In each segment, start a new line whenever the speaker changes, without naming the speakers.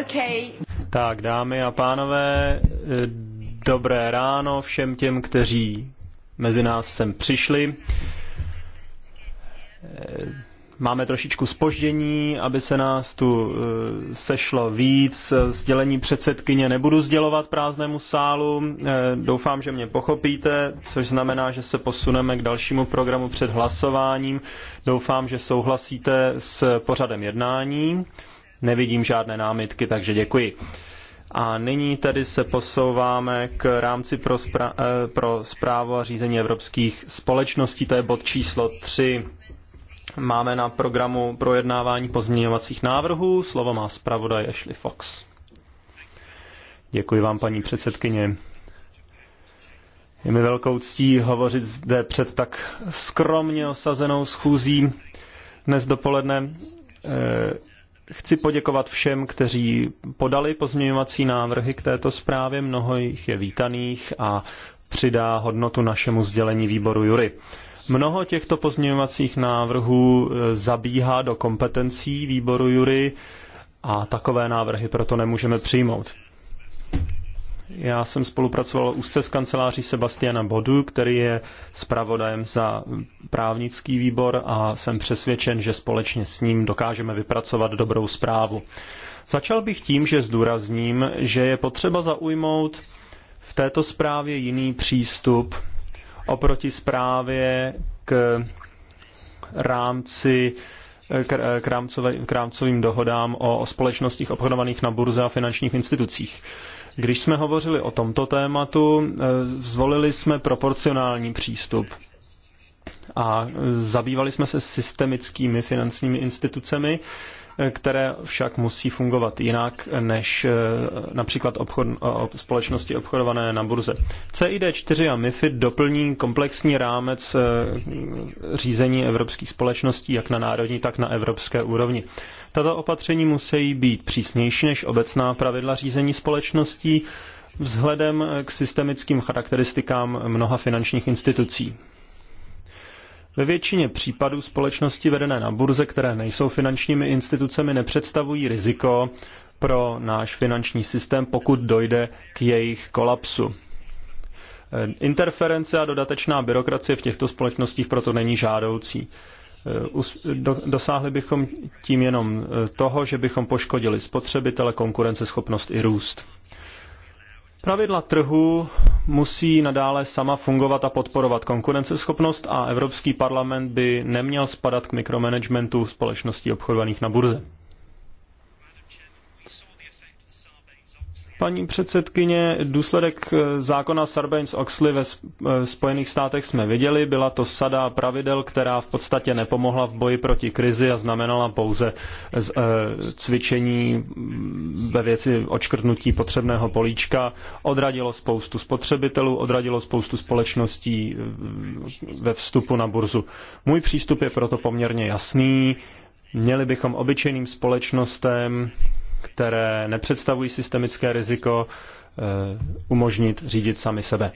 Okay.
Tak, dámy a pánové, dobré ráno všem těm, kteří mezi nás sem přišli. Máme trošičku spoždění, aby se nás tu eh, sešlo víc. Sdělení předsedkyně nebudu sdělovat prázdnému sálu. Eh, doufám, že mě pochopíte, což znamená, že se posuneme k dalšímu programu před hlasováním. Doufám, že souhlasíte s pořadem jednání. Nevidím žádné námitky, takže děkuji. A nyní tedy se posouváme k rámci pro, spra- eh, pro zprávu a řízení evropských společností, to je bod číslo 3. Máme na programu projednávání pozměňovacích návrhů. Slovo má zpravodaj Ashley Fox. Děkuji vám, paní předsedkyně. Je mi velkou ctí hovořit zde před tak skromně osazenou schůzí dnes dopoledne. E Chci poděkovat všem, kteří podali pozměňovací návrhy k této zprávě, mnoho jich je vítaných a přidá hodnotu našemu sdělení výboru Jury. Mnoho těchto pozměňovacích návrhů e, zabíhá do kompetencí výboru Jury a takové návrhy proto nemůžeme přijmout. Já jsem spolupracoval úzce s kanceláří Sebastiana Bodu, který je zpravodajem za právnický výbor a jsem přesvědčen, že společně s ním dokážeme vypracovat dobrou zprávu. Začal bych tím, že zdůrazním, že je potřeba zaujmout v této zprávě jiný přístup oproti zprávě k rámci k, rámcové, k rámcovým dohodám o, o společnostech obchodovaných na burze a finančních institucích. Když jsme hovořili o tomto tématu, eh, zvolili jsme proporcionální přístup a zabývali jsme se systemickými finančními institucemi, eh, které však musí fungovat jinak než eh, například obchod, společnosti obchodované na burze. CID4 a MIFID doplní komplexní rámec řízení evropských společností jak na národní, tak na evropské úrovni. Tato opatření musí být přísnější než obecná pravidla řízení společností vzhledem k systemickým charakteristikám mnoha finančních institucí. Ve většině případů společnosti vedené na burze, které nejsou finančními institucemi, nepředstavují riziko pro náš finanční systém, pokud dojde k jejich kolapsu. Interference a dodatečná byrokracie v těchto společnostech proto není žádoucí. Eh, dosáhli bychom tím jenom eh, toho, že bychom poškodili spotřebitele, konkurenceschopnost i růst. Pravidla trhu musí nadále sama fungovat a podporovat konkurenceschopnost a Evropský parlament by neměl spadat k mikromanagementu společností obchodovaných na burze. Paní předsedkyně, důsledek eh, zákona Sarbanes-Oxley ve eh, Spojených státech jsme viděli. Byla to sada pravidel, která v podstatě nepomohla v boji proti krizi a znamenala pouze eh, cvičení mm, ve věci očkrtnutí potřebného políčka. Odradilo spoustu spotřebitelů, odradilo spoustu společností mm, ve vstupu na burzu. Můj přístup je proto poměrně jasný. Měli bychom obyčejným společnostem, které nepředstavují systemické riziko, eh, umožnit řídit sami sebe.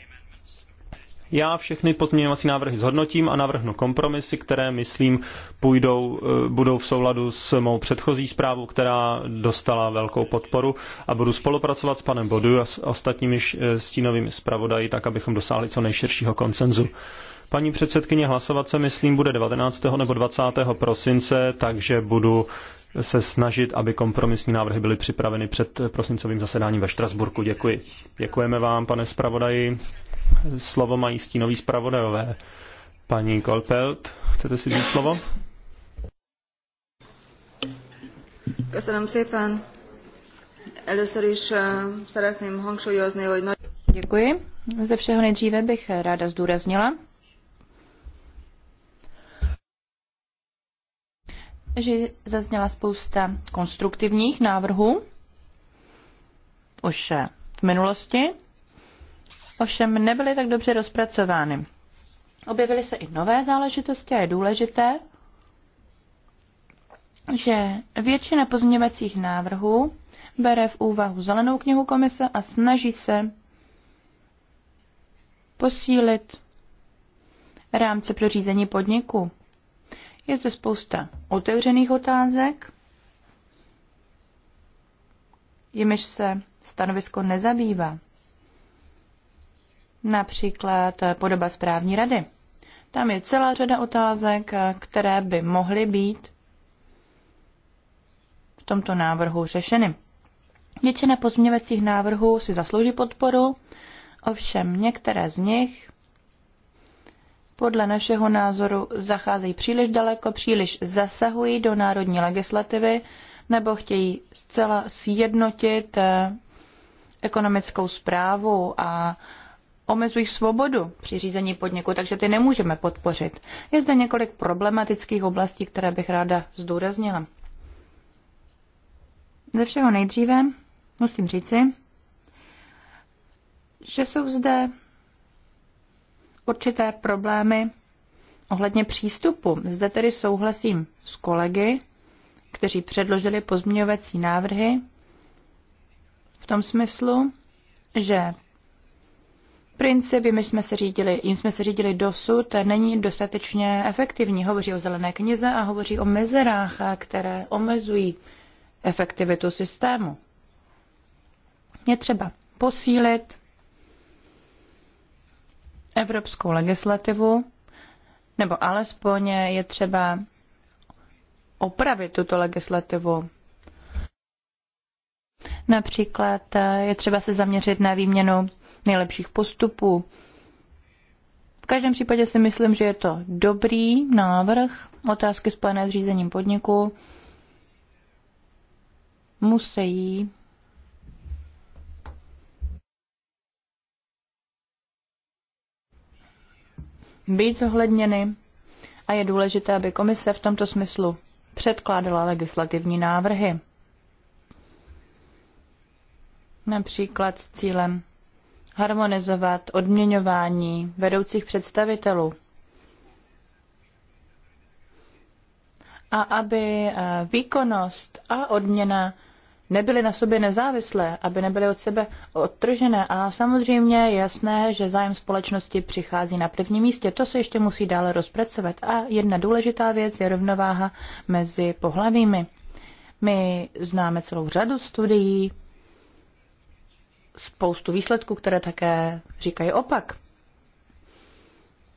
Já všechny pozměňovací návrhy zhodnotím a navrhnu kompromisy, které, myslím, půjdou, eh, budou v souladu s mou předchozí zprávou, která dostala velkou podporu a budu spolupracovat s panem Bodu a s ostatními eh, stínovými zpravodaji, tak abychom dosáhli co nejširšího konsenzu. Paní předsedkyně, hlasovat se, myslím, bude 19. nebo 20. prosince, takže budu se snažit, aby kompromisní návrhy byly připraveny před prosincovým zasedáním ve Štrasburku. Děkuji. Děkujeme vám, pane zpravodaji. Slovo mají stínoví zpravodajové. Paní Kolpelt, chcete si říct slovo? Eh,
Děkuji. Ze všeho nejdříve bych ráda zdůraznila, že zazněla spousta konstruktivních návrhů už eh, v minulosti, ovšem nebyly tak dobře rozpracovány. Objevily se i nové záležitosti a je důležité, že většina pozměňovacích návrhů bere v úvahu zelenou knihu komise a snaží se posílit rámce pro řízení podniku je zde spousta otevřených otázek, jimiž se stanovisko nezabývá. Například podoba správní rady. Tam je celá řada otázek, které by mohly být v tomto návrhu řešeny. Většina pozměňovacích návrhů si zaslouží podporu, ovšem některé z nich podle našeho názoru zacházejí příliš daleko, příliš zasahují do národní legislativy nebo chtějí zcela sjednotit eh, ekonomickou zprávu a omezují svobodu při řízení podniku, takže ty nemůžeme podpořit. Je zde několik problematických oblastí, které bych ráda zdůraznila. Ze všeho nejdříve musím říci, že jsou zde určité problémy ohledně přístupu. Zde tedy souhlasím s kolegy, kteří předložili pozměňovací návrhy v tom smyslu, že princip, my jsme se řídili, jim jsme se řídili dosud, není dostatečně efektivní. Hovoří o zelené knize a hovoří o mezerách, které omezují efektivitu systému. Je třeba posílit evropskou legislativu, nebo alespoň je třeba opravit tuto legislativu. Například je třeba se zaměřit na výměnu nejlepších postupů. V každém případě si myslím, že je to dobrý návrh. Otázky spojené s řízením podniku musí být zohledněny a je důležité, aby komise v tomto smyslu předkládala legislativní návrhy. Například s cílem harmonizovat odměňování vedoucích představitelů a aby eh, výkonnost a odměna nebyly na sobě nezávislé, aby nebyly od sebe odtržené. A samozřejmě je jasné, že zájem společnosti přichází na první místě. To se ještě musí dále rozpracovat. A jedna důležitá věc je rovnováha mezi pohlavími. My známe celou řadu studií, spoustu výsledků, které také říkají opak.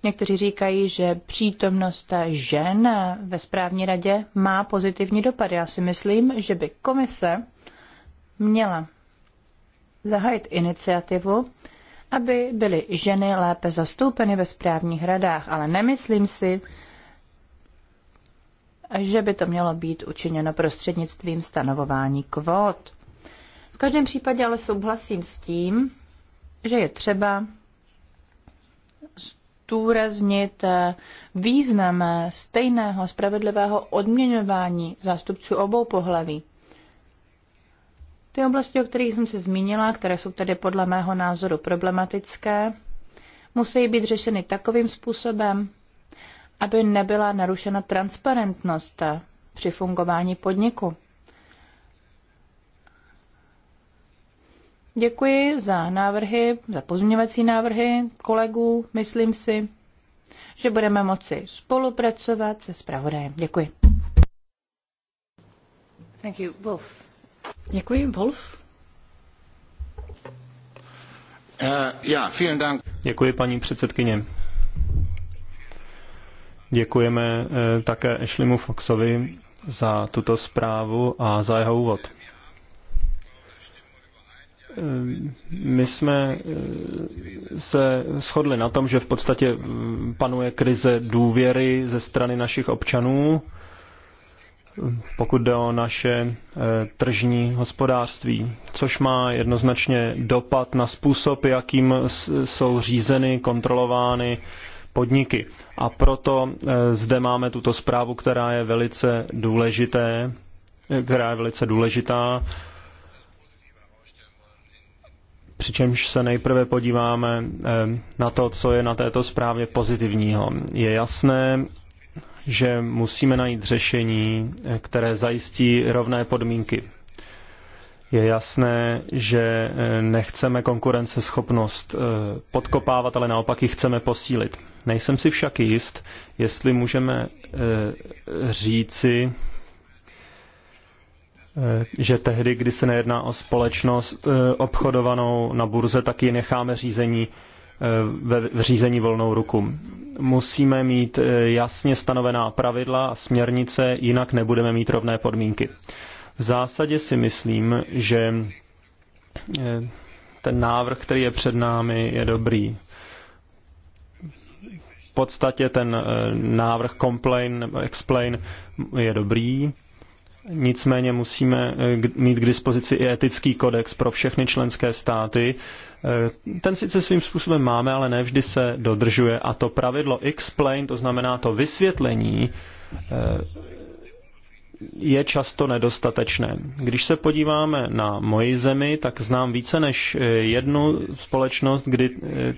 Někteří říkají, že přítomnost žen ve správní radě má pozitivní dopad. Já si myslím, že by komise měla zahájit iniciativu, aby byly ženy lépe zastoupeny ve správních radách, ale nemyslím si, že by to mělo být učiněno prostřednictvím stanovování kvót. V každém případě ale souhlasím s tím, že je třeba zdůraznit eh, význam eh, stejného spravedlivého odměňování zástupců obou pohlaví. Ty oblasti, o kterých jsem se zmínila, které jsou tedy podle mého názoru problematické, musí být řešeny takovým způsobem, aby nebyla narušena transparentnost při fungování podniku. Děkuji za návrhy, za pozměňovací návrhy kolegů. Myslím si, že budeme moci spolupracovat se zpravodajem. Děkuji. Thank you, Wolf. Děkuji, Wolf. Uh, eh, ja,
vielen Dank. Děkuji, paní předsedkyně. Děkujeme uh, také Ashleymu Foxovi za tuto zprávu a za jeho úvod. Eh, my jsme se shodli na tom, že v podstatě mm, panuje krize důvěry ze strany našich občanů pokud jde o naše eh, tržní hospodářství, což má jednoznačně dopad na způsob, jakým jsou řízeny, kontrolovány podniky. A proto eh, zde máme tuto zprávu, která je velice důležité, eh, která je velice důležitá. Přičemž se nejprve podíváme na to, co je na této zprávě pozitivního. Je jasné, že musíme najít řešení, které zajistí rovné podmínky. Je jasné, že eh, nechceme konkurenceschopnost eh, podkopávat, ale naopak ji chceme posílit. Nejsem si však jist, jestli můžeme eh, říci, že tehdy, kdy se nejedná o společnost obchodovanou na burze, tak ji necháme řízení Eh, ve řízení volnou ruku. Musíme mít eh, jasně stanovená pravidla a směrnice, jinak nebudeme mít rovné podmínky. V zásadě si myslím, že eh, ten návrh, který je před námi, je dobrý. V podstatě ten návrh complain nebo explain je dobrý, nicméně musíme mít k dispozici i etický kodex pro všechny členské státy, Eh, ten sice svým způsobem máme, ale ne vždy se dodržuje. A to pravidlo explain, to znamená to vysvětlení, eh, je často nedostatečné. Když se podíváme na moji zemi, tak znám více než eh, jednu společnost, kdy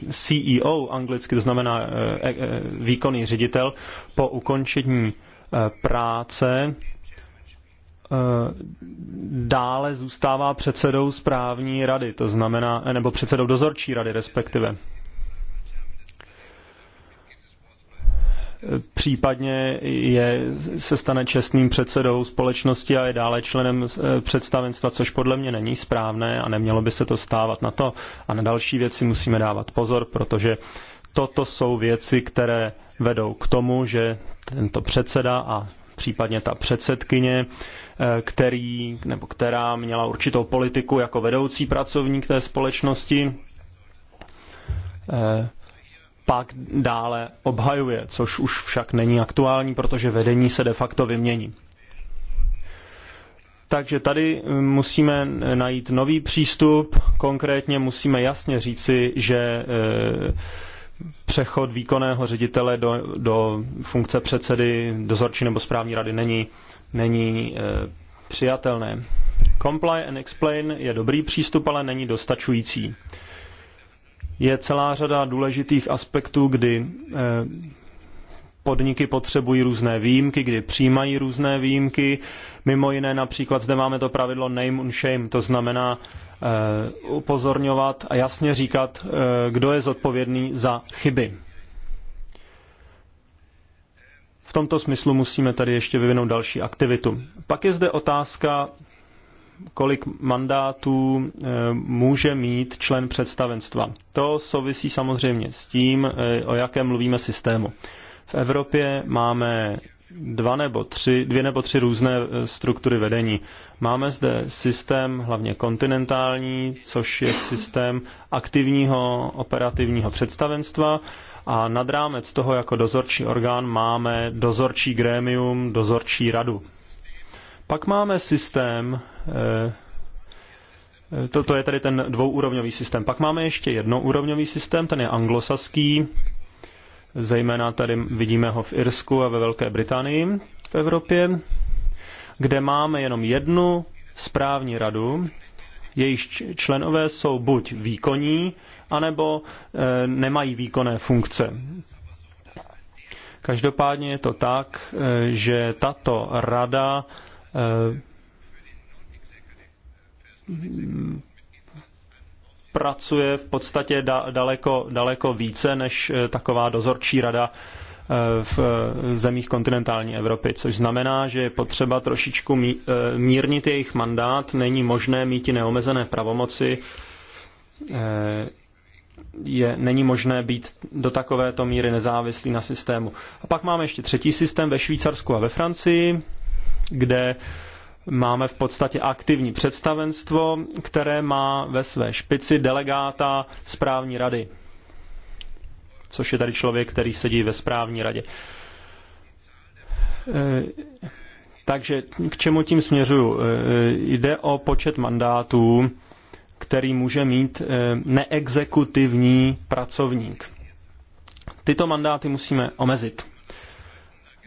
CEO, anglicky to znamená výkonný ředitel, po ukončení práce Eh, dále zůstává předsedou správní rady, to znamená, eh, nebo předsedou dozorčí rady respektive. Eh, případně je, se stane čestným předsedou společnosti a je dále členem představenstva, což podle mě není správné a nemělo by se to stávat na to. A na další věci musíme dávat pozor, protože toto jsou věci, které vedou k tomu, že tento předseda a případně ta předsedkyně Eh, který, nebo která měla určitou politiku jako vedoucí pracovník té společnosti, eh, pak dále obhajuje, což už však není aktuální, protože vedení se de facto vymění. Takže tady eh, musíme najít nový přístup, konkrétně musíme jasně říci, že přechod výkonného ředitele do, do funkce předsedy dozorčí nebo správní rady není není eh, přijatelné. Comply and explain je dobrý přístup, ale není dostačující. Je celá řada důležitých aspektů, kdy eh, podniky potřebují různé výjimky, kdy přijímají různé výjimky. Mimo jiné například zde máme to pravidlo name and shame, to znamená eh, upozorňovat a jasně říkat, kdo je zodpovědný za chyby. V tomto smyslu musíme tady ještě vyvinout další aktivitu. Pak je zde otázka, kolik mandátů eh, může mít člen představenstva. To souvisí samozřejmě s tím, eh, o jakém mluvíme systému. V Evropě máme dva nebo tři, dvě nebo tři různé eh, struktury vedení. Máme zde systém hlavně kontinentální, což je systém aktivního operativního představenstva, a nad rámec toho jako dozorčí orgán máme dozorčí grémium, dozorčí radu. Pak máme systém, eh, to, to je tady ten dvouúrovňový systém. Pak máme ještě jednoúrovňový systém, ten je anglosaský, zejména tady vidíme ho v Irsku a ve Velké Británii v Evropě, kde máme jenom jednu správní radu, jejíž členové jsou buď výkonní, anebo eh, nemají výkonné funkce. Každopádně je to tak, eh, že tato rada eh, pracuje v podstatě daleko, daleko více než taková dozorčí rada v zemích kontinentální Evropy, což znamená, že je potřeba trošičku mírnit jejich mandát, není možné mít i neomezené pravomoci, je, není možné být do takovéto míry nezávislý na systému. A pak máme ještě třetí systém ve Švýcarsku a ve Francii, kde máme v podstatě aktivní představenstvo, které má ve své špici delegáta správní rady, což je tady člověk, který sedí ve správní radě. E, takže k čemu tím směřuju? E, jde o počet mandátů, který může mít eh, neexekutivní pracovník. Tyto mandáty musíme omezit.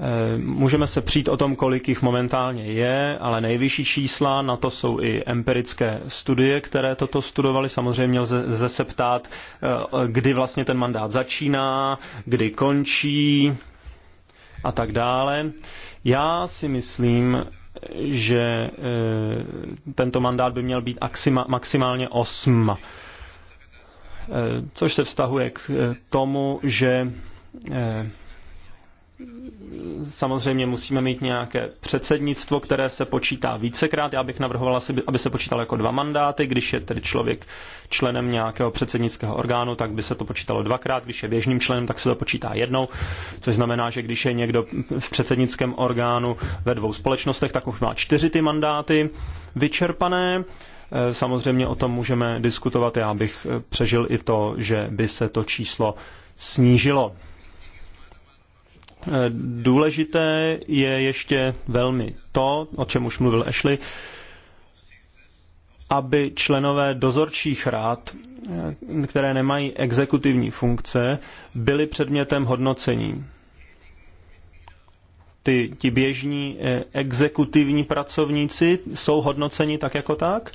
Eh, můžeme se přijít o tom, kolik jich momentálně je, ale nejvyšší čísla, na to jsou i empirické studie, které toto studovaly. Samozřejmě lze se ptát, eh, kdy vlastně ten mandát začíná, kdy končí a tak dále. Já si myslím, že e, tento mandát by měl být maximálně 8, e, což se vztahuje k e, tomu, že Samozřejmě musíme mít nějaké předsednictvo, které se počítá vícekrát. Já bych navrhovala, aby se počítalo jako dva mandáty. Když je tedy člověk členem nějakého předsednického orgánu, tak by se to počítalo dvakrát. Když je běžným členem, tak se to počítá jednou. Což znamená, že když je někdo v předsednickém orgánu ve dvou společnostech, tak už má čtyři ty mandáty vyčerpané. Eh, samozřejmě o tom můžeme diskutovat. Já bych eh, přežil i to, že by se to číslo snížilo. Eh, důležité je ještě velmi to, o čem už mluvil Ashley, aby členové dozorčích rád, eh, které nemají exekutivní funkce, byly předmětem hodnocení. Ty, ti běžní eh, exekutivní pracovníci jsou hodnoceni tak jako tak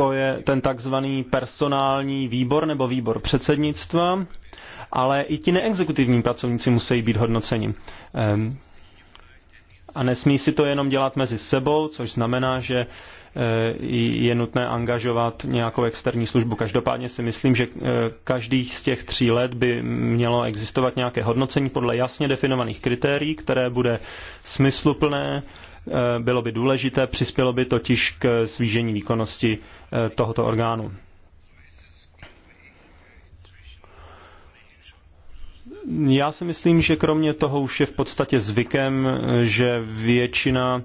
to je ten takzvaný personální výbor nebo výbor předsednictva, ale i ti neexekutivní pracovníci musí být hodnoceni. Ehm, a nesmí si to jenom dělat mezi sebou, což znamená, že eh, je nutné angažovat nějakou externí službu. Každopádně si myslím, že eh, každých z těch tří let by mělo existovat nějaké hodnocení podle jasně definovaných kritérií, které bude smysluplné, Eh, bylo by důležité, přispělo by totiž k svížení výkonnosti eh, tohoto orgánu. Já si myslím, že kromě toho už je v podstatě zvykem, eh, že většina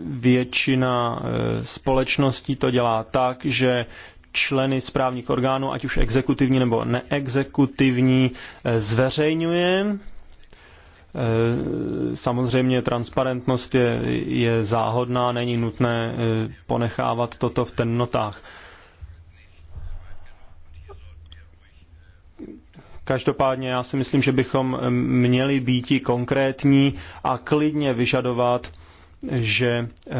většina společností to dělá tak, že členy správních orgánů, ať už exekutivní nebo neexekutivní, zveřejňuje Eh, samozřejmě transparentnost je, je záhodná, není nutné eh, ponechávat toto v temnotách. Každopádně já si myslím, že bychom eh, měli být konkrétní a klidně vyžadovat že eh,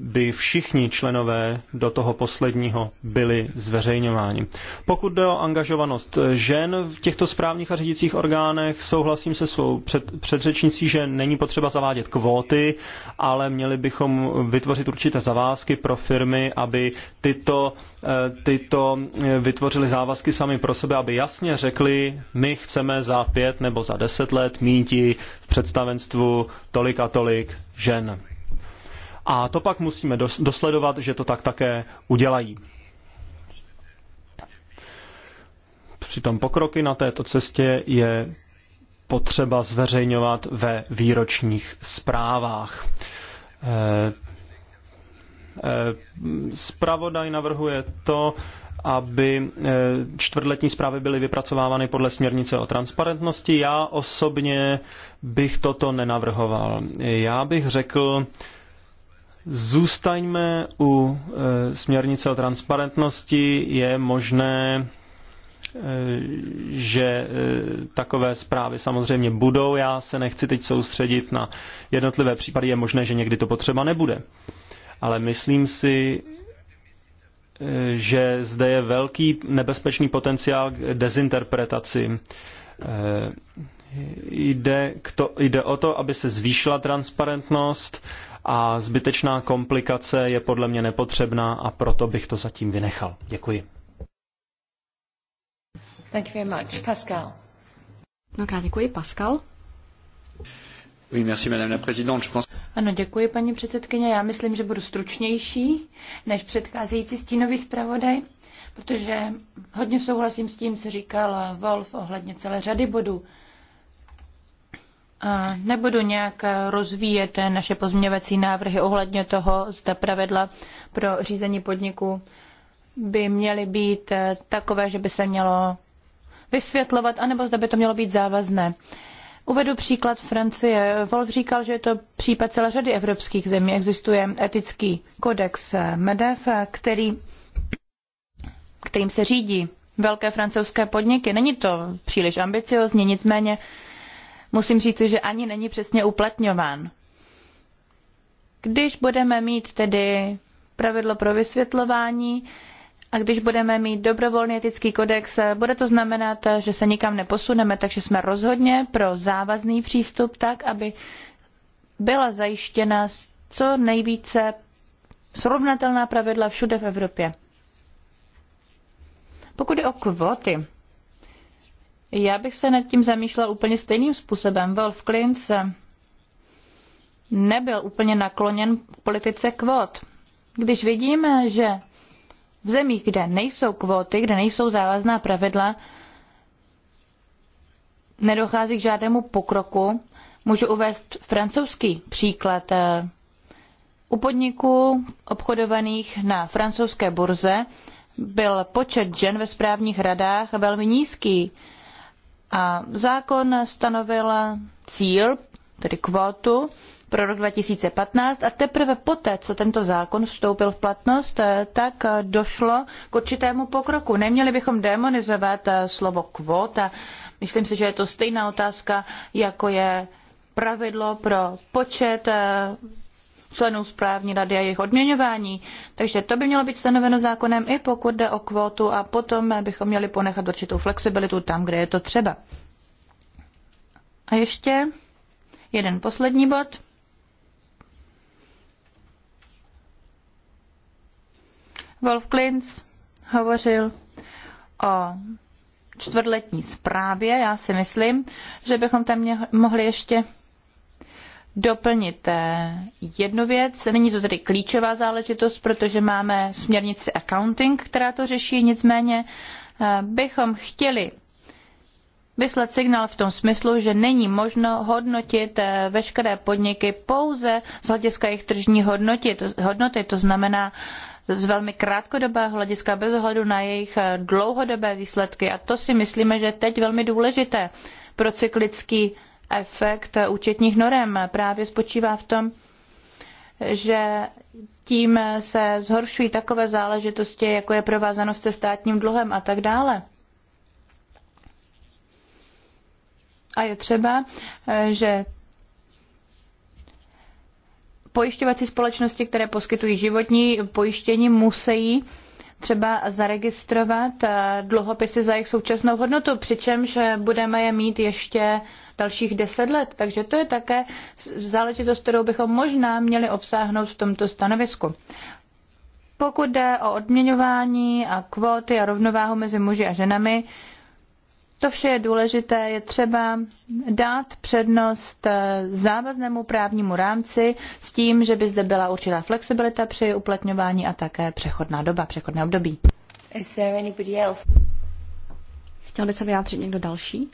by všichni členové do toho posledního byli zveřejňováni. Pokud jde o angažovanost žen v těchto správních a řídících orgánech, souhlasím se svou před, předřečnicí, že není potřeba zavádět kvóty, ale měli bychom vytvořit určité zavázky pro firmy, aby tyto Eh, tyto eh, vytvořili závazky sami pro sebe, aby jasně řekli, my chceme za pět nebo za deset let mít v představenstvu tolik a tolik žen. A to pak musíme dosledovat, že to tak také udělají. Přitom pokroky na této cestě je potřeba zveřejňovat ve výročních zprávách. Eh, Spravodaj eh, navrhuje to, aby eh, čtvrtletní zprávy byly vypracovávány podle směrnice o transparentnosti. Já osobně bych toto nenavrhoval. Já bych řekl, zůstaňme u eh, směrnice o transparentnosti. Je možné že takové zprávy samozřejmě budou. Já se nechci teď soustředit na jednotlivé případy, je možné, že někdy to potřeba nebude ale myslím si, eh, že zde je velký nebezpečný potenciál k dezinterpretaci. Eh, jde, to, jde o to, aby se zvýšila transparentnost a zbytečná komplikace je podle mě nepotřebná a proto bych to zatím vynechal. Děkuji.
Thank you very much. Pascal.
Mnohokrát děkuji. Pascal. Ano, děkuji, paní předsedkyně. Já myslím, že budu stručnější než předcházející stínový zpravodaj, protože hodně souhlasím s tím, co říkal Wolf ohledně celé řady bodů. Nebudu nějak rozvíjet naše pozměňovací návrhy ohledně toho, zda pravidla pro řízení podniku by měly být takové, že by se mělo vysvětlovat, anebo zda by to mělo být závazné. Uvedu příklad Francie. Wolf říkal, že je to případ celé řady evropských zemí. Existuje etický kodex Medef, který, kterým se řídí velké francouzské podniky. Není to příliš ambiciozní, nicméně musím říci, že ani není přesně uplatňován. Když budeme mít tedy pravidlo pro vysvětlování, a když budeme mít dobrovolný etický kodex, bude to znamenat, že se nikam neposuneme, takže jsme rozhodně pro závazný přístup tak, aby byla zajištěna co nejvíce srovnatelná pravidla všude v Evropě. Pokud je o kvóty, já bych se nad tím zamýšlela úplně stejným způsobem. Wolf Klintz nebyl úplně nakloněn politice kvót. Když vidíme, že v zemích, kde nejsou kvóty, kde nejsou závazná pravidla, nedochází k žádnému pokroku. Můžu uvést francouzský příklad. Eh, u podniků obchodovaných na francouzské burze byl počet žen ve správních radách velmi nízký. A zákon stanovil cíl tedy kvótu pro rok 2015 a teprve poté, co tento zákon vstoupil v platnost, eh, tak eh, došlo k určitému pokroku. Neměli bychom demonizovat eh, slovo kvóta. Myslím si, že je to stejná otázka, jako je pravidlo pro počet členů správní rady a jejich odměňování. Takže to by mělo být stanoveno zákonem i pokud jde o kvótu a potom bychom měli ponechat určitou flexibilitu tam, kde je to třeba. A ještě jeden poslední bod. Wolf Klintz hovořil o čtvrtletní zprávě. Já si myslím, že bychom tam mohli ještě doplnit eh, jednu věc. Není to tedy klíčová záležitost, protože máme směrnici accounting, která to řeší, nicméně eh, bychom chtěli vyslat signál v tom smyslu, že není možno hodnotit eh, veškeré podniky pouze z hlediska jejich tržní hodnoty, to, hodnoty, to znamená z velmi krátkodobého hlediska bez ohledu na jejich eh, dlouhodobé výsledky. A to si myslíme, že je teď velmi důležité pro cyklický efekt eh, účetních norem právě spočívá v tom, že tím se zhoršují takové záležitosti, jako je provázanost se státním dluhem a tak dále. A je třeba, eh, že pojišťovací společnosti, které poskytují životní pojištění, musí třeba zaregistrovat eh, dluhopisy za jejich současnou hodnotu, přičemž eh, budeme je mít ještě dalších deset let. Takže to je také záležitost, kterou bychom možná měli obsáhnout v tomto stanovisku. Pokud jde o odměňování a kvóty a rovnováhu mezi muži a ženami, to vše je důležité, je třeba dát přednost eh, závaznému právnímu rámci s tím, že by zde byla určitá flexibilita při uplatňování a také přechodná doba, přechodné období. Is there anybody else? Chtěl by se vyjádřit někdo další?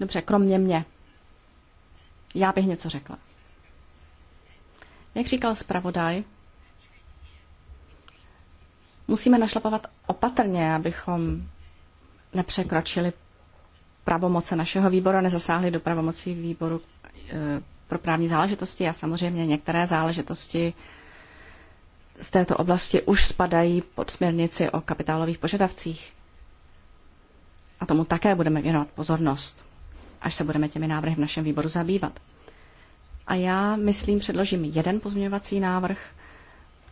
Dobře, kromě mě. Já bych něco řekla. Jak říkal zpravodaj, musíme našlapovat opatrně, abychom nepřekročili pravomoce našeho výboru a nezasáhli do pravomocí výboru eh, pro právní záležitosti a samozřejmě některé záležitosti z této oblasti už spadají pod směrnici o kapitálových požadavcích. A tomu také budeme věnovat pozornost, až se budeme těmi návrhy v našem výboru zabývat. A já, myslím, předložím jeden pozměňovací návrh,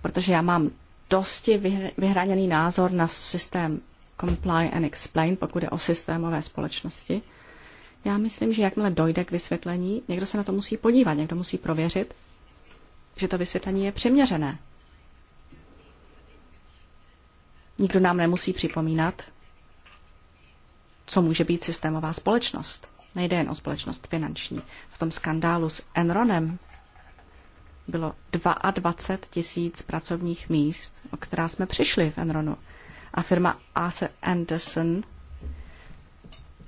protože já mám dosti vyhraněný názor na systém comply and explain, pokud je o systémové společnosti. Já myslím, že jakmile dojde k vysvětlení, někdo se na to musí podívat, někdo musí prověřit, že to vysvětlení je přiměřené. Nikdo nám nemusí připomínat, co může být systémová společnost. Nejde jen o společnost finanční. V tom skandálu s Enronem bylo 22 tisíc pracovních míst, o která jsme přišli v Enronu. A firma Arthur Anderson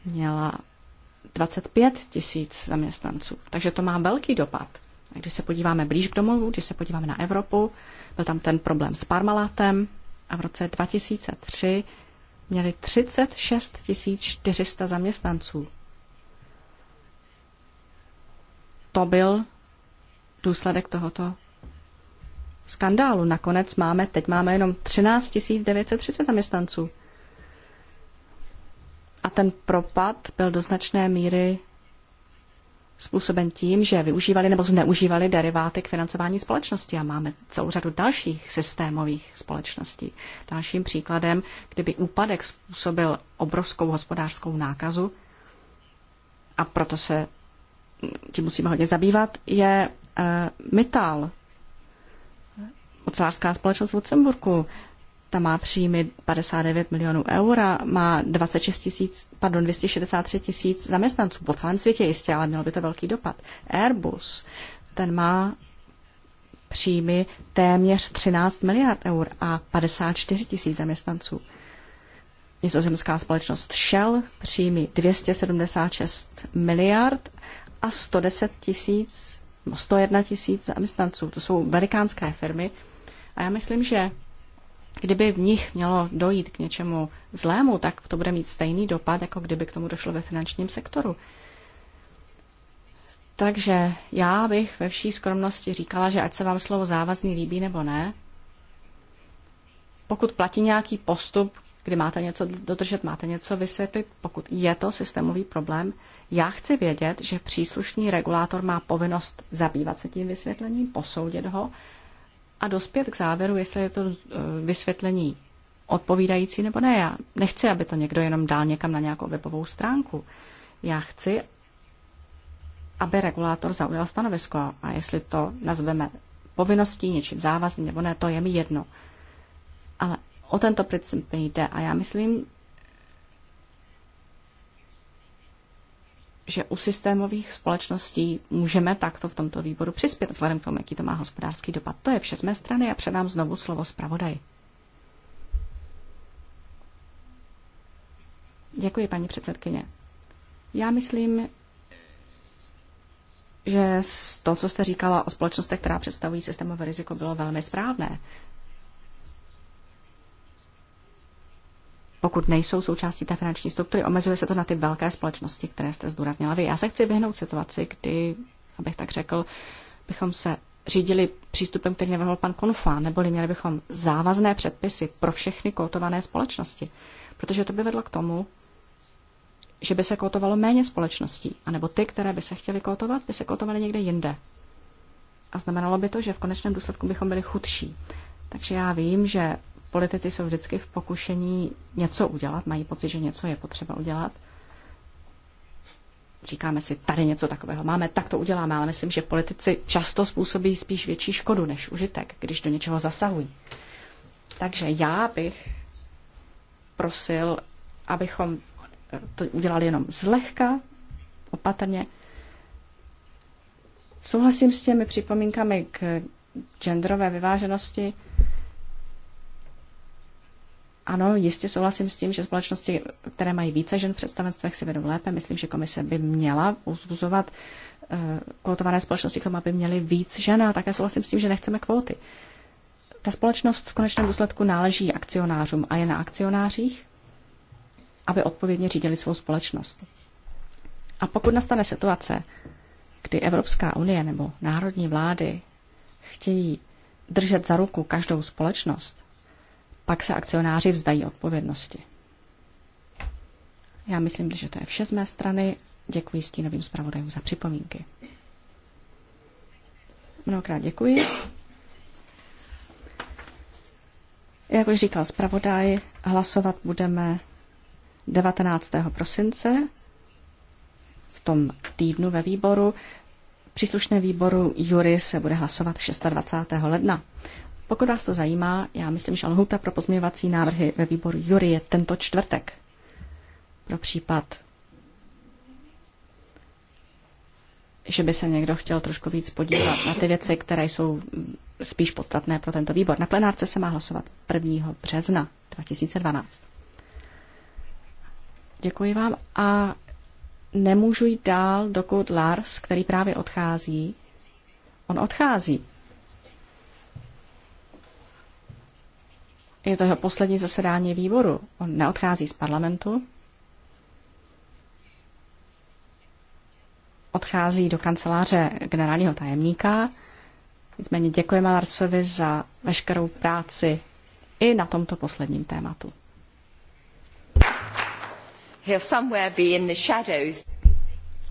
měla 25 tisíc zaměstnanců. Takže to má velký dopad. A když se podíváme blíž k domovu, když se podíváme na Evropu, byl tam ten problém s Parmalátem a v roce 2003 měli 36 400 zaměstnanců. To byl důsledek tohoto skandálu. Nakonec máme, teď máme jenom 13 930 zaměstnanců. A ten propad byl do značné míry způsoben tím, že využívali nebo zneužívali deriváty k financování společnosti a máme celou řadu dalších systémových společností. Dalším příkladem, kdyby úpadek způsobil obrovskou hospodářskou nákazu a proto se tím musíme hodně zabývat, je Eh, Mittal, ocelářská společnost v Lucemburku, ta má příjmy 59 milionů eur, má 26 tisíc, pardon, 263 tisíc zaměstnanců po celém světě jistě, ale mělo by to velký dopad. Airbus, ten má příjmy téměř 13 miliard eur a 54 tisíc zaměstnanců. Nizozemská společnost Shell příjmy 276 miliard a 110 tisíc 101 tisíc zaměstnanců. To jsou velikánské firmy. A já myslím, že kdyby v nich mělo dojít k něčemu zlému, tak to bude mít stejný dopad, jako kdyby k tomu došlo ve finančním sektoru. Takže já bych ve vší skromnosti říkala, že ať se vám slovo závazný líbí nebo ne, pokud platí nějaký postup, kdy máte něco dodržet, máte něco vysvětlit, pokud je to systémový problém, já chci vědět, že příslušný regulátor má povinnost zabývat se tím vysvětlením, posoudit ho a dospět k závěru, jestli je to e, vysvětlení odpovídající nebo ne. Já nechci, aby to někdo jenom dal někam na nějakou webovou stránku. Já chci, aby regulátor zaujal stanovisko a jestli to nazveme povinností, něčím závazným nebo ne, to je mi jedno. Ale O tento princip jde a já myslím, že u systémových společností můžeme takto v tomto výboru přispět, vzhledem k tomu, jaký to má hospodářský dopad. To je vše z mé strany a předám znovu slovo zpravodaji. Děkuji, paní předsedkyně. Já myslím, že to, co jste říkala o společnostech, která představují systémové riziko, bylo velmi správné. pokud nejsou součástí té finanční struktury, omezuje se to na ty velké společnosti, které jste zdůraznila vy. Já se chci vyhnout situaci, kdy, abych tak řekl, bychom se řídili přístupem, který navrhl pan Konfa, neboli měli bychom závazné předpisy pro všechny kotované společnosti. Protože to by vedlo k tomu, že by se kotovalo méně společností, anebo ty, které by se chtěly kotovat, by se kotovaly někde jinde. A znamenalo by to, že v konečném důsledku bychom byli chudší. Takže já vím, že politici jsou vždycky v pokušení něco udělat, mají pocit, že něco je potřeba udělat. Říkáme si, tady něco takového máme, tak to uděláme, ale myslím, že politici často způsobí spíš větší škodu než užitek, když do něčeho zasahují. Takže já bych prosil, abychom to udělali jenom zlehka, opatrně. Souhlasím s těmi připomínkami k genderové vyváženosti. Ano, jistě souhlasím s tím, že společnosti, které mají více žen v představenstvech, si vedou lépe. Myslím, že komise by měla uzbuzovat eh, kvotované společnosti k tomu, aby měly víc žen a také souhlasím s tím, že nechceme kvóty. Ta společnost v konečném důsledku náleží akcionářům a je na akcionářích, aby odpovědně řídili svou společnost. A pokud nastane situace, kdy Evropská unie nebo národní vlády chtějí držet za ruku každou společnost, pak se akcionáři vzdají odpovědnosti. Já myslím, že to je vše z mé strany. Děkuji stínovým zpravodajům za připomínky. Mnohokrát děkuji. Jak už říkal zpravodaj, hlasovat budeme 19. prosince v tom týdnu ve výboru. Příslušné výboru Jury se bude hlasovat 26. ledna. Pokud vás to zajímá, já myslím, že lhuta pro pozměňovací návrhy ve výboru Jury je tento čtvrtek. Pro případ, že by se někdo chtěl trošku víc podívat na ty věci, které jsou spíš podstatné pro tento výbor. Na plenárce se má hlasovat 1. března 2012. Děkuji vám a nemůžu jít dál, dokud Lars, který právě odchází, on odchází. Je to jeho poslední zasedání výboru. On neodchází z parlamentu. Odchází do kanceláře generálního tajemníka. Nicméně děkujeme Larsovi za veškerou práci i na tomto posledním tématu.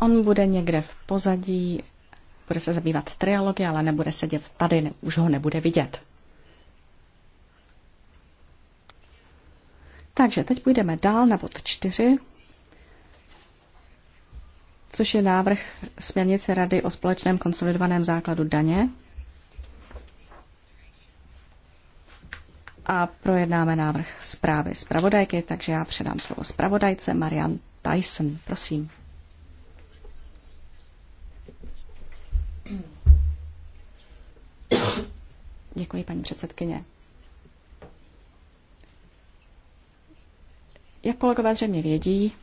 On bude někde v pozadí, bude se zabývat trialogy, ale nebude sedět tady, už ho nebude vidět. Takže teď půjdeme dál na bod 4, což je návrh směrnice Rady o společném konsolidovaném základu daně. A projednáme návrh zprávy zpravodajky, takže já předám slovo zpravodajce Marian Tyson. Prosím. Děkuji, paní předsedkyně. Jak kolegové zřejmě vědí,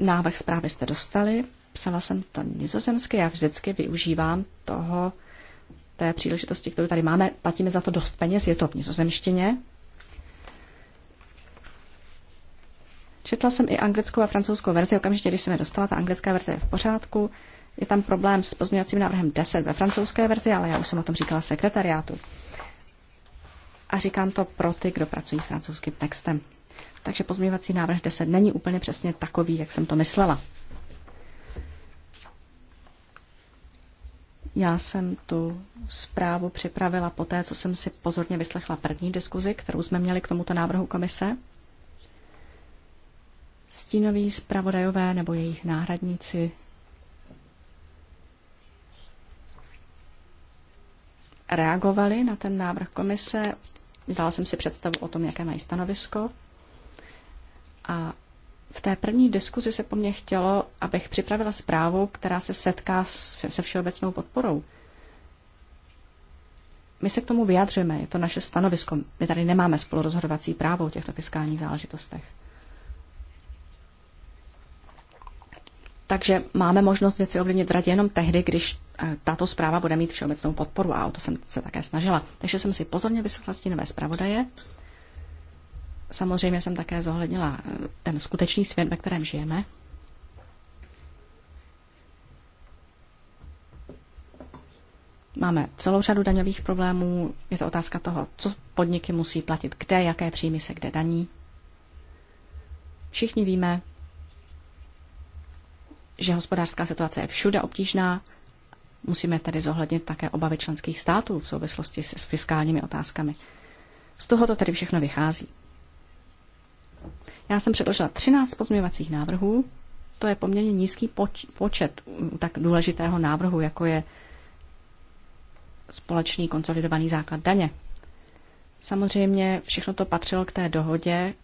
návrh zprávy jste dostali, psala jsem to nizozemsky, já vždycky využívám toho, té příležitosti, kterou tady máme, platíme za to dost peněz, je to v nizozemštině. Četla jsem i anglickou a francouzskou verzi, okamžitě, když jsem je dostala, ta anglická verze je v pořádku. Je tam problém s pozměňovacím návrhem 10 ve francouzské verzi, ale já už jsem o tom říkala sekretariátu. A říkám to pro ty, kdo pracují s francouzským textem. Takže pozměňovací návrh 10 není úplně přesně takový, jak jsem to myslela. Já jsem tu zprávu připravila po té, co jsem si pozorně vyslechla první diskuzi, kterou jsme měli k tomuto návrhu komise. Stínoví zpravodajové nebo jejich náhradníci reagovali na ten návrh komise. Dala jsem si představu o tom, jaké mají stanovisko. A v té první diskuzi se po mně chtělo, abych připravila zprávu, která se setká se všeobecnou podporou. My se k tomu vyjadřujeme, je to naše stanovisko. My tady nemáme spolurozhodovací právo o těchto fiskálních záležitostech. Takže máme možnost věci ovlivnit v radě jenom tehdy, když eh, tato zpráva bude mít všeobecnou podporu a o to jsem se také snažila. Takže jsem si pozorně vyslechla stínové zpravodaje Samozřejmě jsem také zohlednila eh, ten skutečný svět, ve kterém žijeme. Máme celou řadu daňových problémů. Je to otázka toho, co podniky musí platit, kde, jaké příjmy se kde daní. Všichni víme, že hospodářská situace je všude obtížná. Musíme tedy zohlednit také obavy členských států v souvislosti s fiskálními otázkami. Z toho to tedy všechno vychází. Já jsem předložila 13 pozměňovacích návrhů. To je poměrně nízký poč- počet mm, tak důležitého návrhu, jako je společný konsolidovaný základ daně. Samozřejmě všechno to patřilo k té dohodě,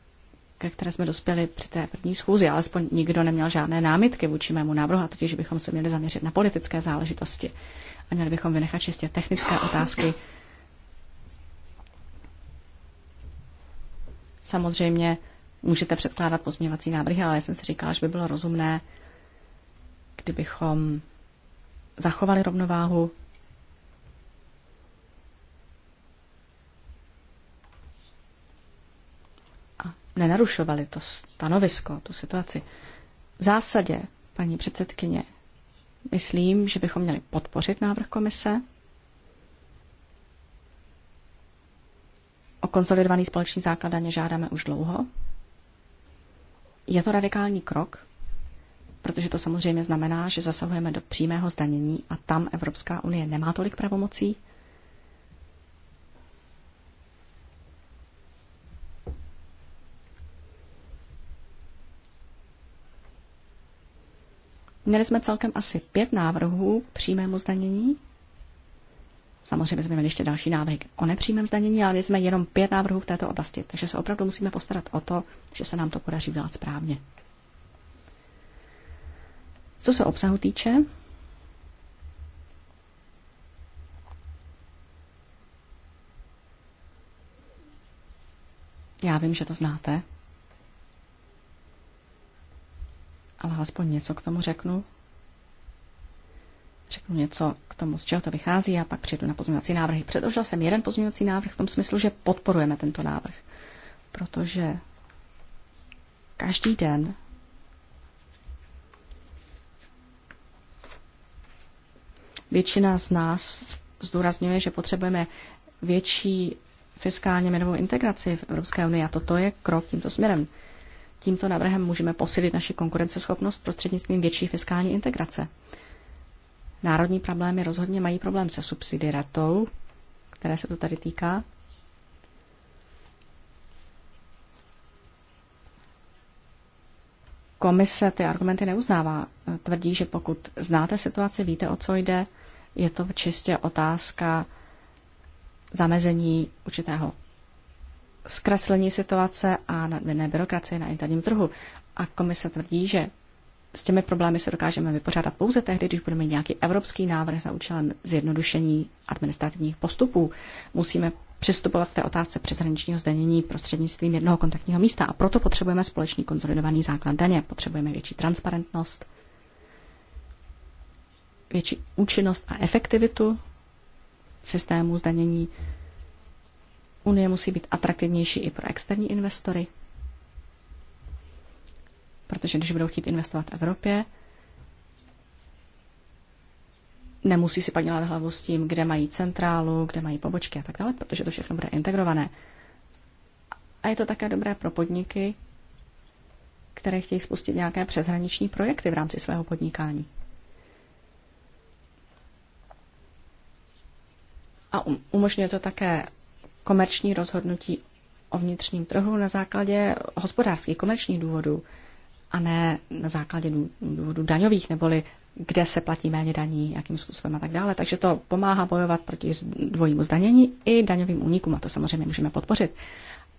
ke které jsme dospěli při té první schůzi, alespoň nikdo neměl žádné námitky vůči mému návrhu, a totiž bychom se měli zaměřit na politické záležitosti a měli bychom vynechat čistě technické otázky. Samozřejmě můžete předkládat pozměňovací návrhy, ale já jsem si říkala, že by bylo rozumné, kdybychom zachovali rovnováhu a nenarušovali to stanovisko, tu situaci. V zásadě, paní předsedkyně, myslím, že bychom měli podpořit návrh komise o konsolidovaný společný základ žádáme už dlouho. Je to radikální krok, protože to samozřejmě znamená, že zasahujeme do přímého zdanění a tam Evropská unie nemá tolik pravomocí. Měli jsme celkem asi pět návrhů k přímému zdanění Samozřejmě jsme měli ještě další návrhy o nepřímém zdanění, ale jsme jenom pět návrhů v této oblasti, takže se opravdu musíme postarat o to, že se nám to podaří dělat správně. Co se obsahu týče, já vím, že to znáte, ale aspoň něco k tomu řeknu řeknu něco k tomu, z čeho to vychází a pak přijdu na pozměňovací návrhy. Předložil jsem jeden pozměňovací návrh v tom smyslu, že podporujeme tento návrh, protože každý den většina z nás zdůrazňuje, že potřebujeme větší fiskálně měnovou integraci v Evropské unii a toto je krok tímto směrem. Tímto návrhem můžeme posílit naši konkurenceschopnost prostřednictvím větší fiskální integrace. Národní problémy rozhodně mají problém se subsidiaratou, které se to tady týká. Komise ty argumenty neuznává. Tvrdí, že pokud znáte situaci, víte, o co jde, je to čistě otázka zamezení určitého zkreslení situace a nadměrné byrokracie na interním trhu. A komise tvrdí, že s těmi problémy se dokážeme vypořádat pouze tehdy, když budeme mít nějaký evropský návrh za účelem zjednodušení administrativních postupů. Musíme přistupovat k té otázce přeshraničního zdanění prostřednictvím jednoho kontaktního místa a proto potřebujeme společný konsolidovaný základ daně, potřebujeme větší transparentnost, větší účinnost a efektivitu systému zdanění. Unie musí být atraktivnější i pro externí investory protože když budou chtít investovat v Evropě, nemusí si pak dělat hlavu s tím, kde mají centrálu, kde mají pobočky a tak dále, protože to všechno bude integrované. A je to také dobré pro podniky, které chtějí spustit nějaké přeshraniční projekty v rámci svého podnikání. A um-, umožňuje to také komerční rozhodnutí o vnitřním trhu na základě hospodářských komerčních důvodů a ne na základě důvodu daňových, neboli kde se platí méně daní, jakým způsobem a tak dále. Takže to pomáhá bojovat proti dvojímu zdanění i daňovým únikům a to samozřejmě můžeme podpořit.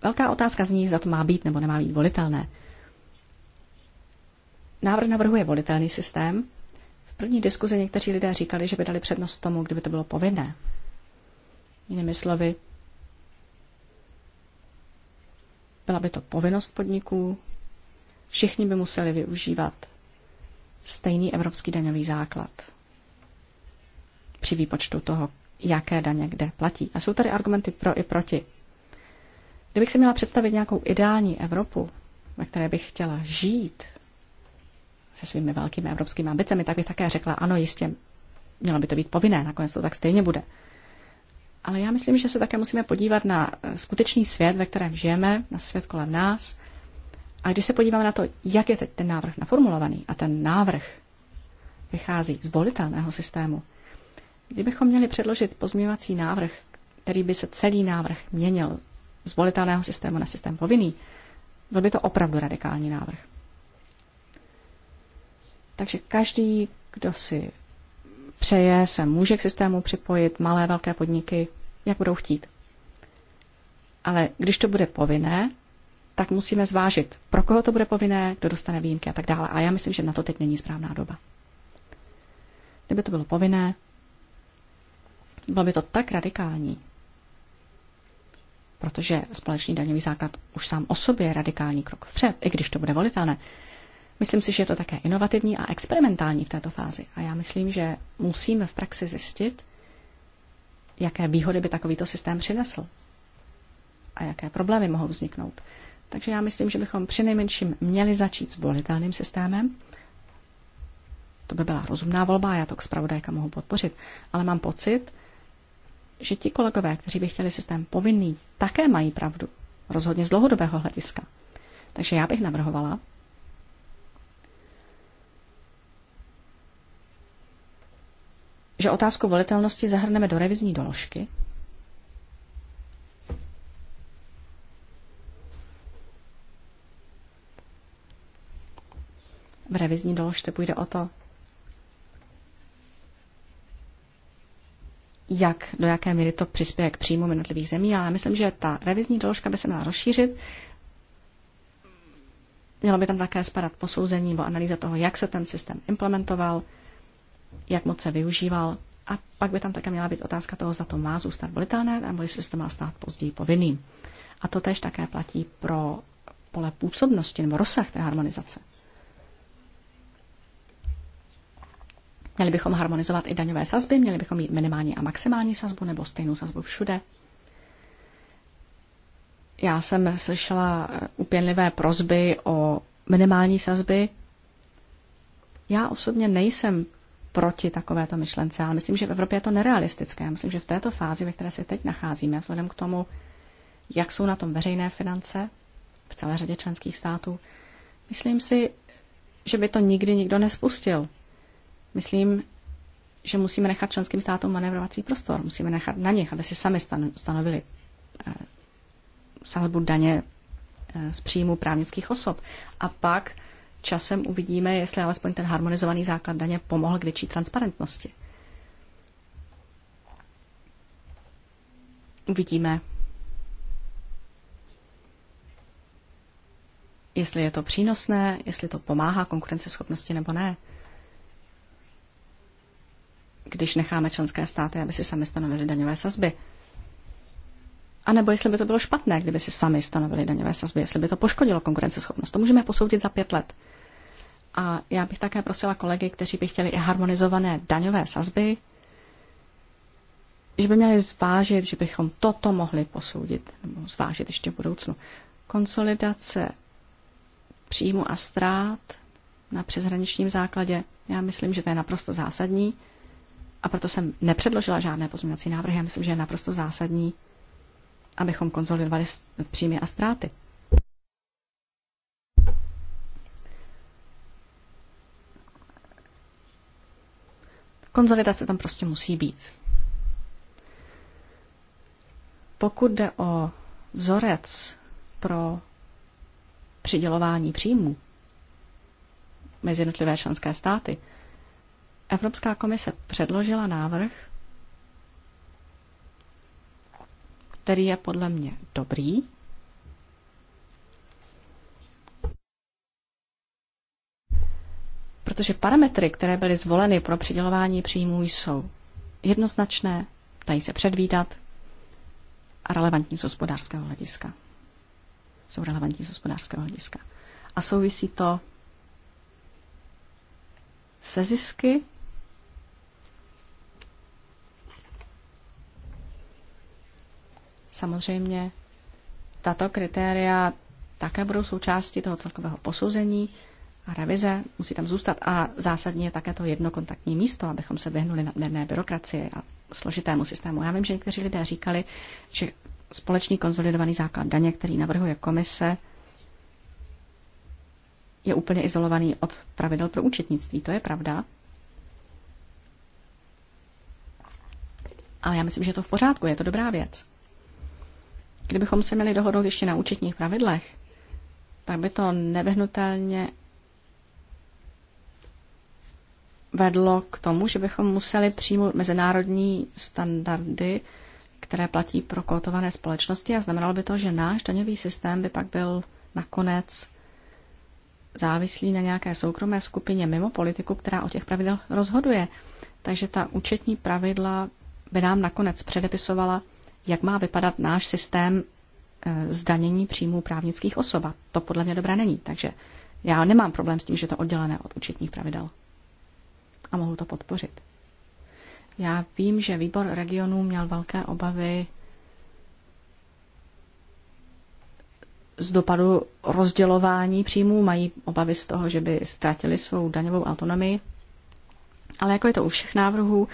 Velká otázka zní, zda to má být nebo nemá být volitelné. Návrh navrhuje volitelný systém. V první diskuzi někteří lidé říkali, že by dali přednost tomu, kdyby to bylo povinné. Jinými slovy, byla by to povinnost podniků, všichni by museli využívat stejný evropský daňový základ při výpočtu toho, jaké daně kde platí. A jsou tady argumenty pro i proti. Kdybych si měla představit nějakou ideální Evropu, ve které bych chtěla žít se svými velkými evropskými ambicemi, tak bych také řekla, ano, jistě, mělo by to být povinné, nakonec to tak stejně bude. Ale já myslím, že se také musíme podívat na eh, skutečný svět, ve kterém žijeme, na svět kolem nás – a když se podíváme na to, jak je teď ten návrh naformulovaný, a ten návrh vychází z volitelného systému, kdybychom měli předložit pozměňovací návrh, který by se celý návrh měnil z volitelného systému na systém povinný, byl by to opravdu radikální návrh. Takže každý, kdo si přeje, se může k systému připojit, malé, velké podniky, jak budou chtít. Ale když to bude povinné, tak musíme zvážit, pro koho to bude povinné, kdo dostane výjimky a tak dále. A já myslím, že na to teď není správná doba. Kdyby to bylo povinné, bylo by to tak radikální, protože společný daňový základ už sám o sobě je radikální krok vpřed, i když to bude volitelné. Myslím si, že je to také inovativní a experimentální v této fázi. A já myslím, že musíme v praxi zjistit, jaké výhody by takovýto systém přinesl a jaké problémy mohou vzniknout. Takže já myslím, že bychom nejmenším měli začít s volitelným systémem. To by byla rozumná volba, já to k zpravodajka mohu podpořit. Ale mám pocit, že ti kolegové, kteří by chtěli systém povinný, také mají pravdu. Rozhodně z dlouhodobého hlediska. Takže já bych navrhovala, že otázku volitelnosti zahrneme do revizní doložky, v revizní doložce půjde o to, jak, do jaké míry to přispěje k příjmu jednotlivých zemí, ale myslím, že ta revizní doložka by se měla rozšířit. Mělo by tam také spadat posouzení nebo analýza toho, jak se ten systém implementoval, jak moc se využíval a pak by tam také měla být otázka toho, za to má zůstat volitelné, nebo jestli se to má stát později povinným. A to tež také platí pro pole působnosti nebo rozsah té harmonizace. Měli bychom harmonizovat i daňové sazby, měli bychom mít minimální a maximální sazbu nebo stejnou sazbu všude. Já jsem slyšela eh, upěnlivé prozby o minimální sazby. Já osobně nejsem proti takovéto myšlence, ale myslím, že v Evropě je to nerealistické. Myslím, že v této fázi, ve které se teď nacházíme, vzhledem k tomu, jak jsou na tom veřejné finance v celé řadě členských států, myslím si, že by to nikdy nikdo nespustil. Myslím, že musíme nechat členským státům manévrovací prostor. Musíme nechat na nich, aby si sami stanovili eh, sazbu daně eh, z příjmu právnických osob. A pak časem uvidíme, jestli alespoň ten harmonizovaný základ daně pomohl k větší transparentnosti. Uvidíme, jestli je to přínosné, jestli to pomáhá konkurenceschopnosti nebo ne když necháme členské státy, aby si sami stanovili daňové sazby. A nebo jestli by to bylo špatné, kdyby si sami stanovili daňové sazby, jestli by to poškodilo konkurenceschopnost. To můžeme posoudit za pět let. A já bych také prosila kolegy, kteří by chtěli i harmonizované daňové sazby, že by měli zvážit, že bychom toto mohli posoudit, nebo zvážit ještě v budoucnu. Konsolidace příjmu a ztrát na přeshraničním základě, já myslím, že to je naprosto zásadní. A proto jsem nepředložila žádné pozměňovací návrhy. Já myslím, že je naprosto zásadní, abychom konzolidovali příjmy a ztráty. Konzolidace tam prostě musí být. Pokud jde o vzorec pro přidělování příjmů mezi jednotlivé členské státy, Evropská komise předložila návrh, který je podle mě dobrý. Protože parametry, které byly zvoleny pro přidělování příjmů, jsou jednoznačné, dají se předvídat a relevantní z hospodářského hlediska. Jsou relevantní z hospodářského hlediska. A souvisí to se zisky Samozřejmě tato kritéria také budou součástí toho celkového posouzení a revize musí tam zůstat. A zásadně je také to jednokontaktní místo, abychom se vyhnuli nadměrné byrokracii a složitému systému. Já vím, že někteří lidé říkali, že společný konsolidovaný základ daně, který navrhuje komise, je úplně izolovaný od pravidel pro účetnictví. To je pravda. Ale já myslím, že je to v pořádku, je to dobrá věc. Kdybychom se měli dohodnout ještě na účetních pravidlech, tak by to nevyhnutelně vedlo k tomu, že bychom museli přijmout mezinárodní standardy, které platí pro kotované společnosti a znamenalo by to, že náš daňový systém by pak byl nakonec závislý na nějaké soukromé skupině mimo politiku, která o těch pravidlech rozhoduje. Takže ta účetní pravidla by nám nakonec předepisovala, jak má vypadat náš systém eh, zdanění příjmů právnických osob. A to podle mě dobré není. Takže já nemám problém s tím, že to oddělené od účetních pravidel. A mohu to podpořit. Já vím, že výbor regionů měl velké obavy z dopadu rozdělování příjmů, mají obavy z toho, že by ztratili svou daňovou autonomii. Ale jako je to u všech návrhů,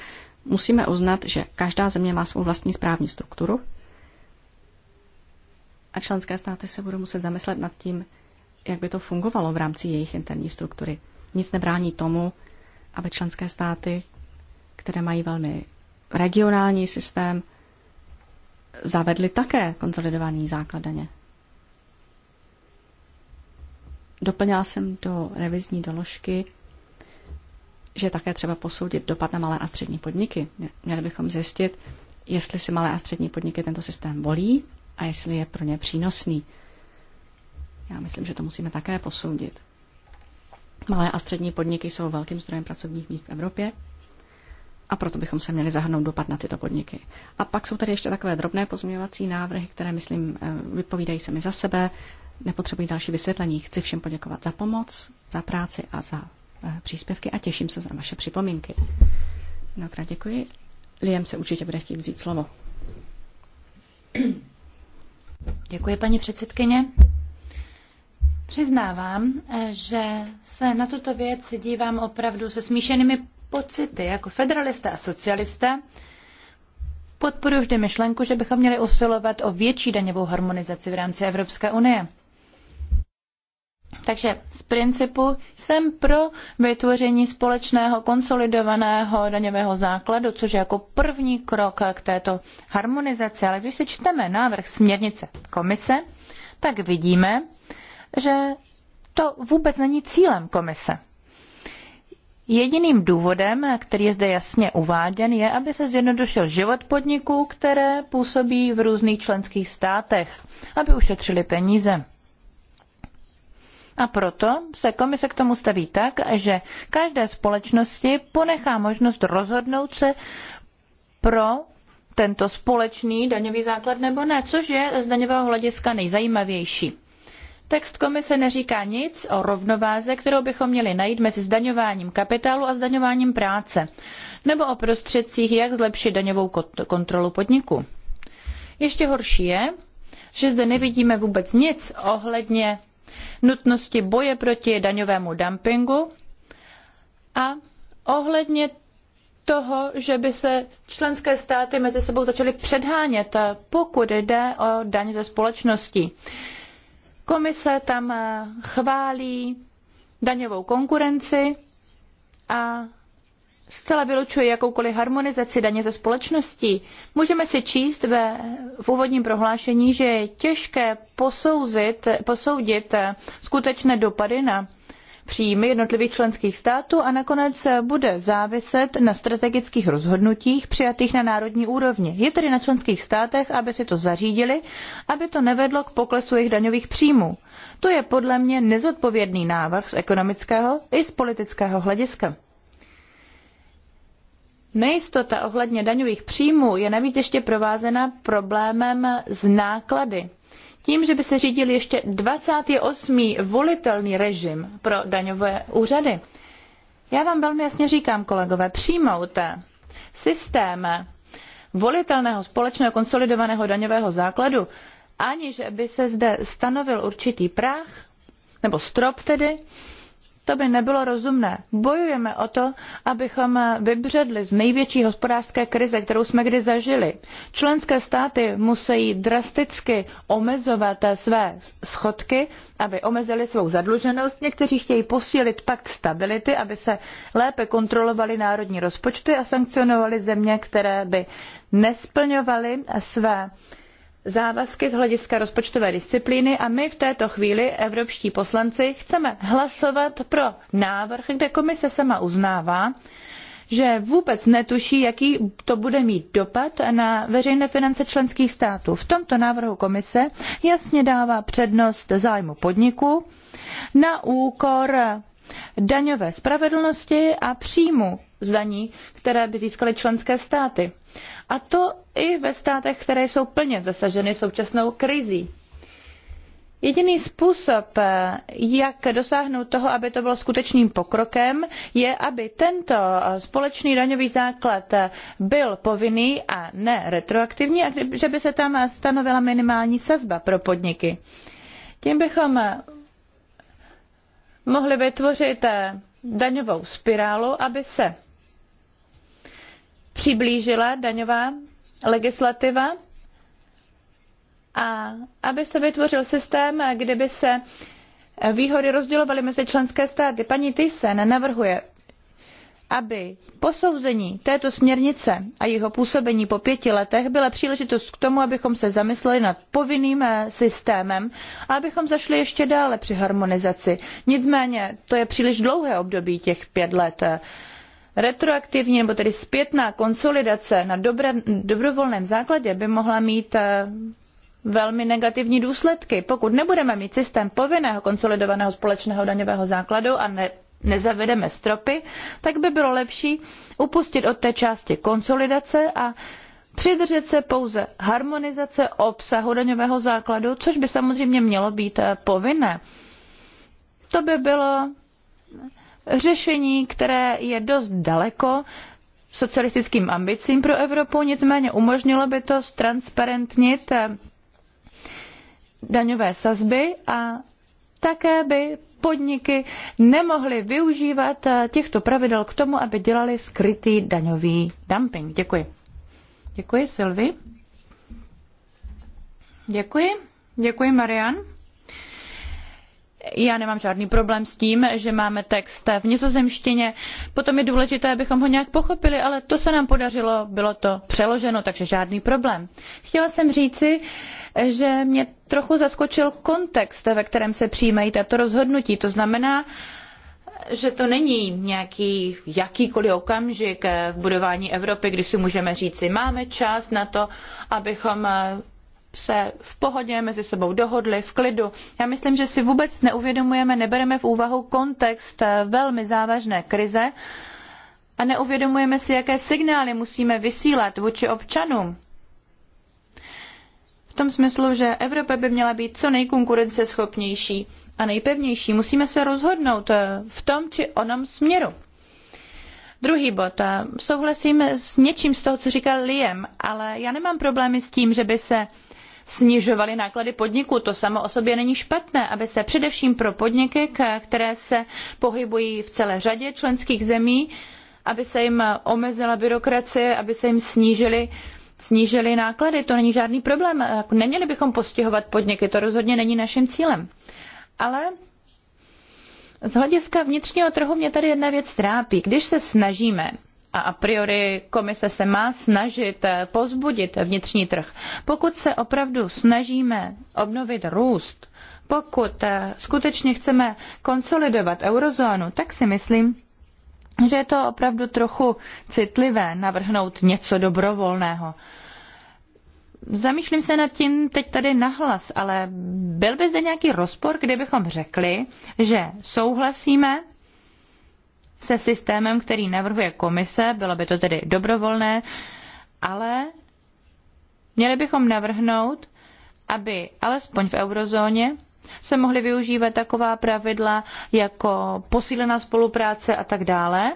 musíme uznat, že každá země má svou vlastní správní strukturu a členské státy se budou muset zamyslet nad tím, jak by to fungovalo v rámci jejich interní struktury. Nic nebrání tomu, aby členské státy, které mají velmi regionální systém, zavedly také konsolidovaný základ daně. Doplnila jsem do revizní doložky že také třeba posoudit dopad na malé a střední podniky. Měli bychom zjistit, jestli si malé a střední podniky tento systém volí a jestli je pro ně přínosný. Já myslím, že to musíme také posoudit. Malé a střední podniky jsou velkým zdrojem pracovních míst v Evropě a proto bychom se měli zahrnout dopad na tyto podniky. A pak jsou tady ještě takové drobné pozměňovací návrhy, které, myslím, eh, vypovídají se mi za sebe, nepotřebují další vysvětlení. Chci všem poděkovat za pomoc, za práci a za Eh, příspěvky a těším se na vaše připomínky. Mnohokrát děkuji. Liam se určitě bude chtít vzít slovo.
Děkuji, paní předsedkyně. Přiznávám, eh, že se na tuto věc dívám opravdu se smíšenými pocity. Jako federalista a socialista podporuji vždy myšlenku, že bychom měli usilovat o větší daňovou harmonizaci v rámci Evropské unie. Takže z principu jsem pro vytvoření společného konsolidovaného daňového základu, což je jako první krok k této harmonizaci. Ale když si čteme návrh směrnice komise, tak vidíme, že to vůbec není cílem komise. Jediným důvodem, který je zde jasně uváděn, je, aby se zjednodušil život podniků, které působí v různých členských státech, aby ušetřili peníze. A proto se komise k tomu staví tak, že každé společnosti ponechá možnost rozhodnout se pro tento společný daňový základ nebo ne, což je z daňového hlediska nejzajímavější. Text komise neříká nic o rovnováze, kterou bychom měli najít mezi zdaňováním kapitálu a zdaňováním práce, nebo o prostředcích, jak zlepšit daňovou kontrolu podniku. Ještě horší je, že zde nevidíme vůbec nic ohledně nutnosti boje proti daňovému dumpingu a ohledně toho, že by se členské státy mezi sebou začaly předhánět, pokud jde o daň ze společností. Komise tam chválí daňovou konkurenci a zcela vylučuje jakoukoliv harmonizaci daně ze společností. Můžeme si číst ve, v úvodním prohlášení, že je těžké posouzit, posoudit eh, skutečné dopady na příjmy jednotlivých členských států a nakonec eh, bude záviset na strategických rozhodnutích přijatých na národní úrovni. Je tedy na členských státech, aby si to zařídili, aby to nevedlo k poklesu jejich daňových příjmů. To je podle mě nezodpovědný návrh z ekonomického i z politického hlediska. Nejistota ohledně daňových příjmů je navíc ještě provázena problémem z náklady. Tím, že by se řídil ještě 28. volitelný režim pro daňové úřady. Já vám velmi jasně říkám, kolegové, přijmout systém volitelného společného konsolidovaného daňového základu, aniž by se zde stanovil určitý práh, nebo strop tedy, to by nebylo rozumné. Bojujeme o to, abychom vybředli z největší hospodářské krize, kterou jsme kdy zažili. Členské státy musí drasticky omezovat své schodky, aby omezili svou zadluženost. Někteří chtějí posílit pakt stability, aby se lépe kontrolovaly národní rozpočty a sankcionovaly země, které by nesplňovaly své závazky z hlediska rozpočtové disciplíny a my v této chvíli, evropští poslanci, chceme hlasovat pro návrh, kde komise sama uznává, že vůbec netuší, jaký to bude mít dopad na veřejné finance členských států. V tomto návrhu komise jasně dává přednost zájmu podniku na úkor daňové spravedlnosti a příjmu zdaní, které by získaly členské státy. A to i ve státech, které jsou plně zasaženy současnou krizí. Jediný způsob, jak dosáhnout toho, aby to bylo skutečným pokrokem, je, aby tento společný daňový základ byl povinný a ne retroaktivní, a že by se tam stanovila minimální sazba pro podniky. Tím bychom mohli vytvořit daňovou spirálu, aby se přiblížila daňová legislativa a aby se vytvořil systém, kde by se výhody rozdělovaly mezi členské státy. Paní Thyssen navrhuje, aby posouzení této směrnice a jeho působení po pěti letech byla příležitost k tomu, abychom se zamysleli nad povinným eh, systémem a abychom zašli ještě dále při harmonizaci. Nicméně to je příliš dlouhé období těch pět let retroaktivní nebo tedy zpětná konsolidace na dobré, dobrovolném základě by mohla mít eh, velmi negativní důsledky. Pokud nebudeme mít systém povinného konsolidovaného společného daňového základu a ne, nezavedeme stropy, tak by bylo lepší upustit od té části konsolidace a přidržet se pouze harmonizace obsahu daňového základu, což by samozřejmě mělo být eh, povinné. To by bylo řešení, které je dost daleko socialistickým ambicím pro Evropu, nicméně umožnilo by to ztransparentnit eh, daňové sazby a také by podniky nemohly využívat eh, těchto pravidel k tomu, aby dělali skrytý daňový dumping. Děkuji. Děkuji, Silvi. Děkuji. Děkuji, Marian já nemám žádný problém s tím, že máme text v nizozemštině. Potom je důležité, abychom ho nějak pochopili, ale to se nám podařilo, bylo to přeloženo, takže žádný problém. Chtěla jsem říci, že mě trochu zaskočil kontext, ve kterém se přijímají tato rozhodnutí. To znamená, že to není nějaký jakýkoliv okamžik v budování Evropy, kdy si můžeme říci, máme čas na to, abychom se v pohodě mezi sebou dohodli, v klidu. Já myslím, že si vůbec neuvědomujeme, nebereme v úvahu kontext eh, velmi závažné krize a neuvědomujeme si, jaké signály musíme vysílat vůči občanům. V tom smyslu, že Evropa by měla být co nejkonkurenceschopnější a nejpevnější. Musíme se rozhodnout eh, v tom či onom směru. Druhý bod. Eh, souhlasím s něčím z toho, co říkal Liam, ale já nemám problémy s tím, že by se snižovaly náklady podniku. To samo o sobě není špatné, aby se především pro podniky, které se pohybují v celé řadě členských zemí, aby se jim omezila byrokracie, aby se jim snížily snížili náklady, to není žádný problém. Neměli bychom postihovat podniky, to rozhodně není naším cílem. Ale z hlediska vnitřního trhu mě tady jedna věc trápí. Když se snažíme a a priori komise se má snažit eh, pozbudit vnitřní trh. Pokud se opravdu snažíme obnovit růst, pokud eh, skutečně chceme konsolidovat eurozónu, tak si myslím, že je to opravdu trochu citlivé navrhnout něco dobrovolného. Zamýšlím se nad tím teď tady nahlas, ale byl by zde nějaký rozpor, kdybychom řekli, že souhlasíme se systémem, který navrhuje komise, bylo by to tedy dobrovolné, ale měli bychom navrhnout, aby alespoň v eurozóně se mohly využívat taková pravidla jako posílená spolupráce a tak dále,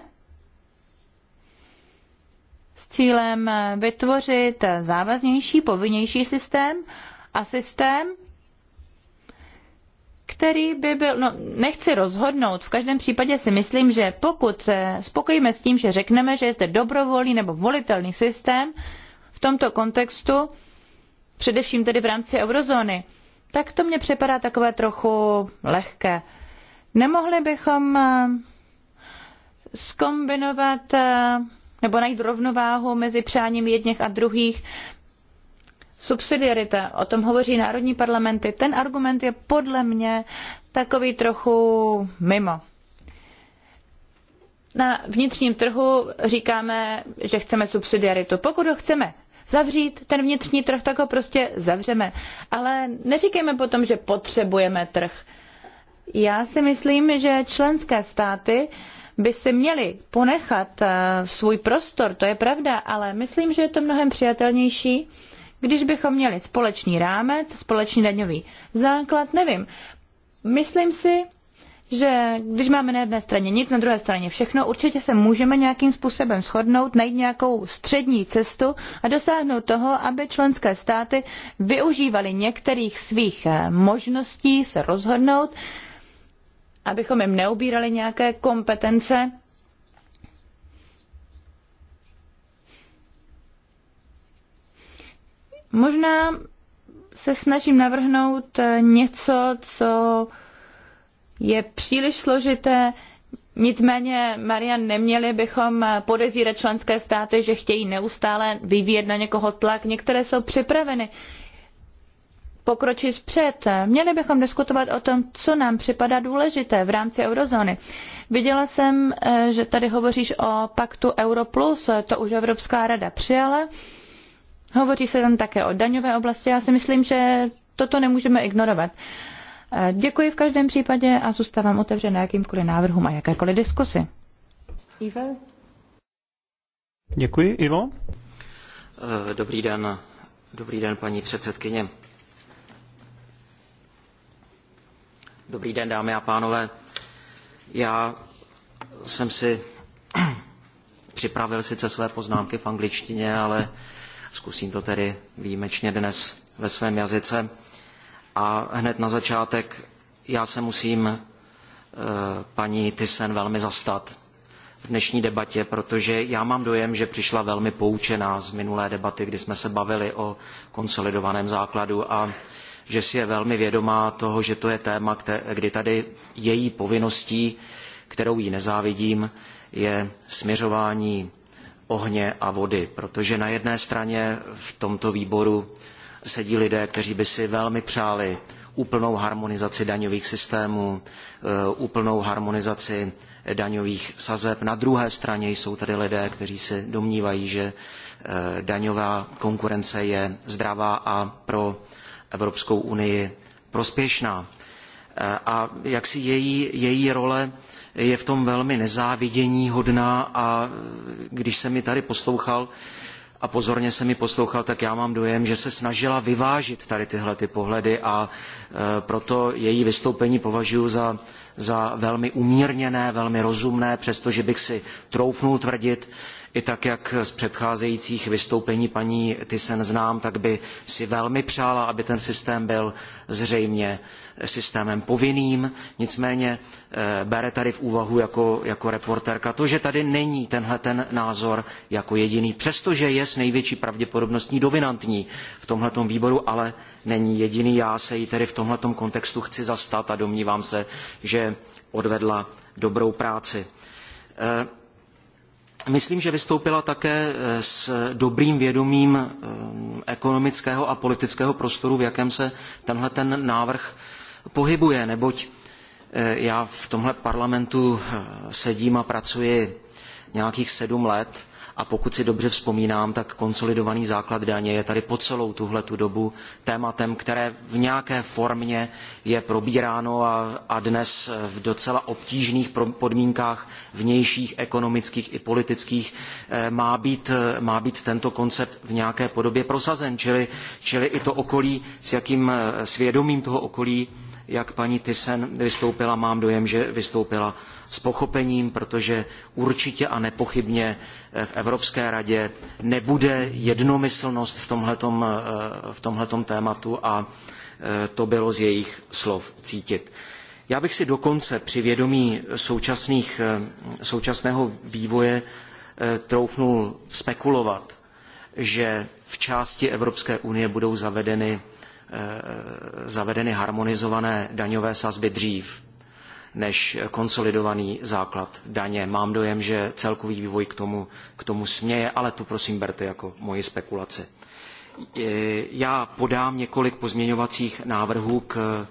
s cílem vytvořit závaznější, povinnější systém a systém, který by byl, no nechci rozhodnout, v každém případě si myslím, že pokud se spokojíme s tím, že řekneme, že je zde dobrovolný nebo volitelný systém v tomto kontextu, především tedy v rámci eurozóny, tak to mně připadá takové trochu lehké. Nemohli bychom skombinovat eh, eh, nebo najít rovnováhu mezi přáním jedněch a druhých, subsidiarita, o tom hovoří národní parlamenty, ten argument je podle mě takový trochu mimo. Na vnitřním trhu říkáme, že chceme subsidiaritu. Pokud ho chceme zavřít, ten vnitřní trh, tak ho prostě zavřeme. Ale neříkejme potom, že potřebujeme trh. Já si myslím, že členské státy by si měli ponechat eh, svůj prostor, to je pravda, ale myslím, že je to mnohem přijatelnější, když bychom měli společný rámec, společný daňový základ, nevím. Myslím si, že když máme na jedné straně nic, na druhé straně všechno, určitě se můžeme nějakým způsobem shodnout, najít nějakou střední cestu a dosáhnout toho, aby členské státy využívaly některých svých eh, možností se rozhodnout, abychom jim neubírali nějaké kompetence Možná se snažím navrhnout eh, něco, co je příliš složité, Nicméně, Marian, neměli bychom podezírat členské státy, že chtějí neustále vyvíjet na někoho tlak. Některé jsou připraveny pokročit vpřed. Měli bychom diskutovat o tom, co nám připadá důležité v rámci eurozóny. Viděla jsem, eh, že tady hovoříš o paktu Euro+, to už Evropská rada přijala. Hovoří se tam také o daňové oblasti. Já si myslím, že toto nemůžeme ignorovat. Eh, děkuji v každém případě a zůstávám otevřená jakýmkoliv návrhům a jakékoliv diskusi.
Ivo?
Děkuji. Ivo.
Eh, dobrý den. Dobrý den, paní předsedkyně. Dobrý den, dámy a pánové. Já jsem si připravil sice své poznámky v angličtině, ale Zkusím to tedy výjimečně dnes ve svém jazyce. A hned na začátek já se musím eh, paní Tysen velmi zastat v dnešní debatě, protože já mám dojem, že přišla velmi poučená z minulé debaty, kdy jsme se bavili o konsolidovaném základu a že si je velmi vědomá toho, že to je téma, kdy tady její povinností, kterou jí nezávidím, je směřování ohně a vody, protože na jedné straně v tomto výboru sedí lidé, kteří by si velmi přáli úplnou harmonizaci daňových systémů, eh, úplnou harmonizaci daňových sazeb. Na druhé straně jsou tady lidé, kteří si domnívají, že eh, daňová konkurence je zdravá a pro Evropskou unii prospěšná. Eh, a jaksi její, její role je v tom velmi nezávidění hodná a když jsem mi tady poslouchal a pozorně jsem mi poslouchal, tak já mám dojem, že se snažila vyvážit tady tyhle ty pohledy a e, proto její vystoupení považuji za za velmi umírněné, velmi rozumné, přestože bych si troufnul tvrdit, i tak, jak z předcházejících vystoupení paní Thyssen znám, tak by si velmi přála, aby ten systém byl zřejmě systémem povinným. Nicméně eh, bere tady v úvahu jako, jako reportérka to, že tady není tenhle ten názor jako jediný, přestože je s největší pravděpodobností dominantní v tom výboru, ale není jediný. Já se jí tedy v tom kontextu chci zastat a domnívám se, že odvedla dobrou práci. Eh, Myslím, že vystoupila také eh, s dobrým vědomím eh, ekonomického a politického prostoru, v jakém se tenhle ten návrh pohybuje, neboť eh, já v tomhle parlamentu sedím a pracuji nějakých sedm let a pokud si dobře vzpomínám, tak konsolidovaný základ daně je tady po celou tuhle tu dobu tématem, které v nějaké formě je probíráno a, a dnes v docela obtížných podmínkách vnějších, ekonomických i politických eh, má být, eh, má být tento koncept v nějaké podobě prosazen. Čili, čili i to okolí, s jakým eh, svědomím toho okolí jak paní Thyssen vystoupila, mám dojem, že vystoupila s pochopením, protože určitě a nepochybně eh, v Evropské radě nebude jednomyslnost v tomhletom, eh, v tématu a eh, to bylo z jejich slov cítit. Já bych si dokonce při vědomí současných, současného vývoje troufnul spekulovat, že v části Evropské unie budou zavedeny Eh, zavedeny harmonizované daňové sazby dřív než konsolidovaný základ daně. Mám dojem, že celkový vývoj k tomu, k tomu směje, ale tu prosím berte jako moji spekulaci. Já podám několik pozměňovacích návrhů k,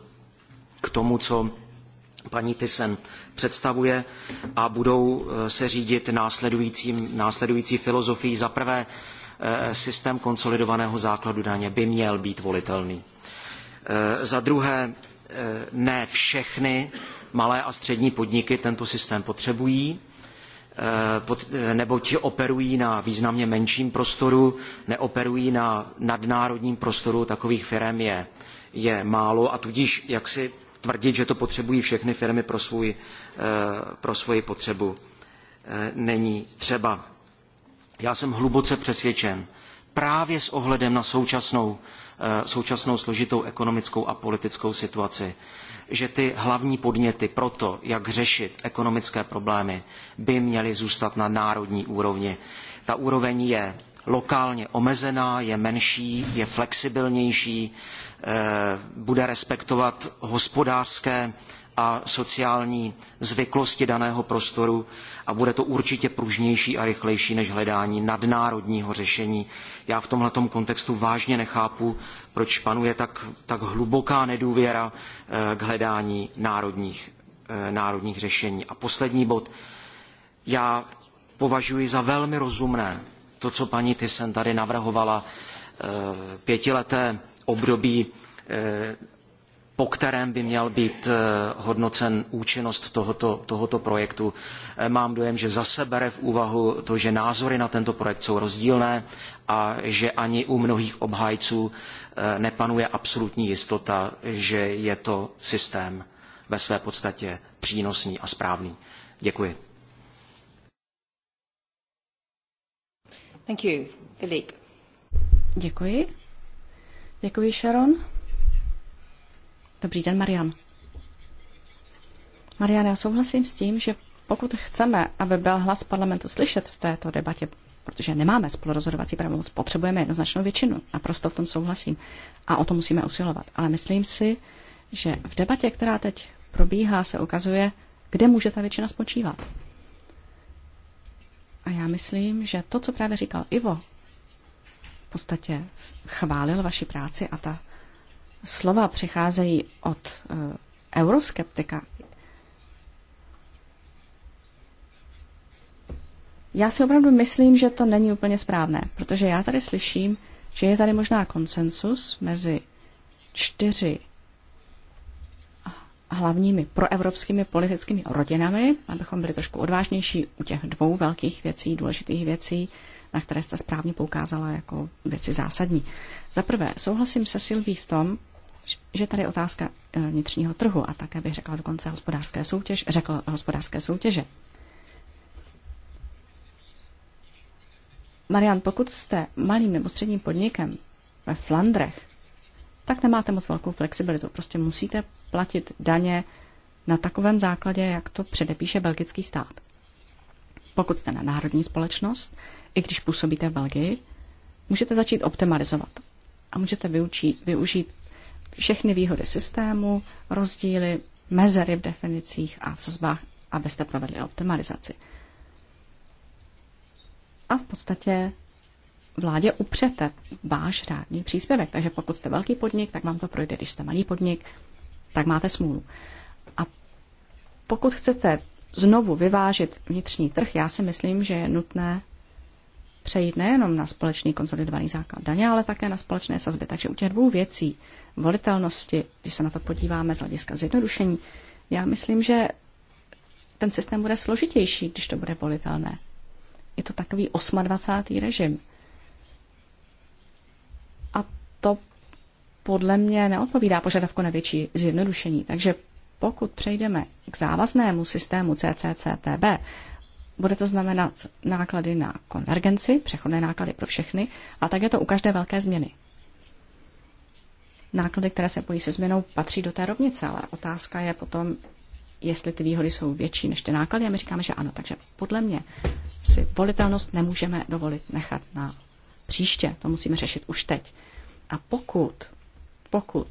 k tomu, co paní Tysen představuje a budou eh, se řídit následující, následující filozofií. Za prvé Eh, systém konsolidovaného základu daně by měl být volitelný. Eh, za druhé, eh, ne všechny malé a střední podniky tento systém potřebují, neboť operují na významně menším prostoru, neoperují na nadnárodním prostoru, takových firm je, je málo a tudíž jak si tvrdit, že to potřebují všechny firmy pro, svůj, pro svoji potřebu, není třeba já jsem hluboce přesvědčen, právě s ohledem na současnou, eh, současnou složitou ekonomickou a politickou situaci, že ty hlavní podněty pro to, jak řešit ekonomické problémy, by měly zůstat na národní úrovni. Ta úroveň je lokálně omezená, je menší, je flexibilnější, eh, bude respektovat hospodářské a sociální zvyklosti daného prostoru a bude to určitě pružnější a rychlejší než hledání nadnárodního řešení. Já v tomto kontextu vážně nechápu, proč panuje tak, tak hluboká nedůvěra eh, k hledání národních, eh, národních řešení. A poslední bod. Já považuji za velmi rozumné to, co paní Thyssen tady navrhovala, eh, pětileté období po kterém by měl být eh, hodnocen účinnost tohoto, tohoto projektu. Eh, mám dojem, že zase bere v úvahu to, že názory na tento projekt jsou rozdílné a že ani u mnohých obhájců eh, nepanuje absolutní jistota, že je to systém ve své podstatě přínosný a správný. Děkuji.
Thank you, Filip. Děkuji. Děkuji, Sharon. Dobrý den, Marian. Marian, já souhlasím s tím, že pokud chceme, aby byl hlas parlamentu slyšet v této debatě, protože nemáme spolurozhodovací pravomoc, potřebujeme jednoznačnou většinu. Naprosto v tom souhlasím. A o to musíme usilovat. Ale myslím si, že v debatě, která teď probíhá, se ukazuje, kde může ta většina spočívat. A já myslím, že to, co právě říkal Ivo, v podstatě chválil vaši práci a ta slova přicházejí od eh, euroskeptika, já si opravdu myslím, že to není úplně správné, protože já tady slyším, že je tady možná konsensus mezi čtyři hlavními proevropskými politickými rodinami, abychom byli trošku odvážnější u těch dvou velkých věcí, důležitých věcí, na které jste správně poukázala jako věci zásadní. Za prvé, souhlasím se Silví v tom, že tady otázka eh, vnitřního trhu a také bych řekla dokonce hospodářské soutěž, řekl hospodářské soutěže. Marian, pokud jste malým nebo středním podnikem ve Flandrech, tak nemáte moc velkou flexibilitu. Prostě musíte platit daně na takovém základě, jak to předepíše belgický stát. Pokud jste na národní společnost, i když působíte v Belgii, můžete začít optimalizovat a můžete využít všechny výhody systému, rozdíly, mezery v definicích a v sazbách, abyste provedli optimalizaci. A v podstatě vládě upřete váš řádný příspěvek. Takže pokud jste velký podnik, tak vám to projde. Když jste malý podnik, tak máte smůlu. A pokud chcete znovu vyvážit vnitřní trh, já si myslím, že je nutné přejít nejenom na společný konsolidovaný základ daně, ale také na společné sazby. Takže u těch dvou věcí, volitelnosti, když se na to podíváme z hlediska zjednodušení, já myslím, že ten systém bude složitější, když to bude volitelné. Je to takový 28. režim. A to podle mě neodpovídá požadavku na větší zjednodušení. Takže pokud přejdeme k závaznému systému CCCTB, bude to znamenat náklady na konvergenci, přechodné náklady pro všechny, a tak je to u každé velké změny. Náklady, které se pojí se změnou, patří do té rovnice, ale otázka je potom, jestli ty výhody jsou větší než ty náklady a my říkáme, že ano. Takže podle mě si volitelnost nemůžeme dovolit nechat na příště. To musíme řešit už teď. A pokud, pokud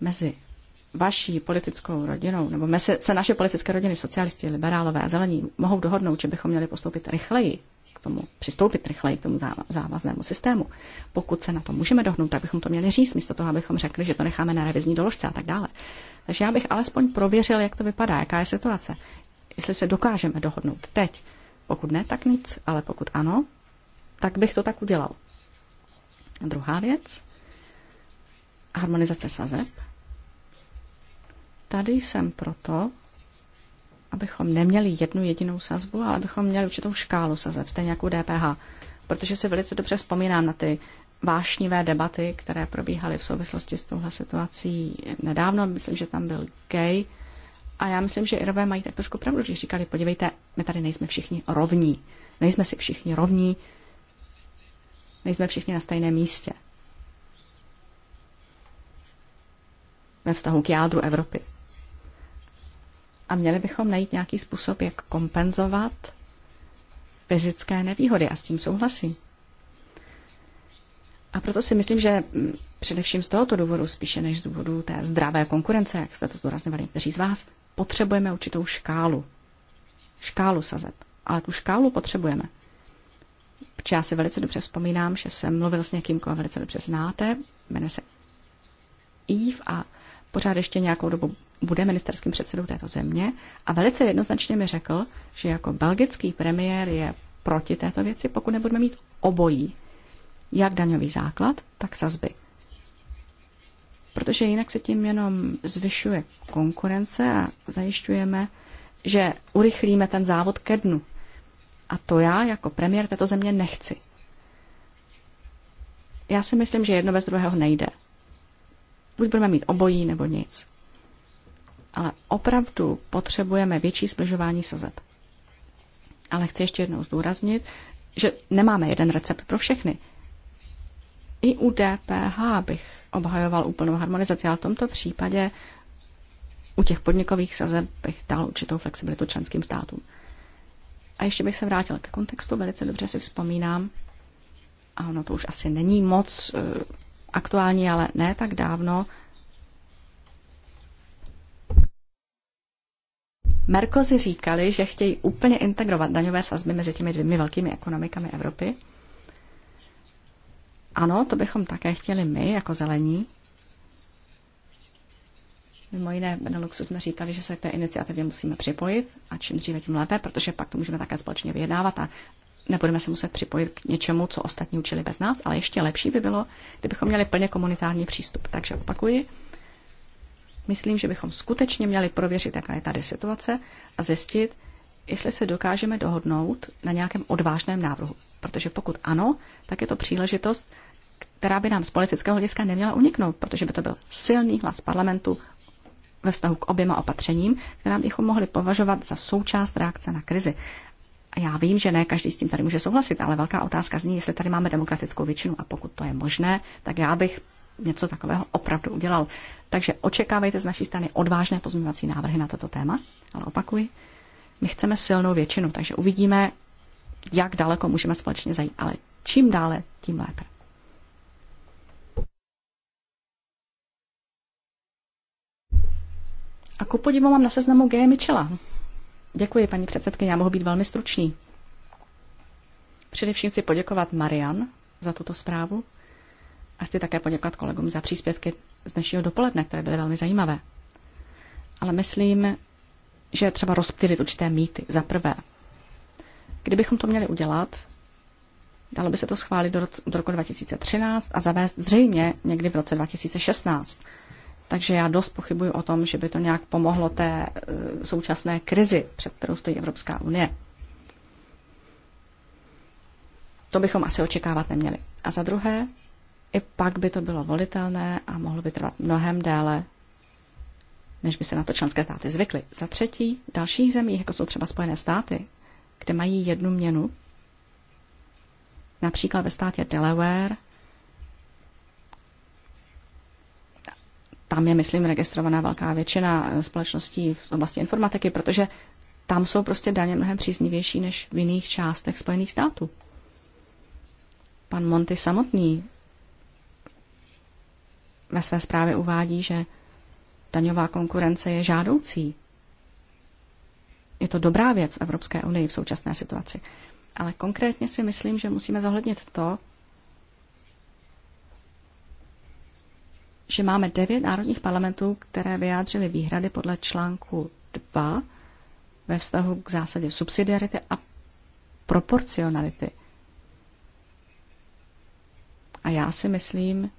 mezi vaší politickou rodinou, nebo my se, se naše politické rodiny, socialisti, liberálové a zelení, mohou dohodnout, že bychom měli postoupit rychleji k tomu, přistoupit rychleji k tomu závaznému systému. Pokud se na to můžeme dohnout, tak bychom to měli říct, místo toho, abychom řekli, že to necháme na revizní doložce a tak dále. Takže já bych alespoň prověřil, jak to vypadá, jaká je situace. Jestli se dokážeme dohodnout teď. Pokud ne, tak nic, ale pokud ano, tak bych to tak udělal. A druhá věc, harmonizace sazeb. Tady jsem proto, abychom neměli jednu jedinou sazbu, ale abychom měli určitou škálu sazeb, stejně jako DPH. Protože si velice dobře vzpomínám na ty vášnivé debaty, které probíhaly v souvislosti s touhle situací nedávno. Myslím, že tam byl gay. A já myslím, že Irové mají tak trošku pravdu, když říkali, podívejte, my tady nejsme všichni rovní. Nejsme si všichni rovní. Nejsme všichni na stejném místě. Ve vztahu k jádru Evropy. A měli bychom najít nějaký způsob, jak kompenzovat fyzické nevýhody a s tím souhlasím. A proto si myslím, že mm, především z tohoto důvodu, spíše než z důvodu té zdravé konkurence, jak jste to zdůrazněvali někteří z vás, potřebujeme určitou škálu. Škálu sazeb. Ale tu škálu potřebujeme. Protože já si velice dobře vzpomínám, že jsem mluvil s někým, koho velice dobře znáte, jmenuje se Eve a pořád ještě nějakou dobu bude ministerským předsedou této země a velice jednoznačně mi řekl, že jako belgický premiér je proti této věci, pokud nebudeme mít obojí. Jak daňový základ, tak sazby. Protože jinak se tím jenom zvyšuje konkurence a zajišťujeme, že urychlíme ten závod ke dnu. A to já jako premiér této země nechci. Já si myslím, že jedno bez druhého nejde. Buď budeme mít obojí, nebo nic ale opravdu potřebujeme větší zbližování sazeb. Ale chci ještě jednou zdůraznit, že nemáme jeden recept pro všechny. I u DPH bych obhajoval úplnou harmonizaci, ale v tomto případě u těch podnikových sazeb bych dal určitou flexibilitu členským státům. A ještě bych se vrátil ke kontextu, velice dobře si vzpomínám, a ono to už asi není moc eh, aktuální, ale ne tak dávno, Merkozy říkali, že chtějí úplně integrovat daňové sazby mezi těmi dvěmi velkými ekonomikami Evropy. Ano, to bychom také chtěli my, jako zelení. Mimo jiné, v Beneluxu jsme říkali, že se k té iniciativě musíme připojit a čím dříve, tím lépe, protože pak to můžeme také společně vyjednávat a nebudeme se muset připojit k něčemu, co ostatní učili bez nás, ale ještě lepší by bylo, kdybychom měli plně komunitární přístup. Takže opakuji, Myslím, že bychom skutečně měli prověřit, jaká je tady situace a zjistit, jestli se dokážeme dohodnout na nějakém odvážném návrhu. Protože pokud ano, tak je to příležitost, která by nám z politického hlediska neměla uniknout, protože by to byl silný hlas parlamentu ve vztahu k oběma opatřením, která bychom mohli považovat za součást reakce na krizi. A já vím, že ne každý s tím tady může souhlasit, ale velká otázka zní, jestli tady máme demokratickou většinu a pokud to je možné, tak já bych něco takového opravdu udělal. Takže očekávejte z naší strany odvážné pozměňovací návrhy na toto téma, ale opakuji, my chceme silnou většinu, takže uvidíme, jak daleko můžeme společně zajít, ale čím dále, tím lépe. A ku podivu mám na seznamu G. Michela. Děkuji, paní předsedkyně, já mohu být velmi stručný. Především chci poděkovat Marian za tuto zprávu. A chci také poděkovat kolegům za příspěvky z dnešního dopoledne, které byly velmi zajímavé. Ale myslím, že je třeba rozptýlit určité mýty. Za prvé, kdybychom to měli udělat, dalo by se to schválit do, roce, do roku 2013 a zavést zřejmě někdy v roce 2016. Takže já dost pochybuji o tom, že by to nějak pomohlo té e, současné krizi, před kterou stojí Evropská unie. To bychom asi očekávat neměli. A za druhé, i pak by to bylo volitelné a mohlo by trvat mnohem déle, než by se na to členské státy zvykly. Za třetí, v dalších zemích, jako jsou třeba Spojené státy, kde mají jednu měnu, například ve státě Delaware, tam je, myslím, registrovaná velká většina společností v oblasti informatiky, protože tam jsou prostě daně mnohem příznivější než v jiných částech Spojených států. Pan Monty samotný ve své zprávě uvádí, že daňová konkurence je žádoucí. Je to dobrá věc v Evropské unii v současné situaci. Ale konkrétně si myslím, že musíme zohlednit to, že máme devět národních parlamentů, které vyjádřily výhrady podle článku 2 ve vztahu k zásadě subsidiarity a proporcionality. A já si myslím,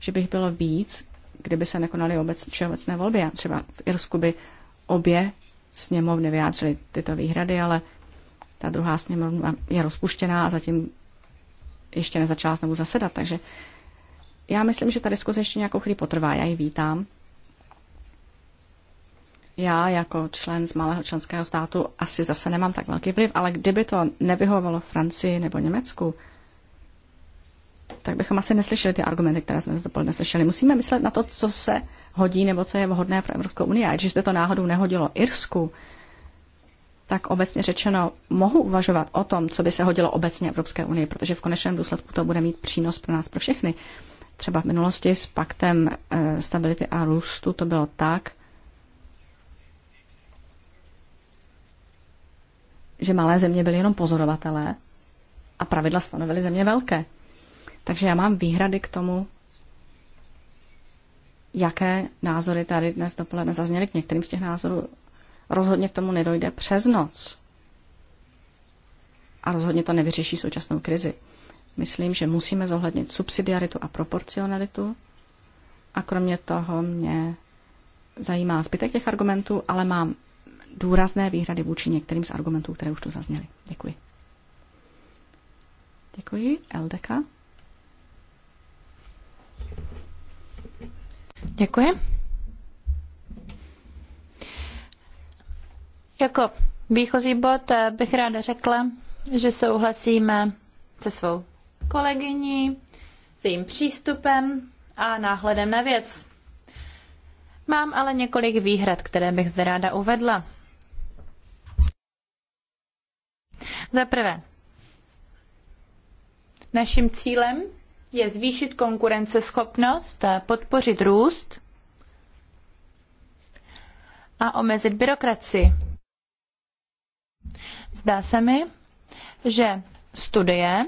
že bych bylo víc, kdyby se nekonaly všeobecné volby. A třeba v Irsku by obě sněmovny vyjádřily tyto výhrady, ale ta druhá sněmovna je rozpuštěná a zatím ještě nezačala znovu zasedat. Takže já myslím, že ta diskuse ještě nějakou chvíli potrvá. Já ji vítám. Já jako člen z malého členského státu asi zase nemám tak velký vliv, ale kdyby to nevyhovovalo Francii nebo Německu, tak bychom asi neslyšeli ty argumenty, které jsme dopoledne slyšeli. Musíme myslet na to, co se hodí nebo co je vhodné pro Evropskou unii. A když by to náhodou nehodilo Irsku, tak obecně řečeno mohu uvažovat o tom, co by se hodilo obecně Evropské unii, protože v konečném důsledku to bude mít přínos pro nás, pro všechny. Třeba v minulosti s paktem eh, stability a růstu to bylo tak, že malé země byly jenom pozorovatelé a pravidla stanovily země velké. Takže já mám výhrady k tomu, jaké názory tady dnes dopoledne zazněly. K některým z těch názorů rozhodně k tomu nedojde přes noc. A rozhodně to nevyřeší současnou krizi. Myslím, že musíme zohlednit subsidiaritu a proporcionalitu. A kromě toho mě zajímá zbytek těch argumentů, ale mám důrazné výhrady vůči některým z argumentů, které už tu zazněly. Děkuji. Děkuji. Eldeka.
Děkuji. Jako výchozí bod eh, bych ráda řekla, že souhlasíme se svou kolegyní, s jejím přístupem a náhledem na věc. Mám ale několik výhrad, které bych zde ráda uvedla. Za prvé, naším cílem je zvýšit konkurenceschopnost, podpořit růst a omezit byrokracii. Zdá se mi, že studie,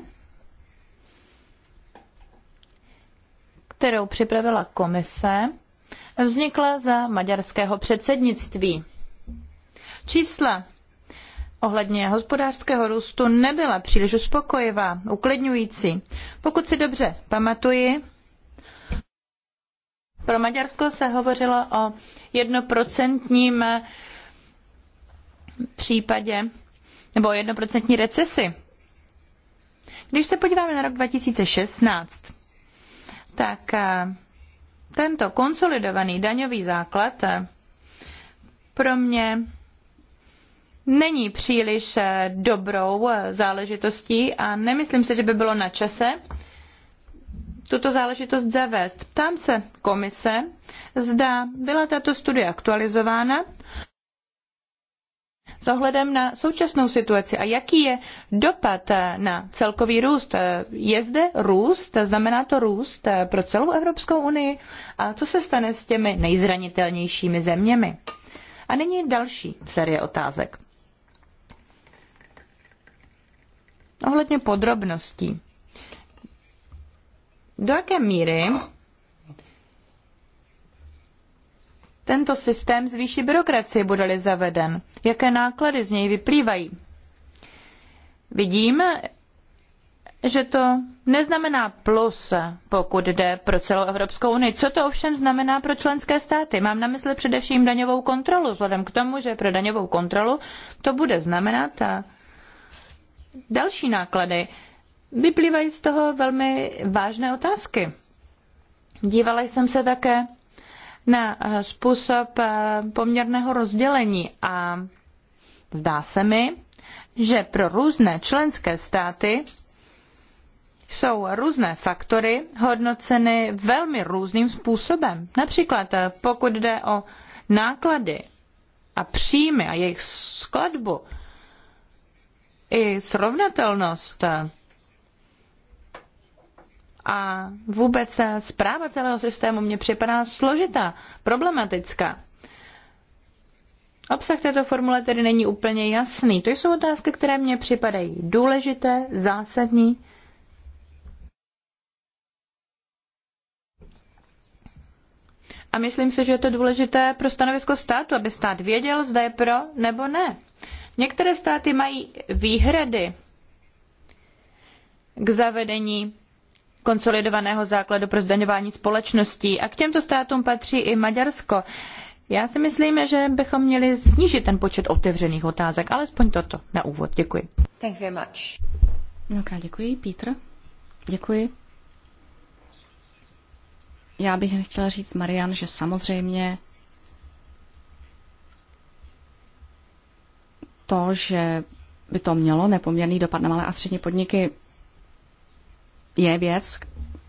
kterou připravila komise, vznikla za maďarského předsednictví. Čísla ohledně hospodářského růstu nebyla příliš uspokojivá, uklidňující. Pokud si dobře pamatuji, pro Maďarsko se hovořilo o jednoprocentním případě nebo o jednoprocentní recesi. Když se podíváme na rok 2016, tak eh, tento konsolidovaný daňový základ eh, pro mě není příliš eh, dobrou eh, záležitostí a nemyslím si, že by bylo na čase tuto záležitost zavést. Ptám se komise, zda byla tato studie aktualizována s ohledem na současnou situaci a jaký je dopad eh, na celkový růst. Je zde růst, znamená to růst pro celou Evropskou unii a co se stane s těmi nejzranitelnějšími zeměmi? A nyní další série otázek. Ohledně podrobností. Do jaké míry tento systém zvýší byrokracii, bude-li zaveden? Jaké náklady z něj vyplývají? Vidím, že to neznamená plus, pokud jde pro celou Evropskou unii. Co to ovšem znamená pro členské státy? Mám na mysli především daňovou kontrolu, vzhledem k tomu, že pro daňovou kontrolu to bude znamenat další náklady. Vyplývají z toho velmi vážné otázky. Dívala jsem se také na eh, způsob eh, poměrného rozdělení a zdá se mi, že pro různé členské státy jsou různé faktory hodnoceny velmi různým způsobem. Například eh, pokud jde o náklady a příjmy a jejich skladbu, i srovnatelnost a vůbec zpráva celého systému mě připadá složitá, problematická. Obsah této formule tedy není úplně jasný. To jsou otázky, které mě připadají důležité, zásadní. A myslím si, že je to důležité pro stanovisko státu, aby stát věděl, zda je pro nebo ne. Některé státy mají výhrady k zavedení konsolidovaného základu pro zdaňování společností a k těmto státům patří i Maďarsko. Já si myslím, že bychom měli snížit ten počet otevřených otázek, alespoň toto na úvod. Děkuji.
Thank you very much. Mnohokrát děkuji, Pítr. Děkuji. Já bych chtěla říct, Marian, že samozřejmě to, že by to mělo nepoměrný dopad na malé a střední podniky, je věc,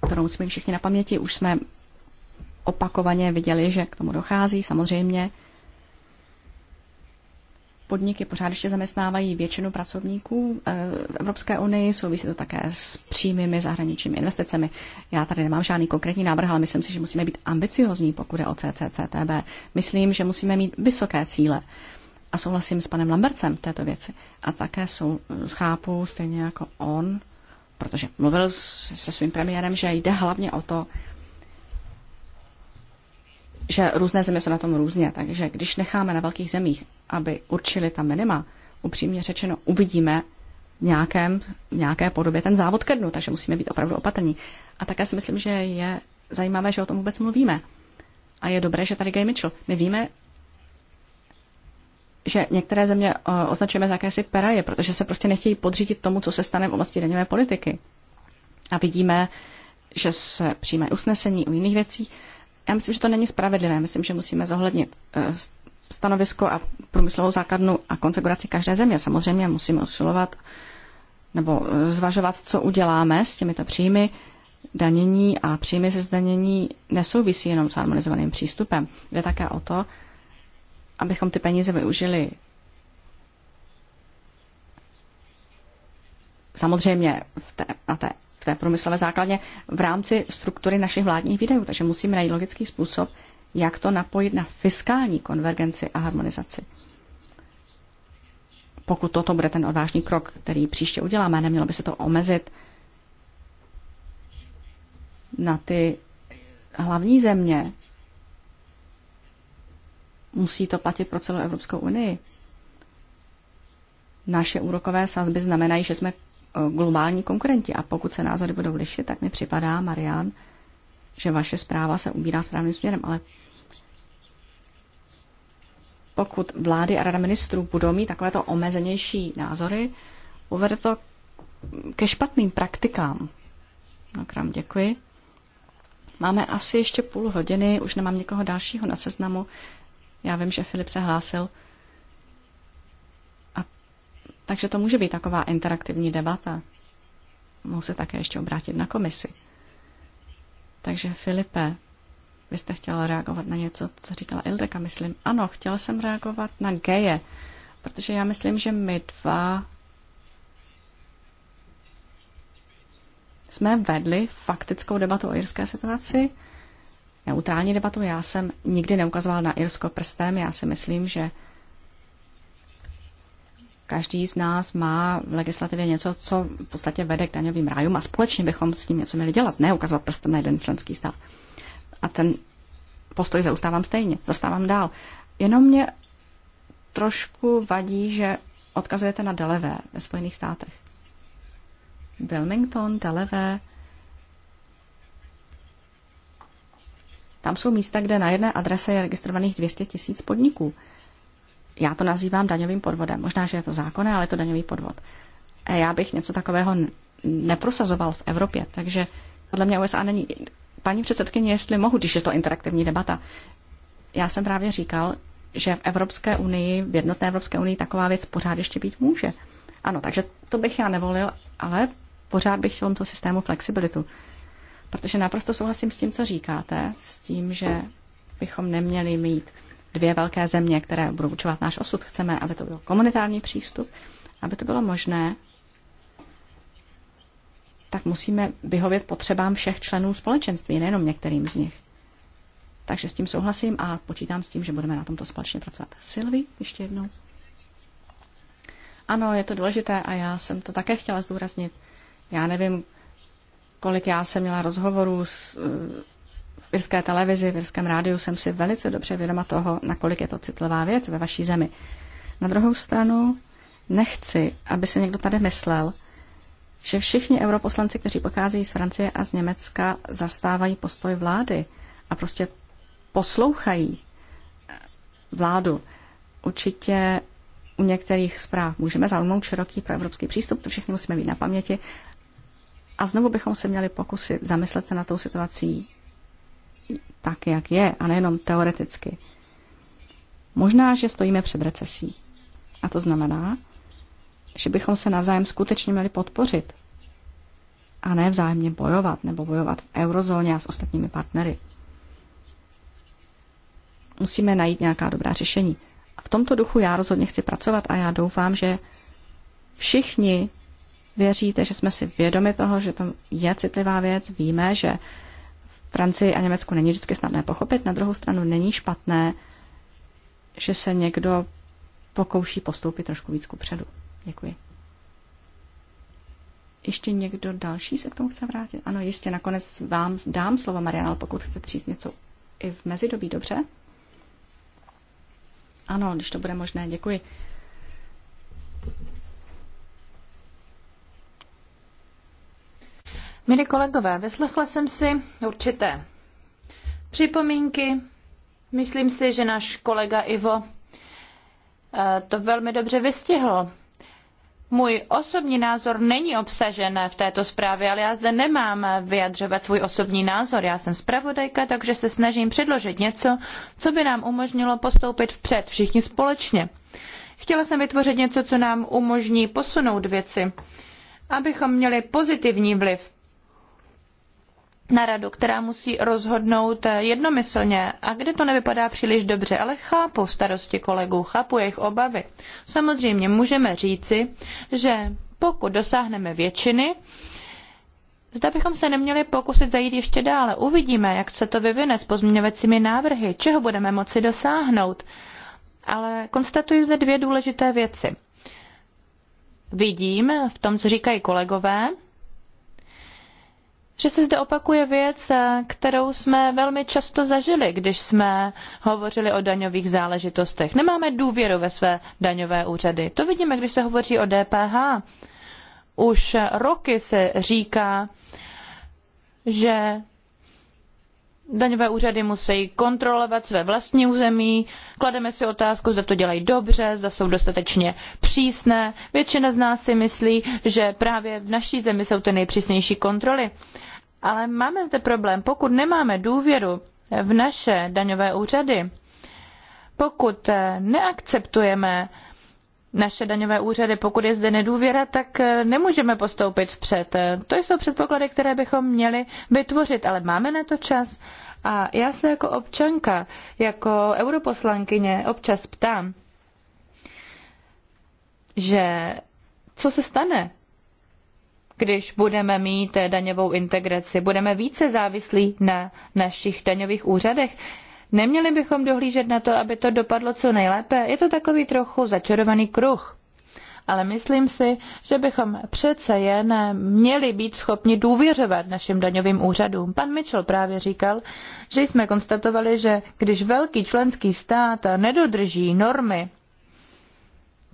kterou musíme všichni na paměti. Už jsme opakovaně viděli, že k tomu dochází. Samozřejmě podniky pořád ještě zaměstnávají většinu pracovníků eh, v Evropské unii, souvisí to také s přímými zahraničními investicemi. Já tady nemám žádný konkrétní návrh, ale myslím si, že musíme být ambiciozní, pokud je o CCCTB. Myslím, že musíme mít vysoké cíle. A souhlasím s panem Lambercem v této věci. A také sou, chápu, stejně jako on, protože mluvil se svým premiérem, že jde hlavně o to, že různé země jsou na tom různě, takže když necháme na velkých zemích, aby určili ta minima, upřímně řečeno, uvidíme v, nějakém, v nějaké podobě ten závod ke dnu, takže musíme být opravdu opatrní. A také si myslím, že je zajímavé, že o tom vůbec mluvíme. A je dobré, že tady Gay Mitchell. My víme, že některé země eh, označujeme za jakési peraje, protože se prostě nechtějí podřídit tomu, co se stane v oblasti daňové politiky. A vidíme, že se přijímají usnesení u jiných věcí. Já myslím, že to není spravedlivé. Myslím, že musíme zohlednit eh, stanovisko a průmyslovou základnu a konfiguraci každé země. Samozřejmě musíme usilovat nebo eh, zvažovat, co uděláme s těmito příjmy. Danění a příjmy ze zdanění nesouvisí jenom s harmonizovaným přístupem. Jde také o to, abychom ty peníze využili. Samozřejmě v té, na té, v té průmyslové základně v rámci struktury našich vládních výdajů, takže musíme najít logický způsob, jak to napojit na fiskální konvergenci a harmonizaci. Pokud toto bude ten odvážný krok, který příště uděláme, nemělo by se to omezit na ty hlavní země, Musí to platit pro celou Evropskou unii. Naše úrokové sazby znamenají, že jsme eh, globální konkurenti a pokud se názory budou lišit, tak mi připadá, Marian, že vaše zpráva se ubírá správným směrem, ale pokud vlády a rada ministrů budou mít takovéto omezenější názory, uvede to ke špatným praktikám. No, krám, děkuji. Máme asi ještě půl hodiny, už nemám někoho dalšího na seznamu. Já vím, že Filip se hlásil. A, takže to může být taková interaktivní debata. Mohu se také ještě obrátit na komisi. Takže Filipe, vy jste chtěla reagovat na něco, co říkala Ildeka, myslím. Ano, chtěla jsem reagovat na geje, protože já myslím, že my dva jsme vedli faktickou debatu o jirské situaci neutrální debatu. Já jsem nikdy neukazoval na Irsko prstem. Já si myslím, že každý z nás má v legislativě něco, co v podstatě vede k daňovým rájům a společně bychom s tím něco měli dělat, ne ukazovat prstem na jeden členský stát. A ten postoj zaustávám stejně, zastávám dál. Jenom mě trošku vadí, že odkazujete na Delaware ve Spojených státech. Wilmington, Delaware, Tam jsou místa, kde na jedné adrese je registrovaných 200 tisíc podniků. Já to nazývám daňovým podvodem. Možná, že je to zákonné, ale je to daňový podvod. A já bych něco takového neprosazoval v Evropě. Takže podle mě USA není. Paní předsedkyně, jestli mohu, když je to interaktivní debata. Já jsem právě říkal, že v Evropské unii, v jednotné Evropské unii taková věc pořád ještě být může. Ano, takže to bych já nevolil, ale pořád bych chtěl to systému flexibilitu. Protože naprosto souhlasím s tím, co říkáte, s tím, že bychom neměli mít dvě velké země, které budou učovat náš osud. Chceme, aby to byl komunitární přístup, aby to bylo možné, tak musíme vyhovět potřebám všech členů společenství, nejenom některým z nich. Takže s tím souhlasím a počítám s tím, že budeme na tomto společně pracovat. Silvi, ještě jednou. Ano, je to důležité a já jsem to také chtěla zdůraznit. Já nevím, kolik já jsem měla rozhovorů s, v irské televizi, v irském rádiu, jsem si velice dobře vědoma toho, nakolik je to citlivá věc ve vaší zemi. Na druhou stranu nechci, aby se někdo tady myslel, že všichni europoslanci, kteří pocházejí z Francie a z Německa, zastávají postoj vlády a prostě poslouchají vládu. Určitě u některých zpráv můžeme zaujmout široký pro evropský přístup, to všichni musíme mít na paměti, a znovu bychom se měli pokusit zamyslet se na tou situací tak, jak je, a nejenom teoreticky. Možná, že stojíme před recesí. A to znamená, že bychom se navzájem skutečně měli podpořit a ne vzájemně bojovat nebo bojovat v eurozóně a s ostatními partnery. Musíme najít nějaká dobrá řešení. A v tomto duchu já rozhodně chci pracovat a já doufám, že všichni věříte, že jsme si vědomi toho, že to je citlivá věc, víme, že v Francii a Německu není vždycky snadné pochopit, na druhou stranu není špatné, že se někdo pokouší postoupit trošku víc ku předu. Děkuji. Ještě někdo další se k tomu chce vrátit? Ano, jistě, nakonec vám dám slovo, Mariana, ale pokud chcete říct něco i v mezidobí, dobře? Ano, když to bude možné, děkuji.
Milí kolegové, vyslechla jsem si určité připomínky. Myslím si, že náš kolega Ivo eh, to velmi dobře vystihl. Můj osobní názor není obsažen v této zprávě, ale já zde nemám vyjadřovat svůj osobní názor. Já jsem zpravodajka, takže se snažím předložit něco, co by nám umožnilo postoupit vpřed všichni společně. Chtěla jsem vytvořit něco, co nám umožní posunout věci, abychom měli pozitivní vliv na radu, která musí rozhodnout eh, jednomyslně a kde to nevypadá příliš dobře, ale chápu starosti kolegů, chápu jejich obavy. Samozřejmě můžeme říci, že pokud dosáhneme většiny, Zda bychom se neměli pokusit zajít ještě dále. Uvidíme, jak se to vyvine s pozměňovacími návrhy, čeho budeme moci dosáhnout. Ale konstatuji zde dvě důležité věci. Vidím v tom, co říkají kolegové, že se zde opakuje věc, eh, kterou jsme velmi často zažili, když jsme hovořili o daňových záležitostech. Nemáme důvěru ve své daňové úřady. To vidíme, když se hovoří o DPH. Už roky se říká, že daňové úřady musí kontrolovat své vlastní území. Klademe si otázku, zda to dělají dobře, zda jsou dostatečně přísné. Většina z nás si myslí, že právě v naší zemi jsou ty nejpřísnější kontroly. Ale máme zde problém. Pokud nemáme důvěru v naše daňové úřady, pokud eh, neakceptujeme naše daňové úřady, pokud je zde nedůvěra, tak eh, nemůžeme postoupit vpřed. Eh, to jsou předpoklady, které bychom měli vytvořit, ale máme na to čas. A já se jako občanka, jako europoslankyně občas ptám, že co se stane, když budeme mít eh, daňovou integraci. Budeme více závislí na našich daňových úřadech. Neměli bychom dohlížet na to, aby to dopadlo co nejlépe. Je to takový trochu začarovaný kruh. Ale myslím si, že bychom přece jen eh, měli být schopni důvěřovat našim daňovým úřadům. Pan Mitchell právě říkal, že jsme konstatovali, že když velký členský stát nedodrží normy,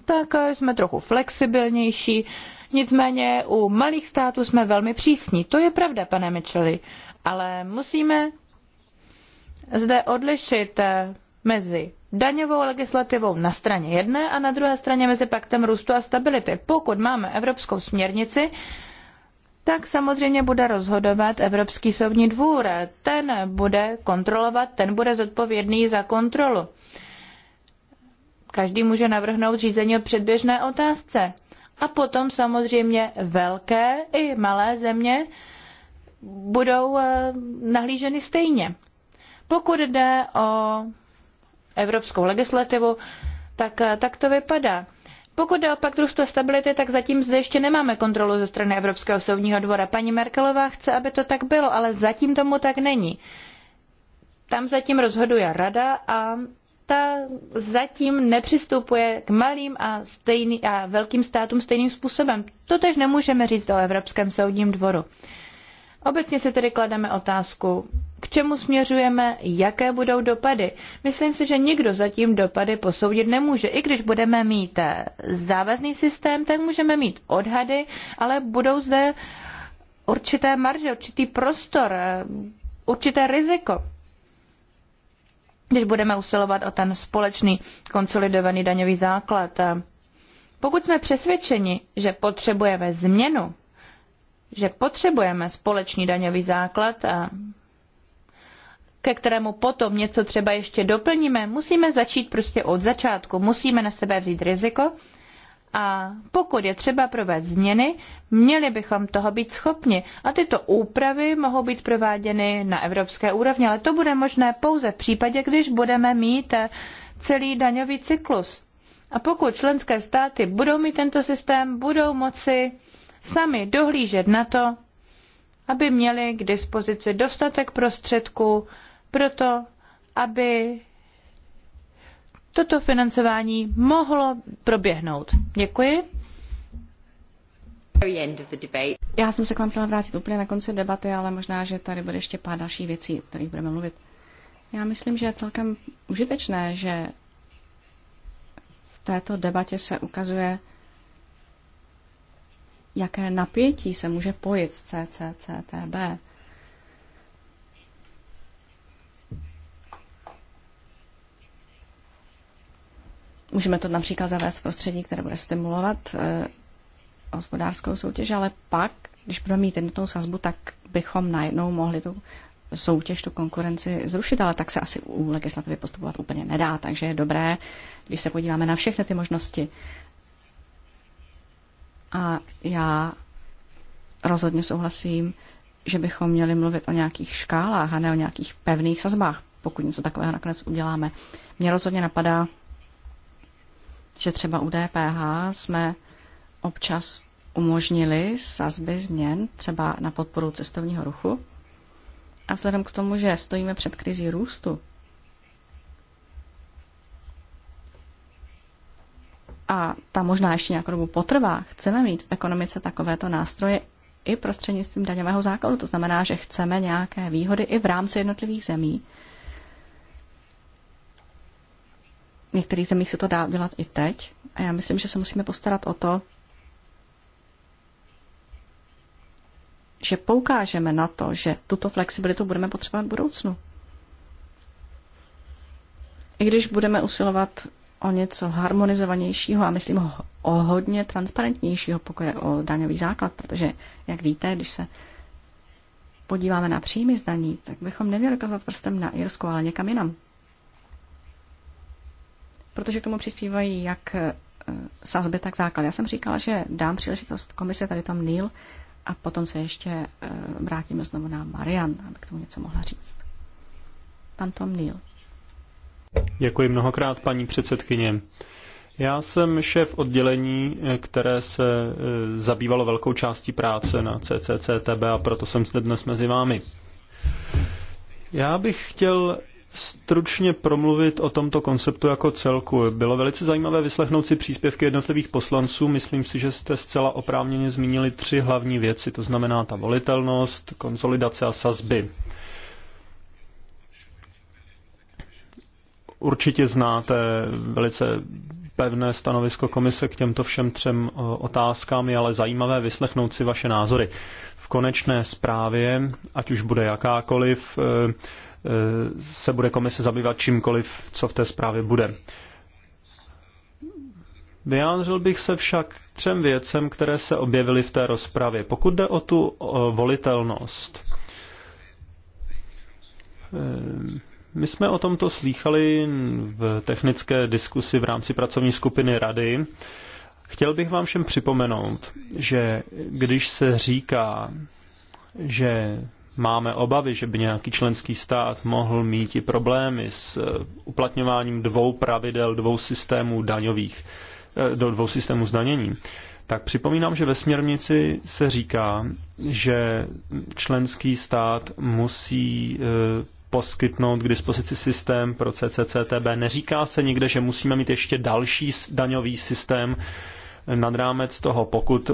tak eh, jsme trochu flexibilnější, Nicméně u malých států jsme velmi přísní. To je pravda, pane Mitchelli. Ale musíme zde odlišit eh, mezi daňovou legislativou na straně jedné a na druhé straně mezi paktem růstu a stability. Pokud máme evropskou směrnici, tak samozřejmě bude rozhodovat Evropský soudní dvůr. Ten bude kontrolovat, ten bude zodpovědný za kontrolu. Každý může navrhnout řízení o předběžné otázce. A potom samozřejmě velké i malé země budou eh, nahlíženy stejně. Pokud jde o evropskou legislativu, tak, eh, tak to vypadá. Pokud jde o pakt růstu stability, tak zatím zde ještě nemáme kontrolu ze strany Evropského soudního dvora. Paní Merkelová chce, aby to tak bylo, ale zatím tomu tak není. Tam zatím rozhoduje rada a zatím nepřistupuje k malým a, stejný, a velkým státům stejným způsobem. To tež nemůžeme říct o Evropském soudním dvoru. Obecně si tedy klademe otázku, k čemu směřujeme, jaké budou dopady. Myslím si, že nikdo zatím dopady posoudit nemůže. I když budeme mít eh, závazný systém, tak můžeme mít odhady, ale budou zde určité marže, určitý prostor, eh, určité riziko když budeme usilovat o ten společný konsolidovaný daňový základ. Pokud jsme přesvědčeni, že potřebujeme změnu, že potřebujeme společný daňový základ, ke kterému potom něco třeba ještě doplníme, musíme začít prostě od začátku. Musíme na sebe vzít riziko, a pokud je třeba provést změny, měli bychom toho být schopni. A tyto úpravy mohou být prováděny na evropské úrovni, ale to bude možné pouze v případě, když budeme mít eh, celý daňový cyklus. A pokud členské státy budou mít tento systém, budou moci sami dohlížet na to, aby měli k dispozici dostatek prostředků pro to, aby toto financování mohlo proběhnout. Děkuji.
Já jsem se k vám chtěla vrátit úplně na konci debaty, ale možná, že tady bude ještě pár dalších věcí, o kterých budeme mluvit. Já myslím, že je celkem užitečné, že v této debatě se ukazuje, jaké napětí se může pojít z CCCTB. Můžeme to například zavést v prostředí, které bude stimulovat eh, hospodářskou soutěž, ale pak, když budeme mít jednotnou sazbu, tak bychom najednou mohli tu soutěž, tu konkurenci zrušit, ale tak se asi u legislativy postupovat úplně nedá. Takže je dobré, když se podíváme na všechny ty možnosti. A já rozhodně souhlasím, že bychom měli mluvit o nějakých škálách a ne o nějakých pevných sazbách, pokud něco takového nakonec uděláme. Mě rozhodně napadá že třeba u DPH jsme občas umožnili sazby změn třeba na podporu cestovního ruchu. A vzhledem k tomu, že stojíme před krizí růstu, a ta možná ještě nějakou dobu potrvá, chceme mít v ekonomice takovéto nástroje i prostřednictvím daňového základu. To znamená, že chceme nějaké výhody i v rámci jednotlivých zemí, V některých zemích se to dá dělat i teď. A já myslím, že se musíme postarat o to, že poukážeme na to, že tuto flexibilitu budeme potřebovat v budoucnu. I když budeme usilovat o něco harmonizovanějšího a myslím o hodně transparentnějšího, pokud je o daňový základ, protože, jak víte, když se podíváme na příjmy z daní, tak bychom neměli ukazovat prstem na Irsko, ale někam jinam protože k tomu přispívají jak eh, sazby, tak základ. Já jsem říkala, že dám příležitost komise tady tam Neil a potom se ještě eh, vrátíme znovu na Marian, aby k tomu něco mohla říct. Pan Tom Neil.
Děkuji mnohokrát, paní předsedkyně. Já jsem šéf oddělení, eh, které se zabývalo velkou částí práce na CCCTB a proto jsem zde dnes mezi vámi. Já bych chtěl stručně promluvit o tomto konceptu jako celku. Bylo velice zajímavé vyslechnout si příspěvky jednotlivých poslanců. Myslím si, že jste zcela oprávněně zmínili tři hlavní věci, to znamená ta volitelnost, konsolidace a sazby. Určitě znáte velice pevné stanovisko komise k těmto všem třem eh, otázkám, je ale zajímavé vyslechnout si vaše názory. V konečné zprávě, ať už bude jakákoliv, eh, se bude komise zabývat čímkoliv, co v té zprávě bude. Vyjádřil bych se však třem věcem, které se objevily v té rozpravě. Pokud jde o tu volitelnost, eh, my jsme o tomto slýchali v technické diskusi v rámci pracovní skupiny Rady. Chtěl bych vám všem připomenout, že když se říká, že máme obavy, že by nějaký členský stát mohl mít i problémy s eh, uplatňováním dvou pravidel, dvou systémů daňových, eh, do dvou systémů zdanění, tak připomínám, že ve směrnici se říká, že členský stát musí eh, poskytnout k dispozici systém pro CCCTB. Neříká se nikde, že musíme mít ještě další daňový systém nad rámec toho, pokud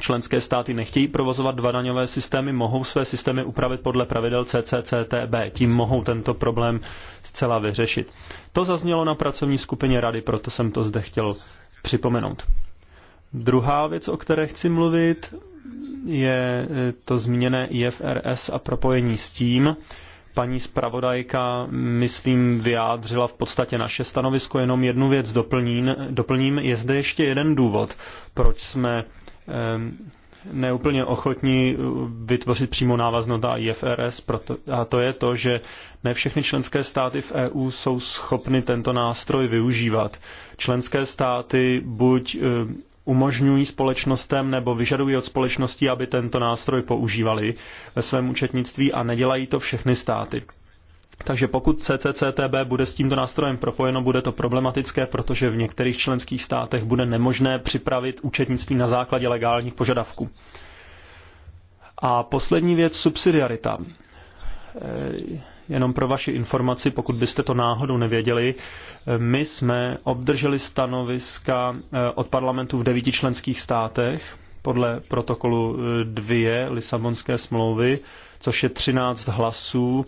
Členské státy nechtějí provozovat dva daňové systémy, mohou své systémy upravit podle pravidel CCCTB. Tím mohou tento problém zcela vyřešit. To zaznělo na pracovní skupině rady, proto jsem to zde chtěl připomenout. Druhá věc, o které chci mluvit, je eh, to zmíněné IFRS a propojení s tím. Paní zpravodajka, myslím, vyjádřila v podstatě naše stanovisko, jenom jednu věc doplním. doplním. Je zde ještě jeden důvod, proč jsme Ehm, neúplně ochotní eh, vytvořit přímo návaznost na IFRS, proto, a to je to, že ne všechny členské státy v EU jsou schopny tento nástroj využívat. Členské státy buď eh, umožňují společnostem nebo vyžadují od společností, aby tento nástroj používali ve svém účetnictví a nedělají to všechny státy. Takže pokud CCCTB bude s tímto nástrojem propojeno, bude to problematické, protože v některých členských státech bude nemožné připravit účetnictví na základě legálních požadavků. A poslední věc, subsidiarita. Eh, jenom pro vaši informaci, pokud byste to náhodou nevěděli, eh, my jsme obdrželi stanoviska eh, od parlamentu v devíti členských státech podle protokolu 2 Lisabonské smlouvy, což je 13 hlasů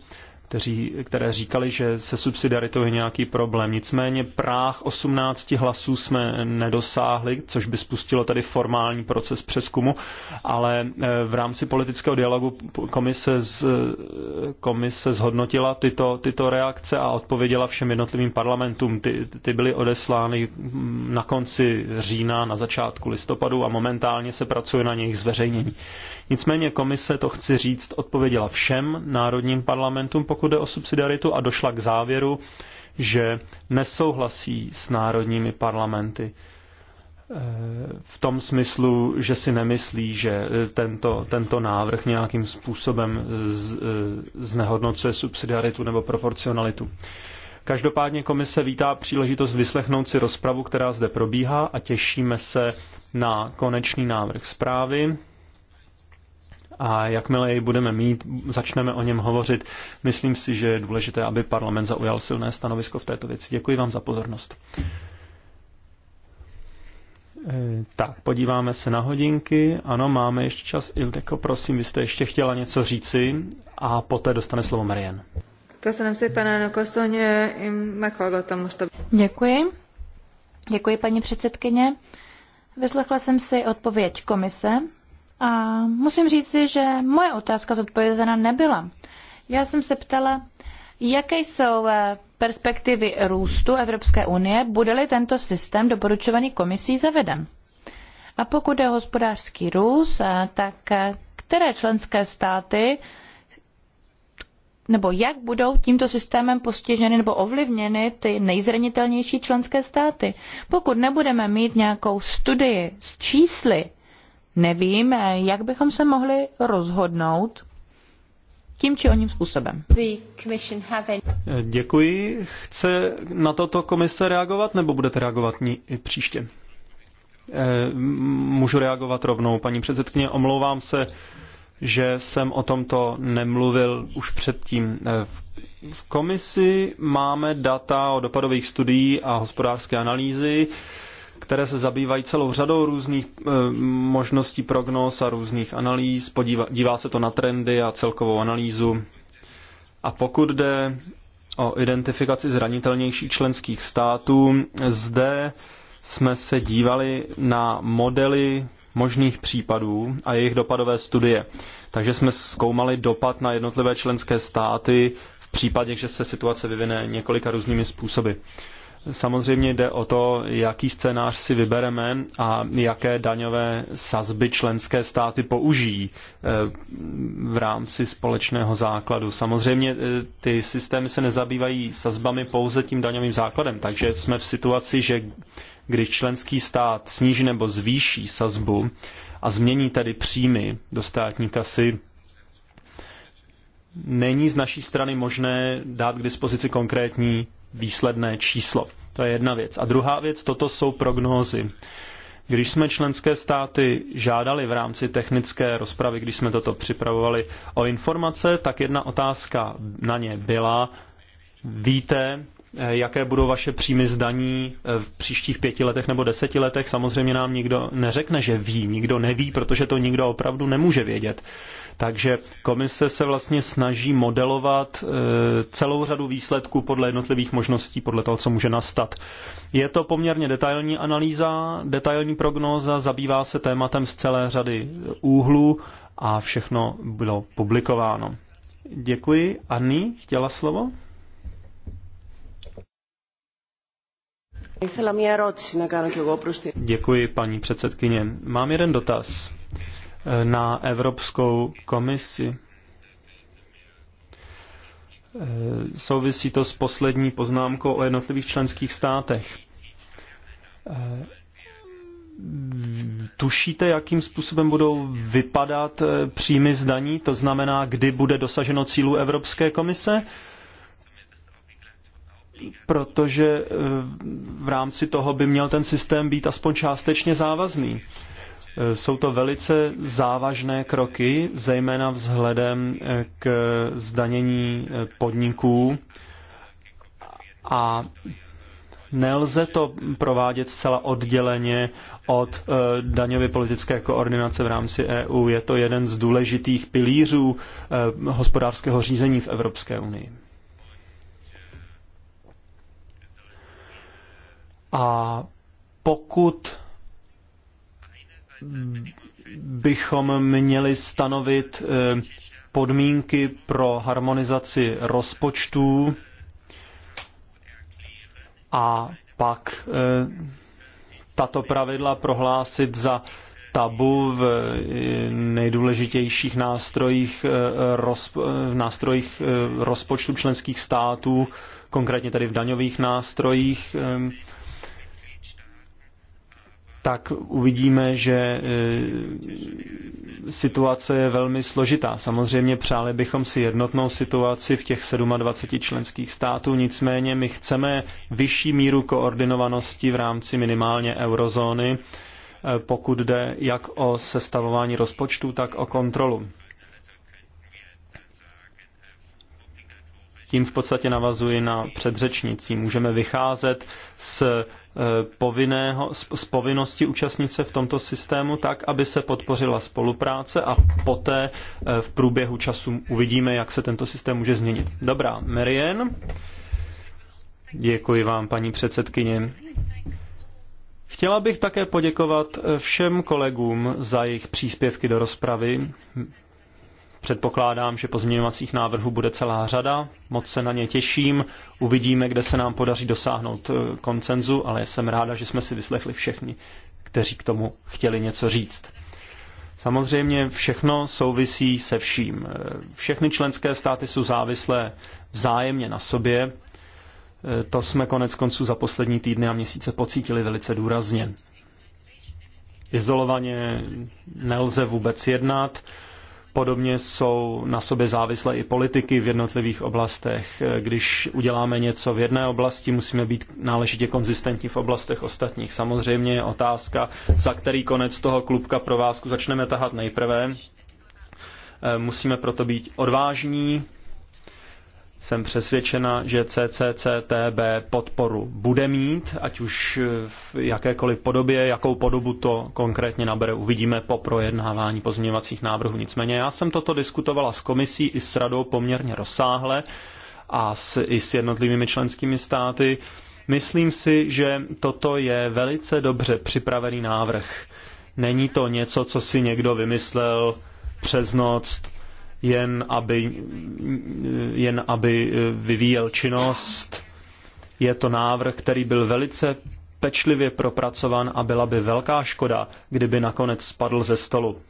kteří, které říkali, že se subsidiaritou je nějaký problém. Nicméně práh 18 hlasů jsme nedosáhli, což by spustilo tady formální proces přeskumu, ale eh, v rámci politického dialogu komise, z, eh, komise zhodnotila tyto, tyto reakce a odpověděla všem jednotlivým parlamentům. Ty, ty byly odeslány hm, na konci října, na začátku listopadu a momentálně se pracuje na jejich zveřejnění. Nicméně komise, to chci říct, odpověděla všem národním parlamentům, pokud jde o subsidiaritu a došla k závěru, že nesouhlasí s národními parlamenty eh, v tom smyslu, že si nemyslí, že eh, tento, tento návrh nějakým způsobem eh, z, znehodnocuje subsidiaritu nebo proporcionalitu. Každopádně komise vítá příležitost vyslechnout si rozpravu, která zde probíhá a těšíme se na konečný návrh zprávy, a jakmile jej budeme mít, začneme o něm hovořit. Myslím si, že je důležité, aby parlament zaujal silné stanovisko v této věci. Děkuji vám za pozornost. E, tak, podíváme se na hodinky. Ano, máme ještě čas. Ildeko, prosím, vy jste ještě chtěla něco říci a poté dostane
slovo Marian. Děkuji. Děkuji, paní předsedkyně. Vyslechla jsem si odpověď komise a musím říci, že moje otázka zodpovězena nebyla. Já jsem se ptala, jaké jsou eh, perspektivy růstu Evropské unie, bude-li tento systém doporučovaný komisí zaveden. A pokud je hospodářský růst, eh, tak eh, které členské státy nebo jak budou tímto systémem postiženy nebo ovlivněny ty nejzranitelnější členské státy. Pokud nebudeme mít nějakou studii s čísly, nevím, jak bychom se mohli rozhodnout tím či oním způsobem.
Děkuji. Chce na toto komise reagovat, nebo budete reagovat ní i příště? Eh, můžu reagovat rovnou, paní předsedkyně. Omlouvám se, že jsem o tomto nemluvil už předtím. Eh, v komisi máme data o dopadových studií a hospodářské analýzy které se zabývají celou řadou různých eh, možností prognóz a různých analýz, podívá, dívá se to na trendy a celkovou analýzu. A pokud jde o identifikaci zranitelnějších členských států, zde jsme se dívali na modely možných případů a jejich dopadové studie. Takže jsme zkoumali dopad na jednotlivé členské státy v případě, že se situace vyvine několika různými způsoby. Samozřejmě jde o to, jaký scénář si vybereme a jaké daňové sazby členské státy použijí eh, v rámci společného základu. Samozřejmě eh, ty systémy se nezabývají sazbami pouze tím daňovým základem, takže jsme v situaci, že když členský stát sníží nebo zvýší sazbu a změní tedy příjmy do státní kasy, není z naší strany možné dát k dispozici konkrétní výsledné číslo. To je jedna věc. A druhá věc, toto jsou prognózy. Když jsme členské státy žádali v rámci technické rozpravy, když jsme toto připravovali o informace, tak jedna otázka na ně byla, víte, Eh, jaké budou vaše příjmy zdaní eh, v příštích pěti letech nebo deseti letech, samozřejmě nám nikdo neřekne, že ví, nikdo neví, protože to nikdo opravdu nemůže vědět. Takže komise se vlastně snaží modelovat eh, celou řadu výsledků podle jednotlivých možností, podle toho, co může nastat. Je to poměrně detailní analýza, detailní prognóza, zabývá se tématem z celé řady úhlů a všechno bylo publikováno. Děkuji. Anny chtěla slovo? Děkuji, paní předsedkyně. Mám jeden dotaz e, na Evropskou komisi. E, souvisí to s poslední poznámkou o jednotlivých členských státech. E, tušíte, jakým způsobem budou vypadat příjmy z daní, to znamená, kdy bude dosaženo cílů Evropské komise? protože eh, v rámci toho by měl ten systém být aspoň částečně závazný. Eh, jsou to velice závažné kroky, zejména vzhledem eh, k zdanění podniků a nelze to provádět zcela odděleně od daňově politické koordinace v rámci EU. Je to jeden z důležitých pilířů hospodářského řízení v Evropské unii. A pokud bychom měli stanovit eh, podmínky pro harmonizaci rozpočtů a pak eh, tato pravidla prohlásit za tabu v eh, nejdůležitějších nástrojích, v nástrojích rozpočtu členských států, konkrétně tedy v daňových nástrojích tak uvidíme, že e, situace je velmi složitá. Samozřejmě přáli bychom si jednotnou situaci v těch 27 členských států, nicméně my chceme vyšší míru koordinovanosti v rámci minimálně eurozóny, e, pokud jde jak o sestavování rozpočtu, tak o kontrolu. Tím v podstatě navazuji na předřečnici. Můžeme vycházet z Eh, povinného, z povinnosti účastnit se v tomto systému tak, aby se podpořila spolupráce a poté eh, v průběhu času uvidíme, jak se tento systém může změnit. Dobrá, Marian. Děkuji vám, paní předsedkyně. Chtěla bych také poděkovat eh, všem kolegům za jejich příspěvky do rozpravy. Předpokládám, že pozměňovacích návrhů bude celá řada, moc se na ně těším, uvidíme, kde se nám podaří dosáhnout eh, koncenzu, ale jsem ráda, že jsme si vyslechli všichni, kteří k tomu chtěli něco říct. Samozřejmě všechno souvisí se vším. Eh, všechny členské státy jsou závislé vzájemně na sobě. Eh, to jsme konec konců za poslední týdny a měsíce pocítili velice důrazně. Izolovaně nelze vůbec jednat Podobně jsou na sobě závislé i politiky v jednotlivých oblastech. Když uděláme něco v jedné oblasti, musíme být náležitě konzistentní v oblastech ostatních. Samozřejmě je otázka, za který konec toho klubka provázku začneme tahat nejprve. E, musíme proto být odvážní, jsem přesvědčena, že CCCTB podporu bude mít, ať už v jakékoliv podobě, jakou podobu to konkrétně nabere, uvidíme po projednávání pozměňovacích návrhů. Nicméně já jsem toto diskutovala s komisí i s radou poměrně rozsáhle a s, i s jednotlivými členskými státy. Myslím si, že toto je velice dobře připravený návrh. Není to něco, co si někdo vymyslel přes noc, jen aby, jen aby vyvíjel činnost. Je to návrh, který byl velice pečlivě propracovan a byla by velká škoda, kdyby nakonec spadl ze stolu.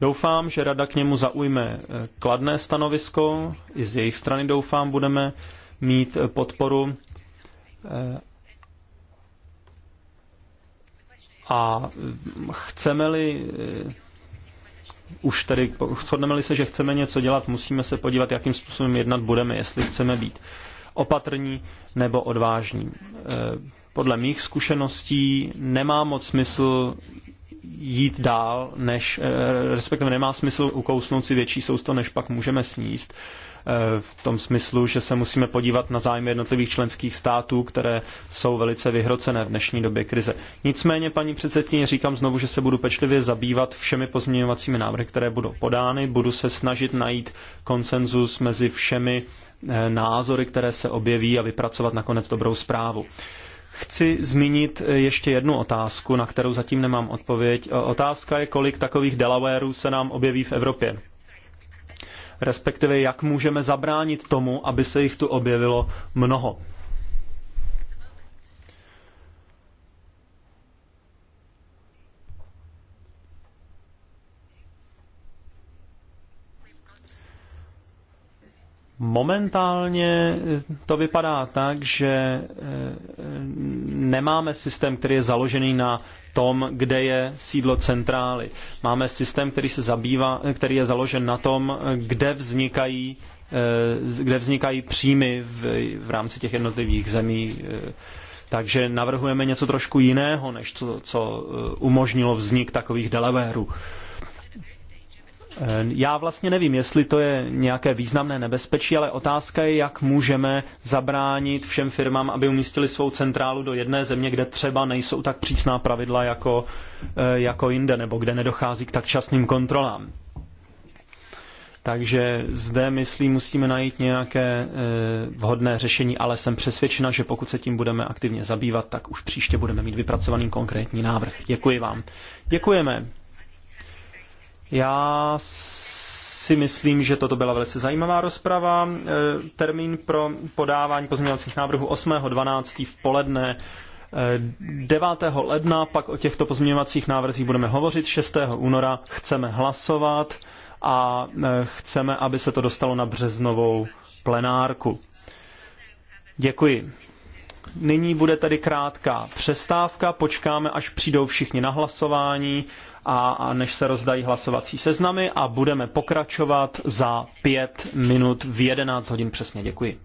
Doufám, že rada k němu zaujme eh, kladné stanovisko, i z jejich strany doufám, budeme mít eh, podporu. Eh, a chceme-li už tedy shodneme-li se, že chceme něco dělat, musíme se podívat, jakým způsobem jednat budeme, jestli chceme být opatrní nebo odvážní. Eh, podle mých zkušeností nemá moc smysl jít dál, než, eh, respektive nemá smysl ukousnout si větší sousto, než pak můžeme sníst. Eh, v tom smyslu, že se musíme podívat na zájmy jednotlivých členských států, které jsou velice vyhrocené v dnešní době krize. Nicméně, paní předsedkyně, říkám znovu, že se budu pečlivě zabývat všemi pozměňovacími návrhy, které budou podány. Budu se snažit najít konsenzus mezi všemi eh, názory, které se objeví a vypracovat nakonec dobrou zprávu. Chci zmínit eh, ještě jednu otázku, na kterou zatím nemám odpověď. Eh, otázka je, kolik takových Delawareů se nám objeví v Evropě. Respektive, jak můžeme zabránit tomu, aby se jich tu objevilo mnoho. Momentálně to vypadá tak, že eh, nemáme systém, který je založený na tom, kde je sídlo centrály. Máme systém, který se zabývá, který je založen na tom, kde vznikají, eh, kde vznikají příjmy v, v rámci těch jednotlivých zemí. Eh, takže navrhujeme něco trošku jiného, než to, co umožnilo vznik takových delawérů. Eh, já vlastně nevím, jestli to je nějaké významné nebezpečí, ale otázka je, jak můžeme zabránit všem firmám, aby umístili svou centrálu do jedné země, kde třeba nejsou tak přísná pravidla jako, eh, jako jinde, nebo kde nedochází k tak časným kontrolám. Takže zde, myslím, musíme najít nějaké eh, vhodné řešení, ale jsem přesvědčena, že pokud se tím budeme aktivně zabývat, tak už příště budeme mít vypracovaný konkrétní návrh. Děkuji vám. Děkujeme. Já si myslím, že toto byla velice zajímavá rozprava. E, termín pro podávání pozměňovacích návrhů 8.12. v poledne 9. E, ledna, pak o těchto pozměňovacích návrzích budeme hovořit. 6. února chceme hlasovat a e, chceme, aby se to dostalo na březnovou plenárku. Děkuji. Nyní bude tady krátká přestávka, počkáme, až přijdou všichni na hlasování a, a než se rozdají hlasovací seznamy a budeme pokračovat za pět minut v 11 hodin přesně. Děkuji.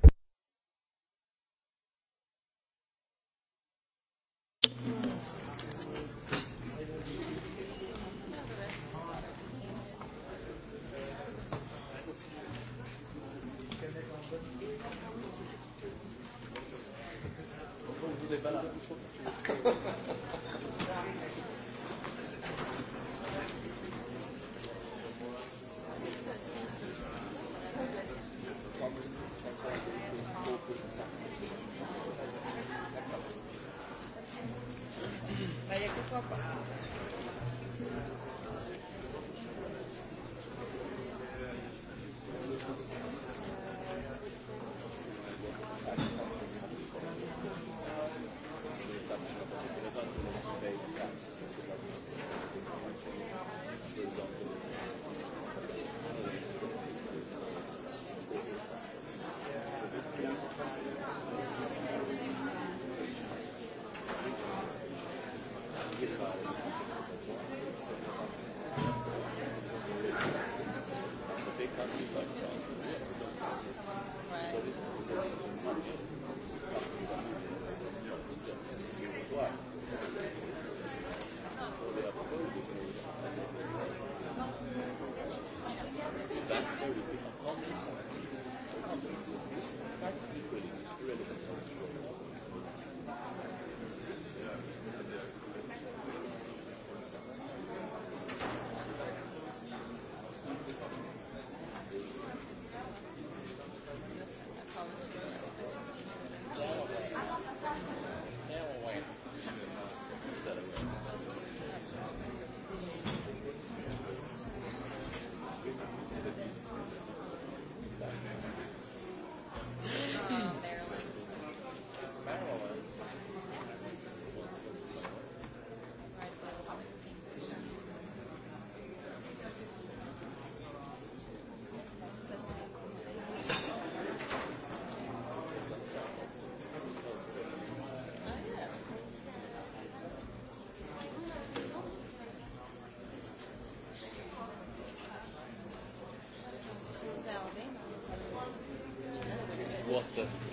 process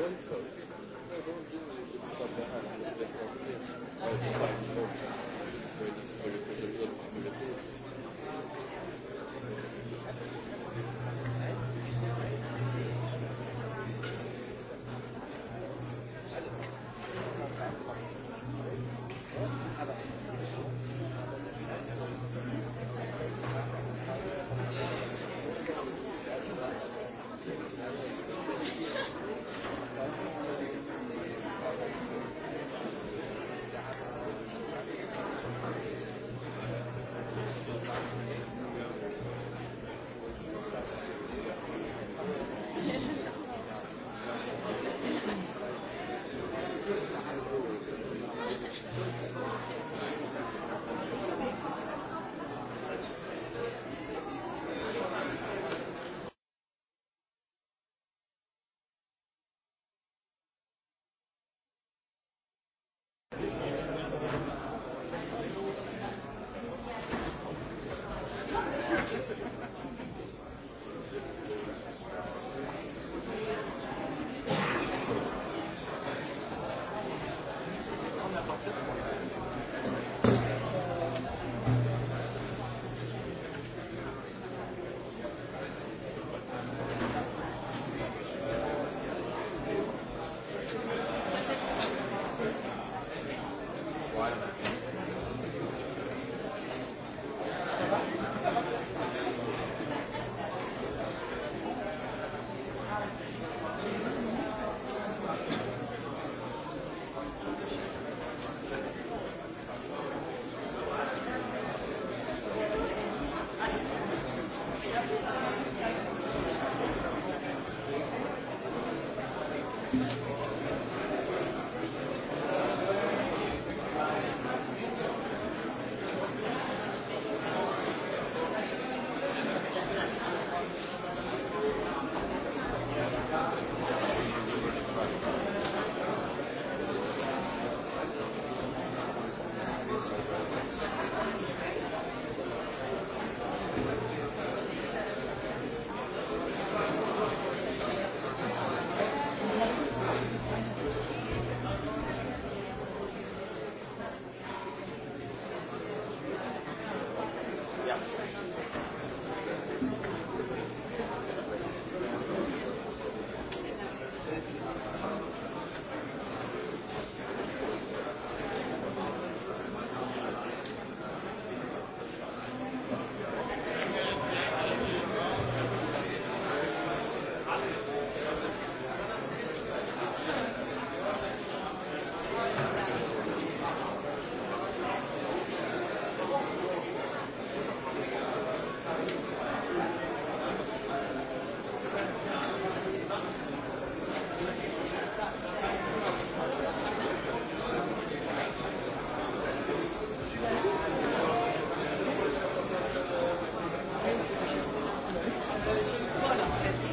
Thank you.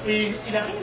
Et il arrive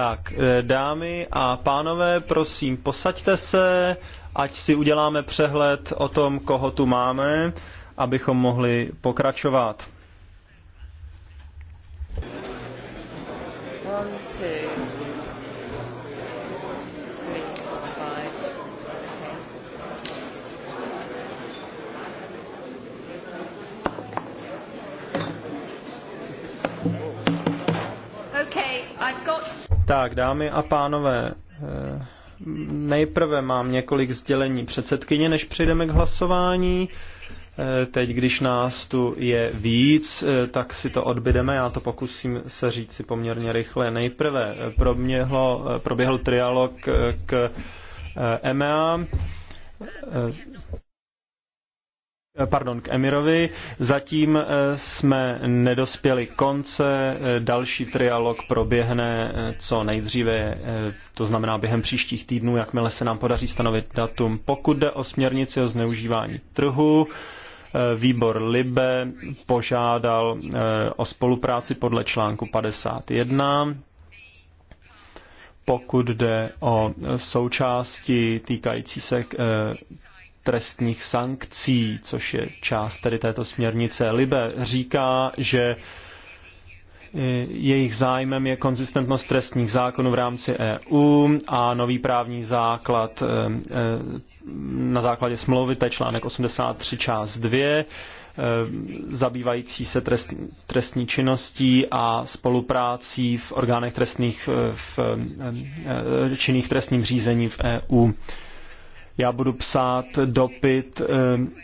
Tak, eh, dámy a pánové, prosím, posaďte se, ať si uděláme přehled o tom, koho tu máme, abychom mohli pokračovat. Tak, dámy a pánové, eh, nejprve mám několik sdělení předsedkyně, než přejdeme k hlasování. Eh, teď, když nás tu je víc, eh, tak si to odbydeme. Já to pokusím se říct si poměrně rychle. Nejprve proběhlo, proběhl trialog k EMEA. Eh, pardon, k Emirovi. Zatím eh, jsme nedospěli konce, eh, další trialog proběhne co nejdříve, to znamená během příštích týdnů, jakmile se nám podaří stanovit datum. Pokud jde o směrnici o zneužívání trhu, výbor Libe požádal o spolupráci podle článku 51 pokud jde o součásti týkající se trestních sankcí, což je část tedy této směrnice. Libe říká, že e, jejich zájmem je konzistentnost trestních zákonů v rámci EU a nový právní základ e, e, na základě smlouvy, to je článek 83 část 2, zabývající se trest, trestní činností a spoluprácí v orgánech trestných, v, činných trestním řízení v EU. Já budu psát dopyt eh,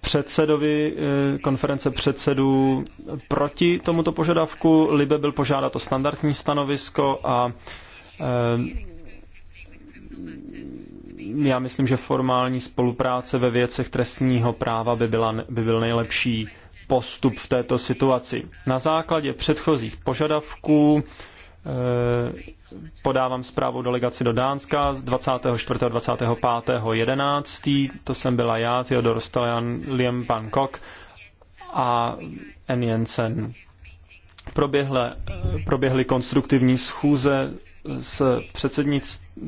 předsedovi eh, konference předsedů proti tomuto požadavku. Libe byl požádat o standardní stanovisko a eh, já myslím, že formální spolupráce ve věcech trestního práva by, byla, by byl nejlepší postup v této situaci. Na základě předchozích požadavků Eh, podávám zprávu delegaci do Dánska z 24. a 25. 11. To jsem byla já, Theodor Stojan, Liam Pankok a N. Jensen. Proběhle, eh, proběhly konstruktivní schůze s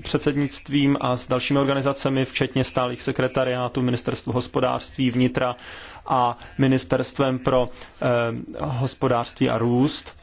předsednictvím a s dalšími organizacemi, včetně stálých sekretariátů Ministerstvu hospodářství, vnitra a Ministerstvem pro eh, hospodářství a růst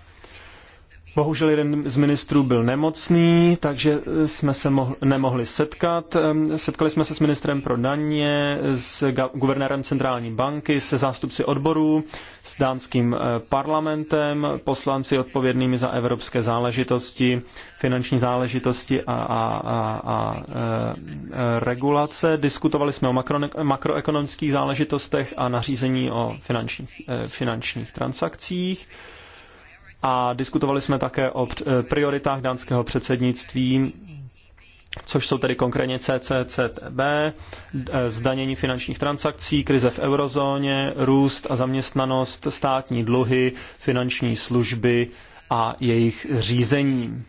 Bohužel jeden z ministrů byl nemocný, takže eh, jsme se mohli, nemohli setkat. Ehm, setkali jsme se s ministrem pro daně, s guvernérem centrální banky, se zástupci odborů, s dánským eh, parlamentem, poslanci odpovědnými za evropské záležitosti, finanční záležitosti a, a, a, a eh, regulace. Diskutovali jsme o makro, makroekonomických záležitostech a nařízení o finančních, finančních transakcích a diskutovali jsme také o eh, prioritách dánského předsednictví, což jsou tedy konkrétně CCCTB, eh, zdanění finančních transakcí, krize v eurozóně, růst a zaměstnanost, státní dluhy, finanční služby a jejich řízení.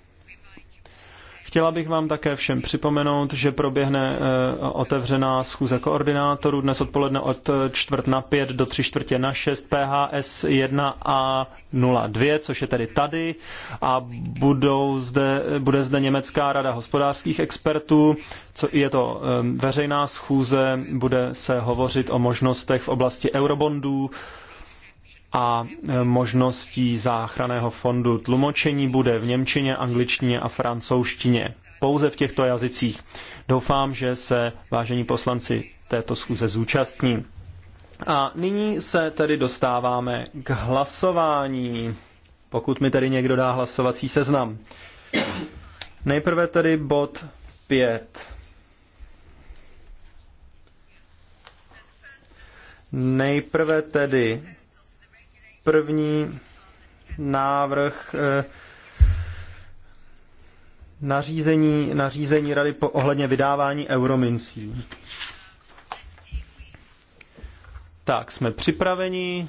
Chtěla bych vám také všem připomenout, že proběhne eh, otevřená schůze koordinátorů dnes odpoledne od eh, čtvrt na pět do tři čtvrtě na šest PHS 1A02, což je tedy tady a budou zde, bude zde Německá rada hospodářských expertů, co je to eh, veřejná schůze, bude se hovořit o možnostech v oblasti eurobondů, a e, možností záchraného fondu. Tlumočení bude v němčině, angličtině a francouzštině. Pouze v těchto jazycích. Doufám, že se vážení poslanci této schůze zúčastní. A nyní se tedy dostáváme k hlasování, pokud mi tedy někdo dá hlasovací seznam. Nejprve tedy bod 5. Nejprve tedy První návrh eh, nařízení, nařízení Rady po, ohledně vydávání euromincí. Tak, jsme připraveni.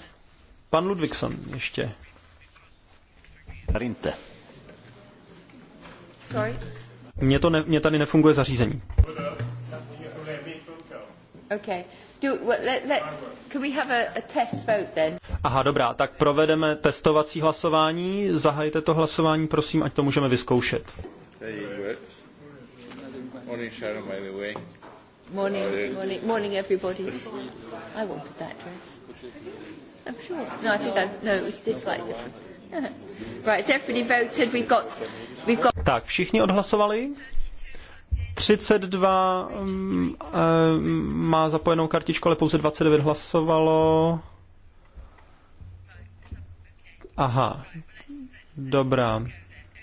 Pan Ludvíkson ještě. Rinte. Sorry. Mně, to ne, mně tady nefunguje zařízení. Okay. Aha, dobrá, tak provedeme testovací hlasování. Zahajte to hlasování, prosím, ať to můžeme vyzkoušet.
Morning, Sharon, by the way. Morning, morning, morning, everybody. I wanted that dress.
I'm sure. No, I think I've, no, it was this light different.
right, so everybody voted. We've got, we've got...
Tak, všichni odhlasovali? 32 mm, eh, má zapojenou kartičku, ale pouze 29 hlasovalo. Aha, dobrá.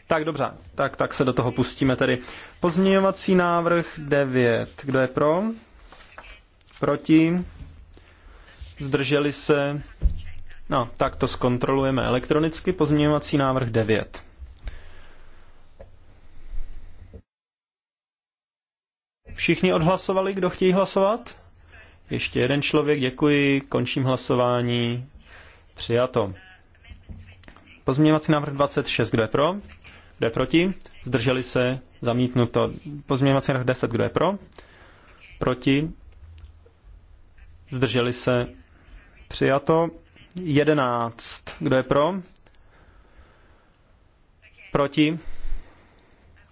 Tak dobře, tak, tak se do toho pustíme tedy. Pozměňovací návrh 9. Kdo je pro? Proti? Zdrželi se? No, tak to zkontrolujeme elektronicky. Pozměňovací návrh 9. Všichni odhlasovali, kdo chtějí hlasovat? Ještě jeden člověk, děkuji, končím hlasování. Přijato. Pozměňovací návrh 26, kdo je pro? Kdo je proti? Zdrželi se, zamítnuto. Pozměňovací návrh 10, kdo je pro? Proti? Zdrželi se, přijato. 11, kdo je pro? Proti?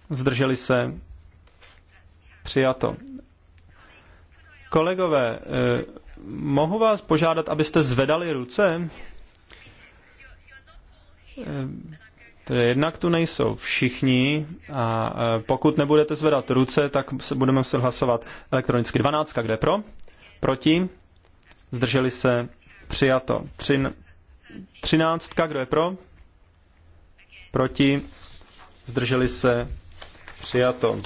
Zdrželi se, Přijato. Kolegové, eh, mohu vás požádat, abyste zvedali ruce? Eh, jednak tu nejsou všichni a eh, pokud nebudete zvedat ruce, tak se budeme muset hlasovat elektronicky. 12, kde pro? Proti? Zdrželi se? Přijato. Třin, 13, kdo je pro? Proti? Zdrželi se? Přijato.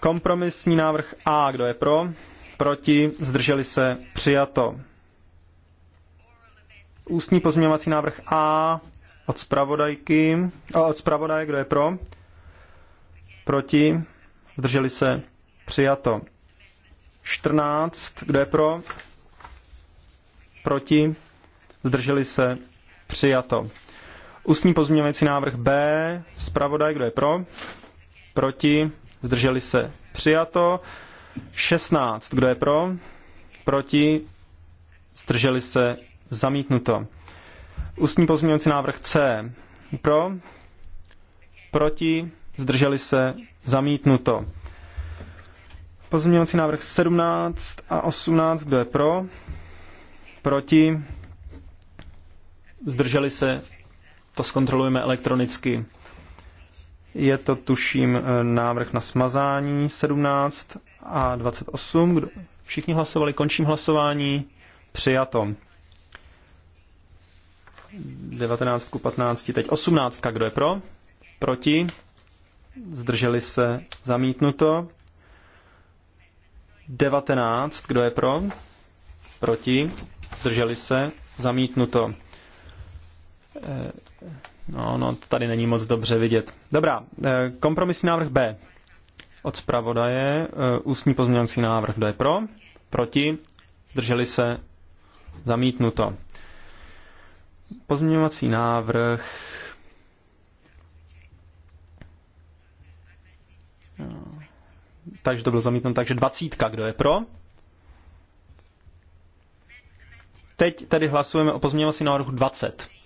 Kompromisní návrh A, kdo je pro? Proti, zdrželi se, přijato. Ústní pozměňovací návrh A od zpravodajky, od zpravodaje, kdo je pro? Proti, zdrželi se, přijato. 14, kdo je pro? Proti, zdrželi se, přijato. Ústní pozměňovací návrh B, zpravodaj, kdo je pro? Proti, zdrželi se, přijato. 16, kdo je pro, proti, zdrželi se, zamítnuto. Ústní pozměňovací návrh C, pro, proti, zdrželi se, zamítnuto. Pozměňovací návrh 17 a 18, kdo je pro, proti, zdrželi se, to zkontrolujeme elektronicky. Je to tuším eh, návrh na smazání 17 a 28. Kdo? Všichni hlasovali, končím hlasování. Přijato. 19 ku 15, teď 18. Kdo je pro? Proti? Zdrželi se zamítnuto. 19. Kdo je pro? Proti? Zdrželi se zamítnuto. Eh, No, no, to tady není moc dobře vidět. Dobrá, eh, kompromisní návrh B. Od zpravodaje eh, ústní pozměňovací návrh. Kdo je pro? Proti? Zdrželi se? Zamítnuto. Pozměňovací návrh... Takže to bylo zamítnuto. Takže dvacítka. Kdo je pro? Teď tedy hlasujeme o pozměňovacím návrhu 20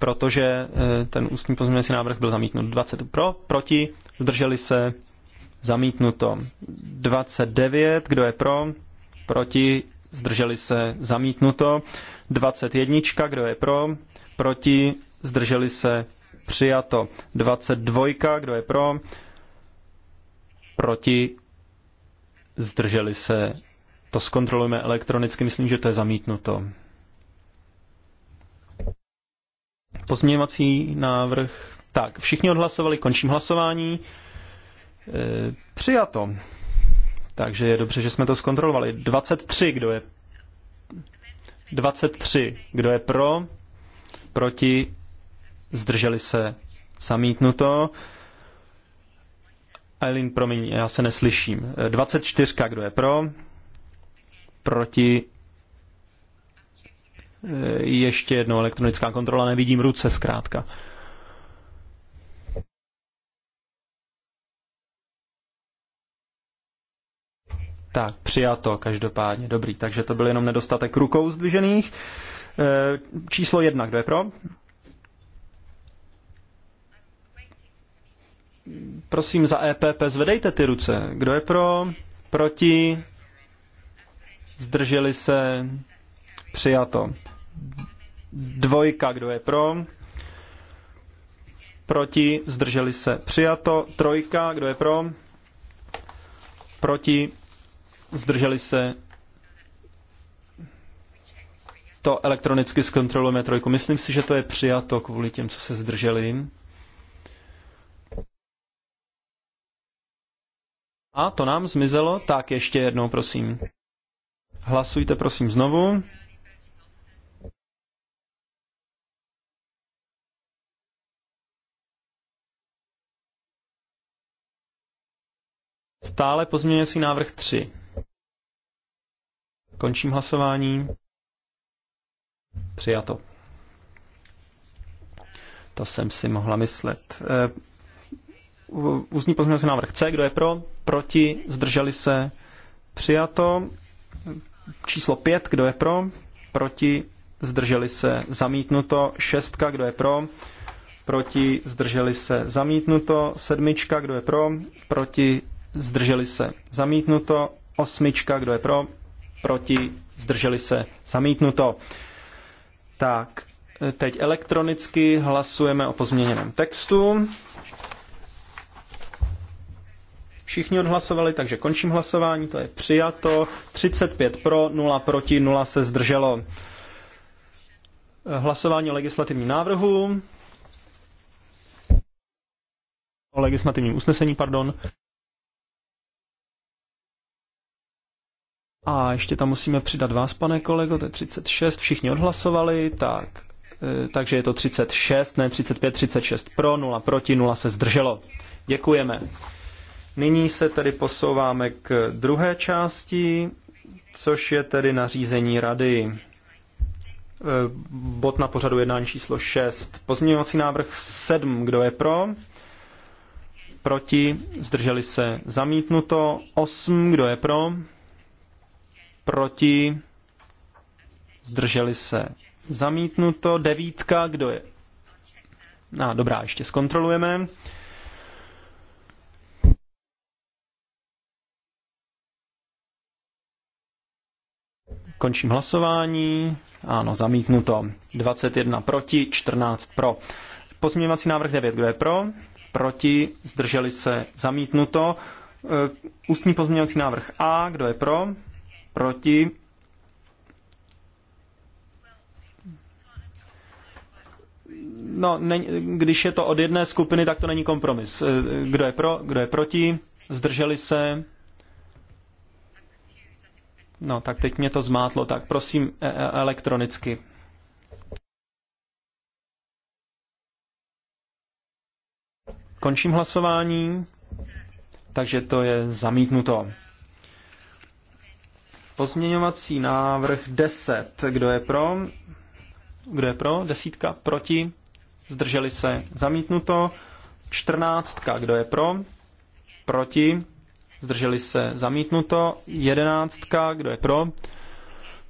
protože eh, ten ústní pozměňovací návrh byl zamítnut. 20 pro, proti, zdrželi se, zamítnuto. 29, kdo je pro, proti, zdrželi se, zamítnuto. 21, kdo je pro, proti, zdrželi se, přijato. 22, kdo je pro, proti, zdrželi se. To zkontrolujeme elektronicky, myslím, že to je zamítnuto. pozměňovací návrh. Tak, všichni odhlasovali, končím hlasování. E, přijato. Takže je dobře, že jsme to zkontrolovali. 23, kdo je 23, kdo je pro, proti, zdrželi se, zamítnuto. Eileen, promiň, já se neslyším. 24, e, kdo je pro, proti, Eh, ještě jednou elektronická kontrola, nevidím ruce zkrátka. Tak, přijato každopádně, dobrý. Takže to byl jenom nedostatek rukou zdvižených. Eh, číslo jedna, kdo je pro? Prosím za EPP, zvedejte ty ruce. Kdo je pro? Proti? Zdrželi se? Přijato. Dvojka, kdo je pro? Proti, zdrželi se. Přijato. Trojka, kdo je pro? Proti, zdrželi se. To elektronicky zkontrolujeme trojku. Myslím si, že to je přijato kvůli těm, co se zdrželi. A to nám zmizelo, tak ještě jednou prosím. Hlasujte prosím znovu. Stále pozměňovací návrh 3. Končím hlasování. Přijato. To jsem si mohla myslet. E, ústní pozměňovací návrh C. Kdo je pro? Proti? Zdrželi se? Přijato. Číslo 5. Kdo je pro? Proti? Zdrželi se? Zamítnuto. Šestka. Kdo je pro? Proti? Zdrželi se? Zamítnuto. Sedmička. Kdo je pro? Proti? zdrželi se, zamítnuto. Osmička, kdo je pro, proti, zdrželi se, zamítnuto. Tak, teď elektronicky hlasujeme o pozměněném textu. Všichni odhlasovali, takže končím hlasování, to je přijato. 35 pro, 0 proti, 0 se zdrželo. Hlasování o legislativním návrhu. O legislativním usnesení, pardon. A ještě tam musíme přidat vás, pane kolego, to je 36, všichni odhlasovali, tak, e, takže je to 36, ne 35, 36 pro, 0 proti, 0 se zdrželo. Děkujeme. Nyní se tedy posouváme k druhé části, což je tedy nařízení rady. E, bod na pořadu jednání číslo 6. Pozměňovací návrh 7. Kdo je pro? Proti? Zdrželi se? Zamítnuto. 8. Kdo je pro? proti, zdrželi se zamítnuto, devítka, kdo je? No dobrá, ještě zkontrolujeme. Končím hlasování. Ano, zamítnuto. 21 proti, 14 pro. Pozměňovací návrh 9, kdo je pro? Proti, zdrželi se, zamítnuto. E, ústní pozměňovací návrh A, kdo je pro? Proti? No, ne, když je to od jedné skupiny, tak to není kompromis. Eh, kdo je pro, kdo je proti? Zdrželi se? No, tak teď mě to zmátlo, tak prosím e, e, elektronicky. Končím hlasování, takže to je zamítnuto. Pozměňovací návrh 10. Kdo je pro? Kdo je pro? Desítka proti? Zdrželi se? Zamítnuto. Čtrnáctka. Kdo je pro? Proti? Zdrželi se? Zamítnuto. Jedenáctka. Kdo je pro?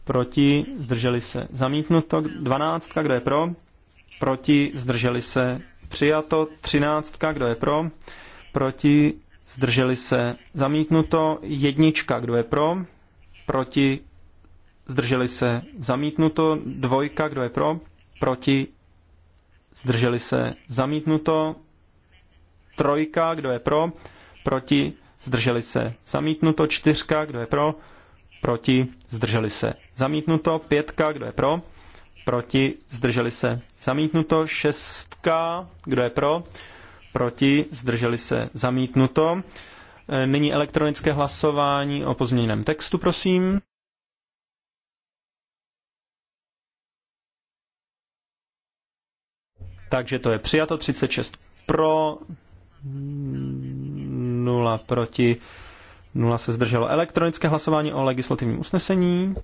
Proti? Zdrželi se? Zamítnuto. Dvanáctka. Kdo je pro? Proti? Zdrželi se? Přijato. Třináctka. Kdo je pro? Proti? Zdrželi se? Zamítnuto. Jednička. Kdo je pro? proti, zdrželi se, zamítnuto. Dvojka, kdo je pro, proti, zdrželi se, zamítnuto. Trojka, kdo je pro, proti, zdrželi se, zamítnuto. Čtyřka, kdo je pro, proti, zdrželi se, zamítnuto. Pětka, kdo je pro, proti, zdrželi se, zamítnuto. Šestka, kdo je pro, proti, zdrželi se, zamítnuto. Eh, nyní elektronické hlasování o pozměněném textu, prosím. Takže to je přijato 36 pro, 0 proti, 0 se zdrželo elektronické hlasování o legislativním usnesení.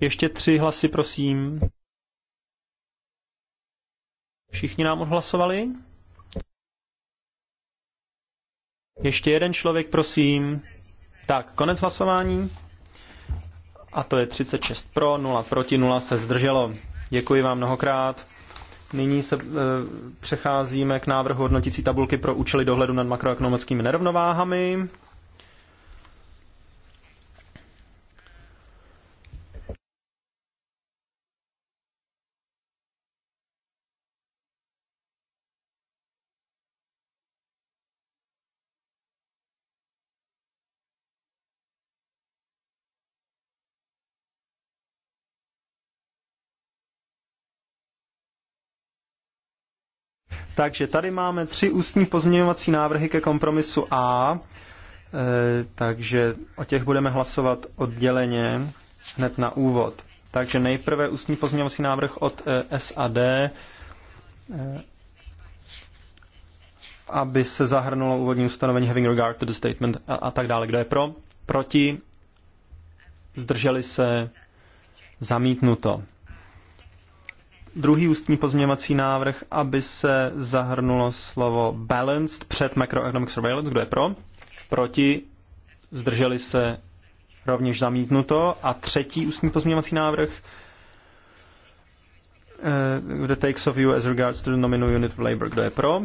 Ještě tři hlasy, prosím. Všichni nám odhlasovali? Ještě jeden člověk, prosím. Tak, konec hlasování. A to je 36 pro, 0 proti, 0 se zdrželo. Děkuji vám mnohokrát. Nyní se e, přecházíme k návrhu hodnotící tabulky pro účely dohledu nad makroekonomickými nerovnováhami. Takže tady máme tři ústní pozměňovací návrhy ke kompromisu A, e, takže o těch budeme hlasovat odděleně hned na úvod. Takže nejprve ústní pozměňovací návrh od e, SAD, e, aby se zahrnulo úvodní ustanovení having regard to the statement a, a tak dále. Kdo je pro? Proti? Zdrželi se? Zamítnuto druhý ústní pozměňovací návrh, aby se zahrnulo slovo balanced před macroeconomic surveillance. Kdo je pro? Proti? Zdrželi se rovněž zamítnuto. A třetí ústní pozměňovací návrh, uh, eh, the takes of you as regards to the nominal unit of labor. Kdo je pro?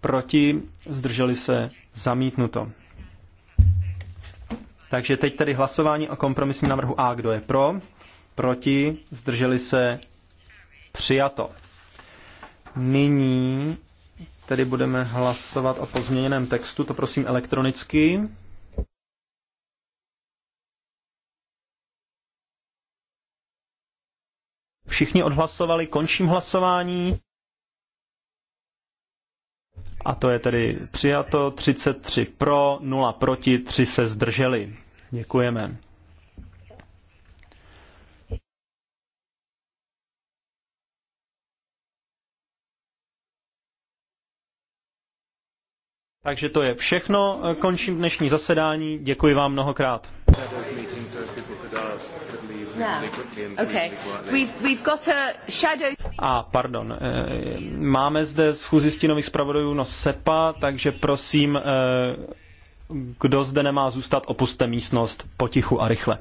Proti? Zdrželi se zamítnuto. Takže teď tedy hlasování o kompromisním návrhu A. Kdo je pro? Proti? Zdrželi se Přijato. Nyní tedy budeme hlasovat o pozměněném textu, to prosím elektronicky. Všichni odhlasovali, končím hlasování. A to je tedy přijato 33 pro, 0 proti, 3 se zdrželi. Děkujeme. Takže to je všechno. Končím dnešní zasedání. Děkuji vám mnohokrát. A pardon, eh, máme zde schůzi stínových zpravodajů no SEPA, takže prosím, eh, kdo zde nemá zůstat, opuste místnost potichu a rychle.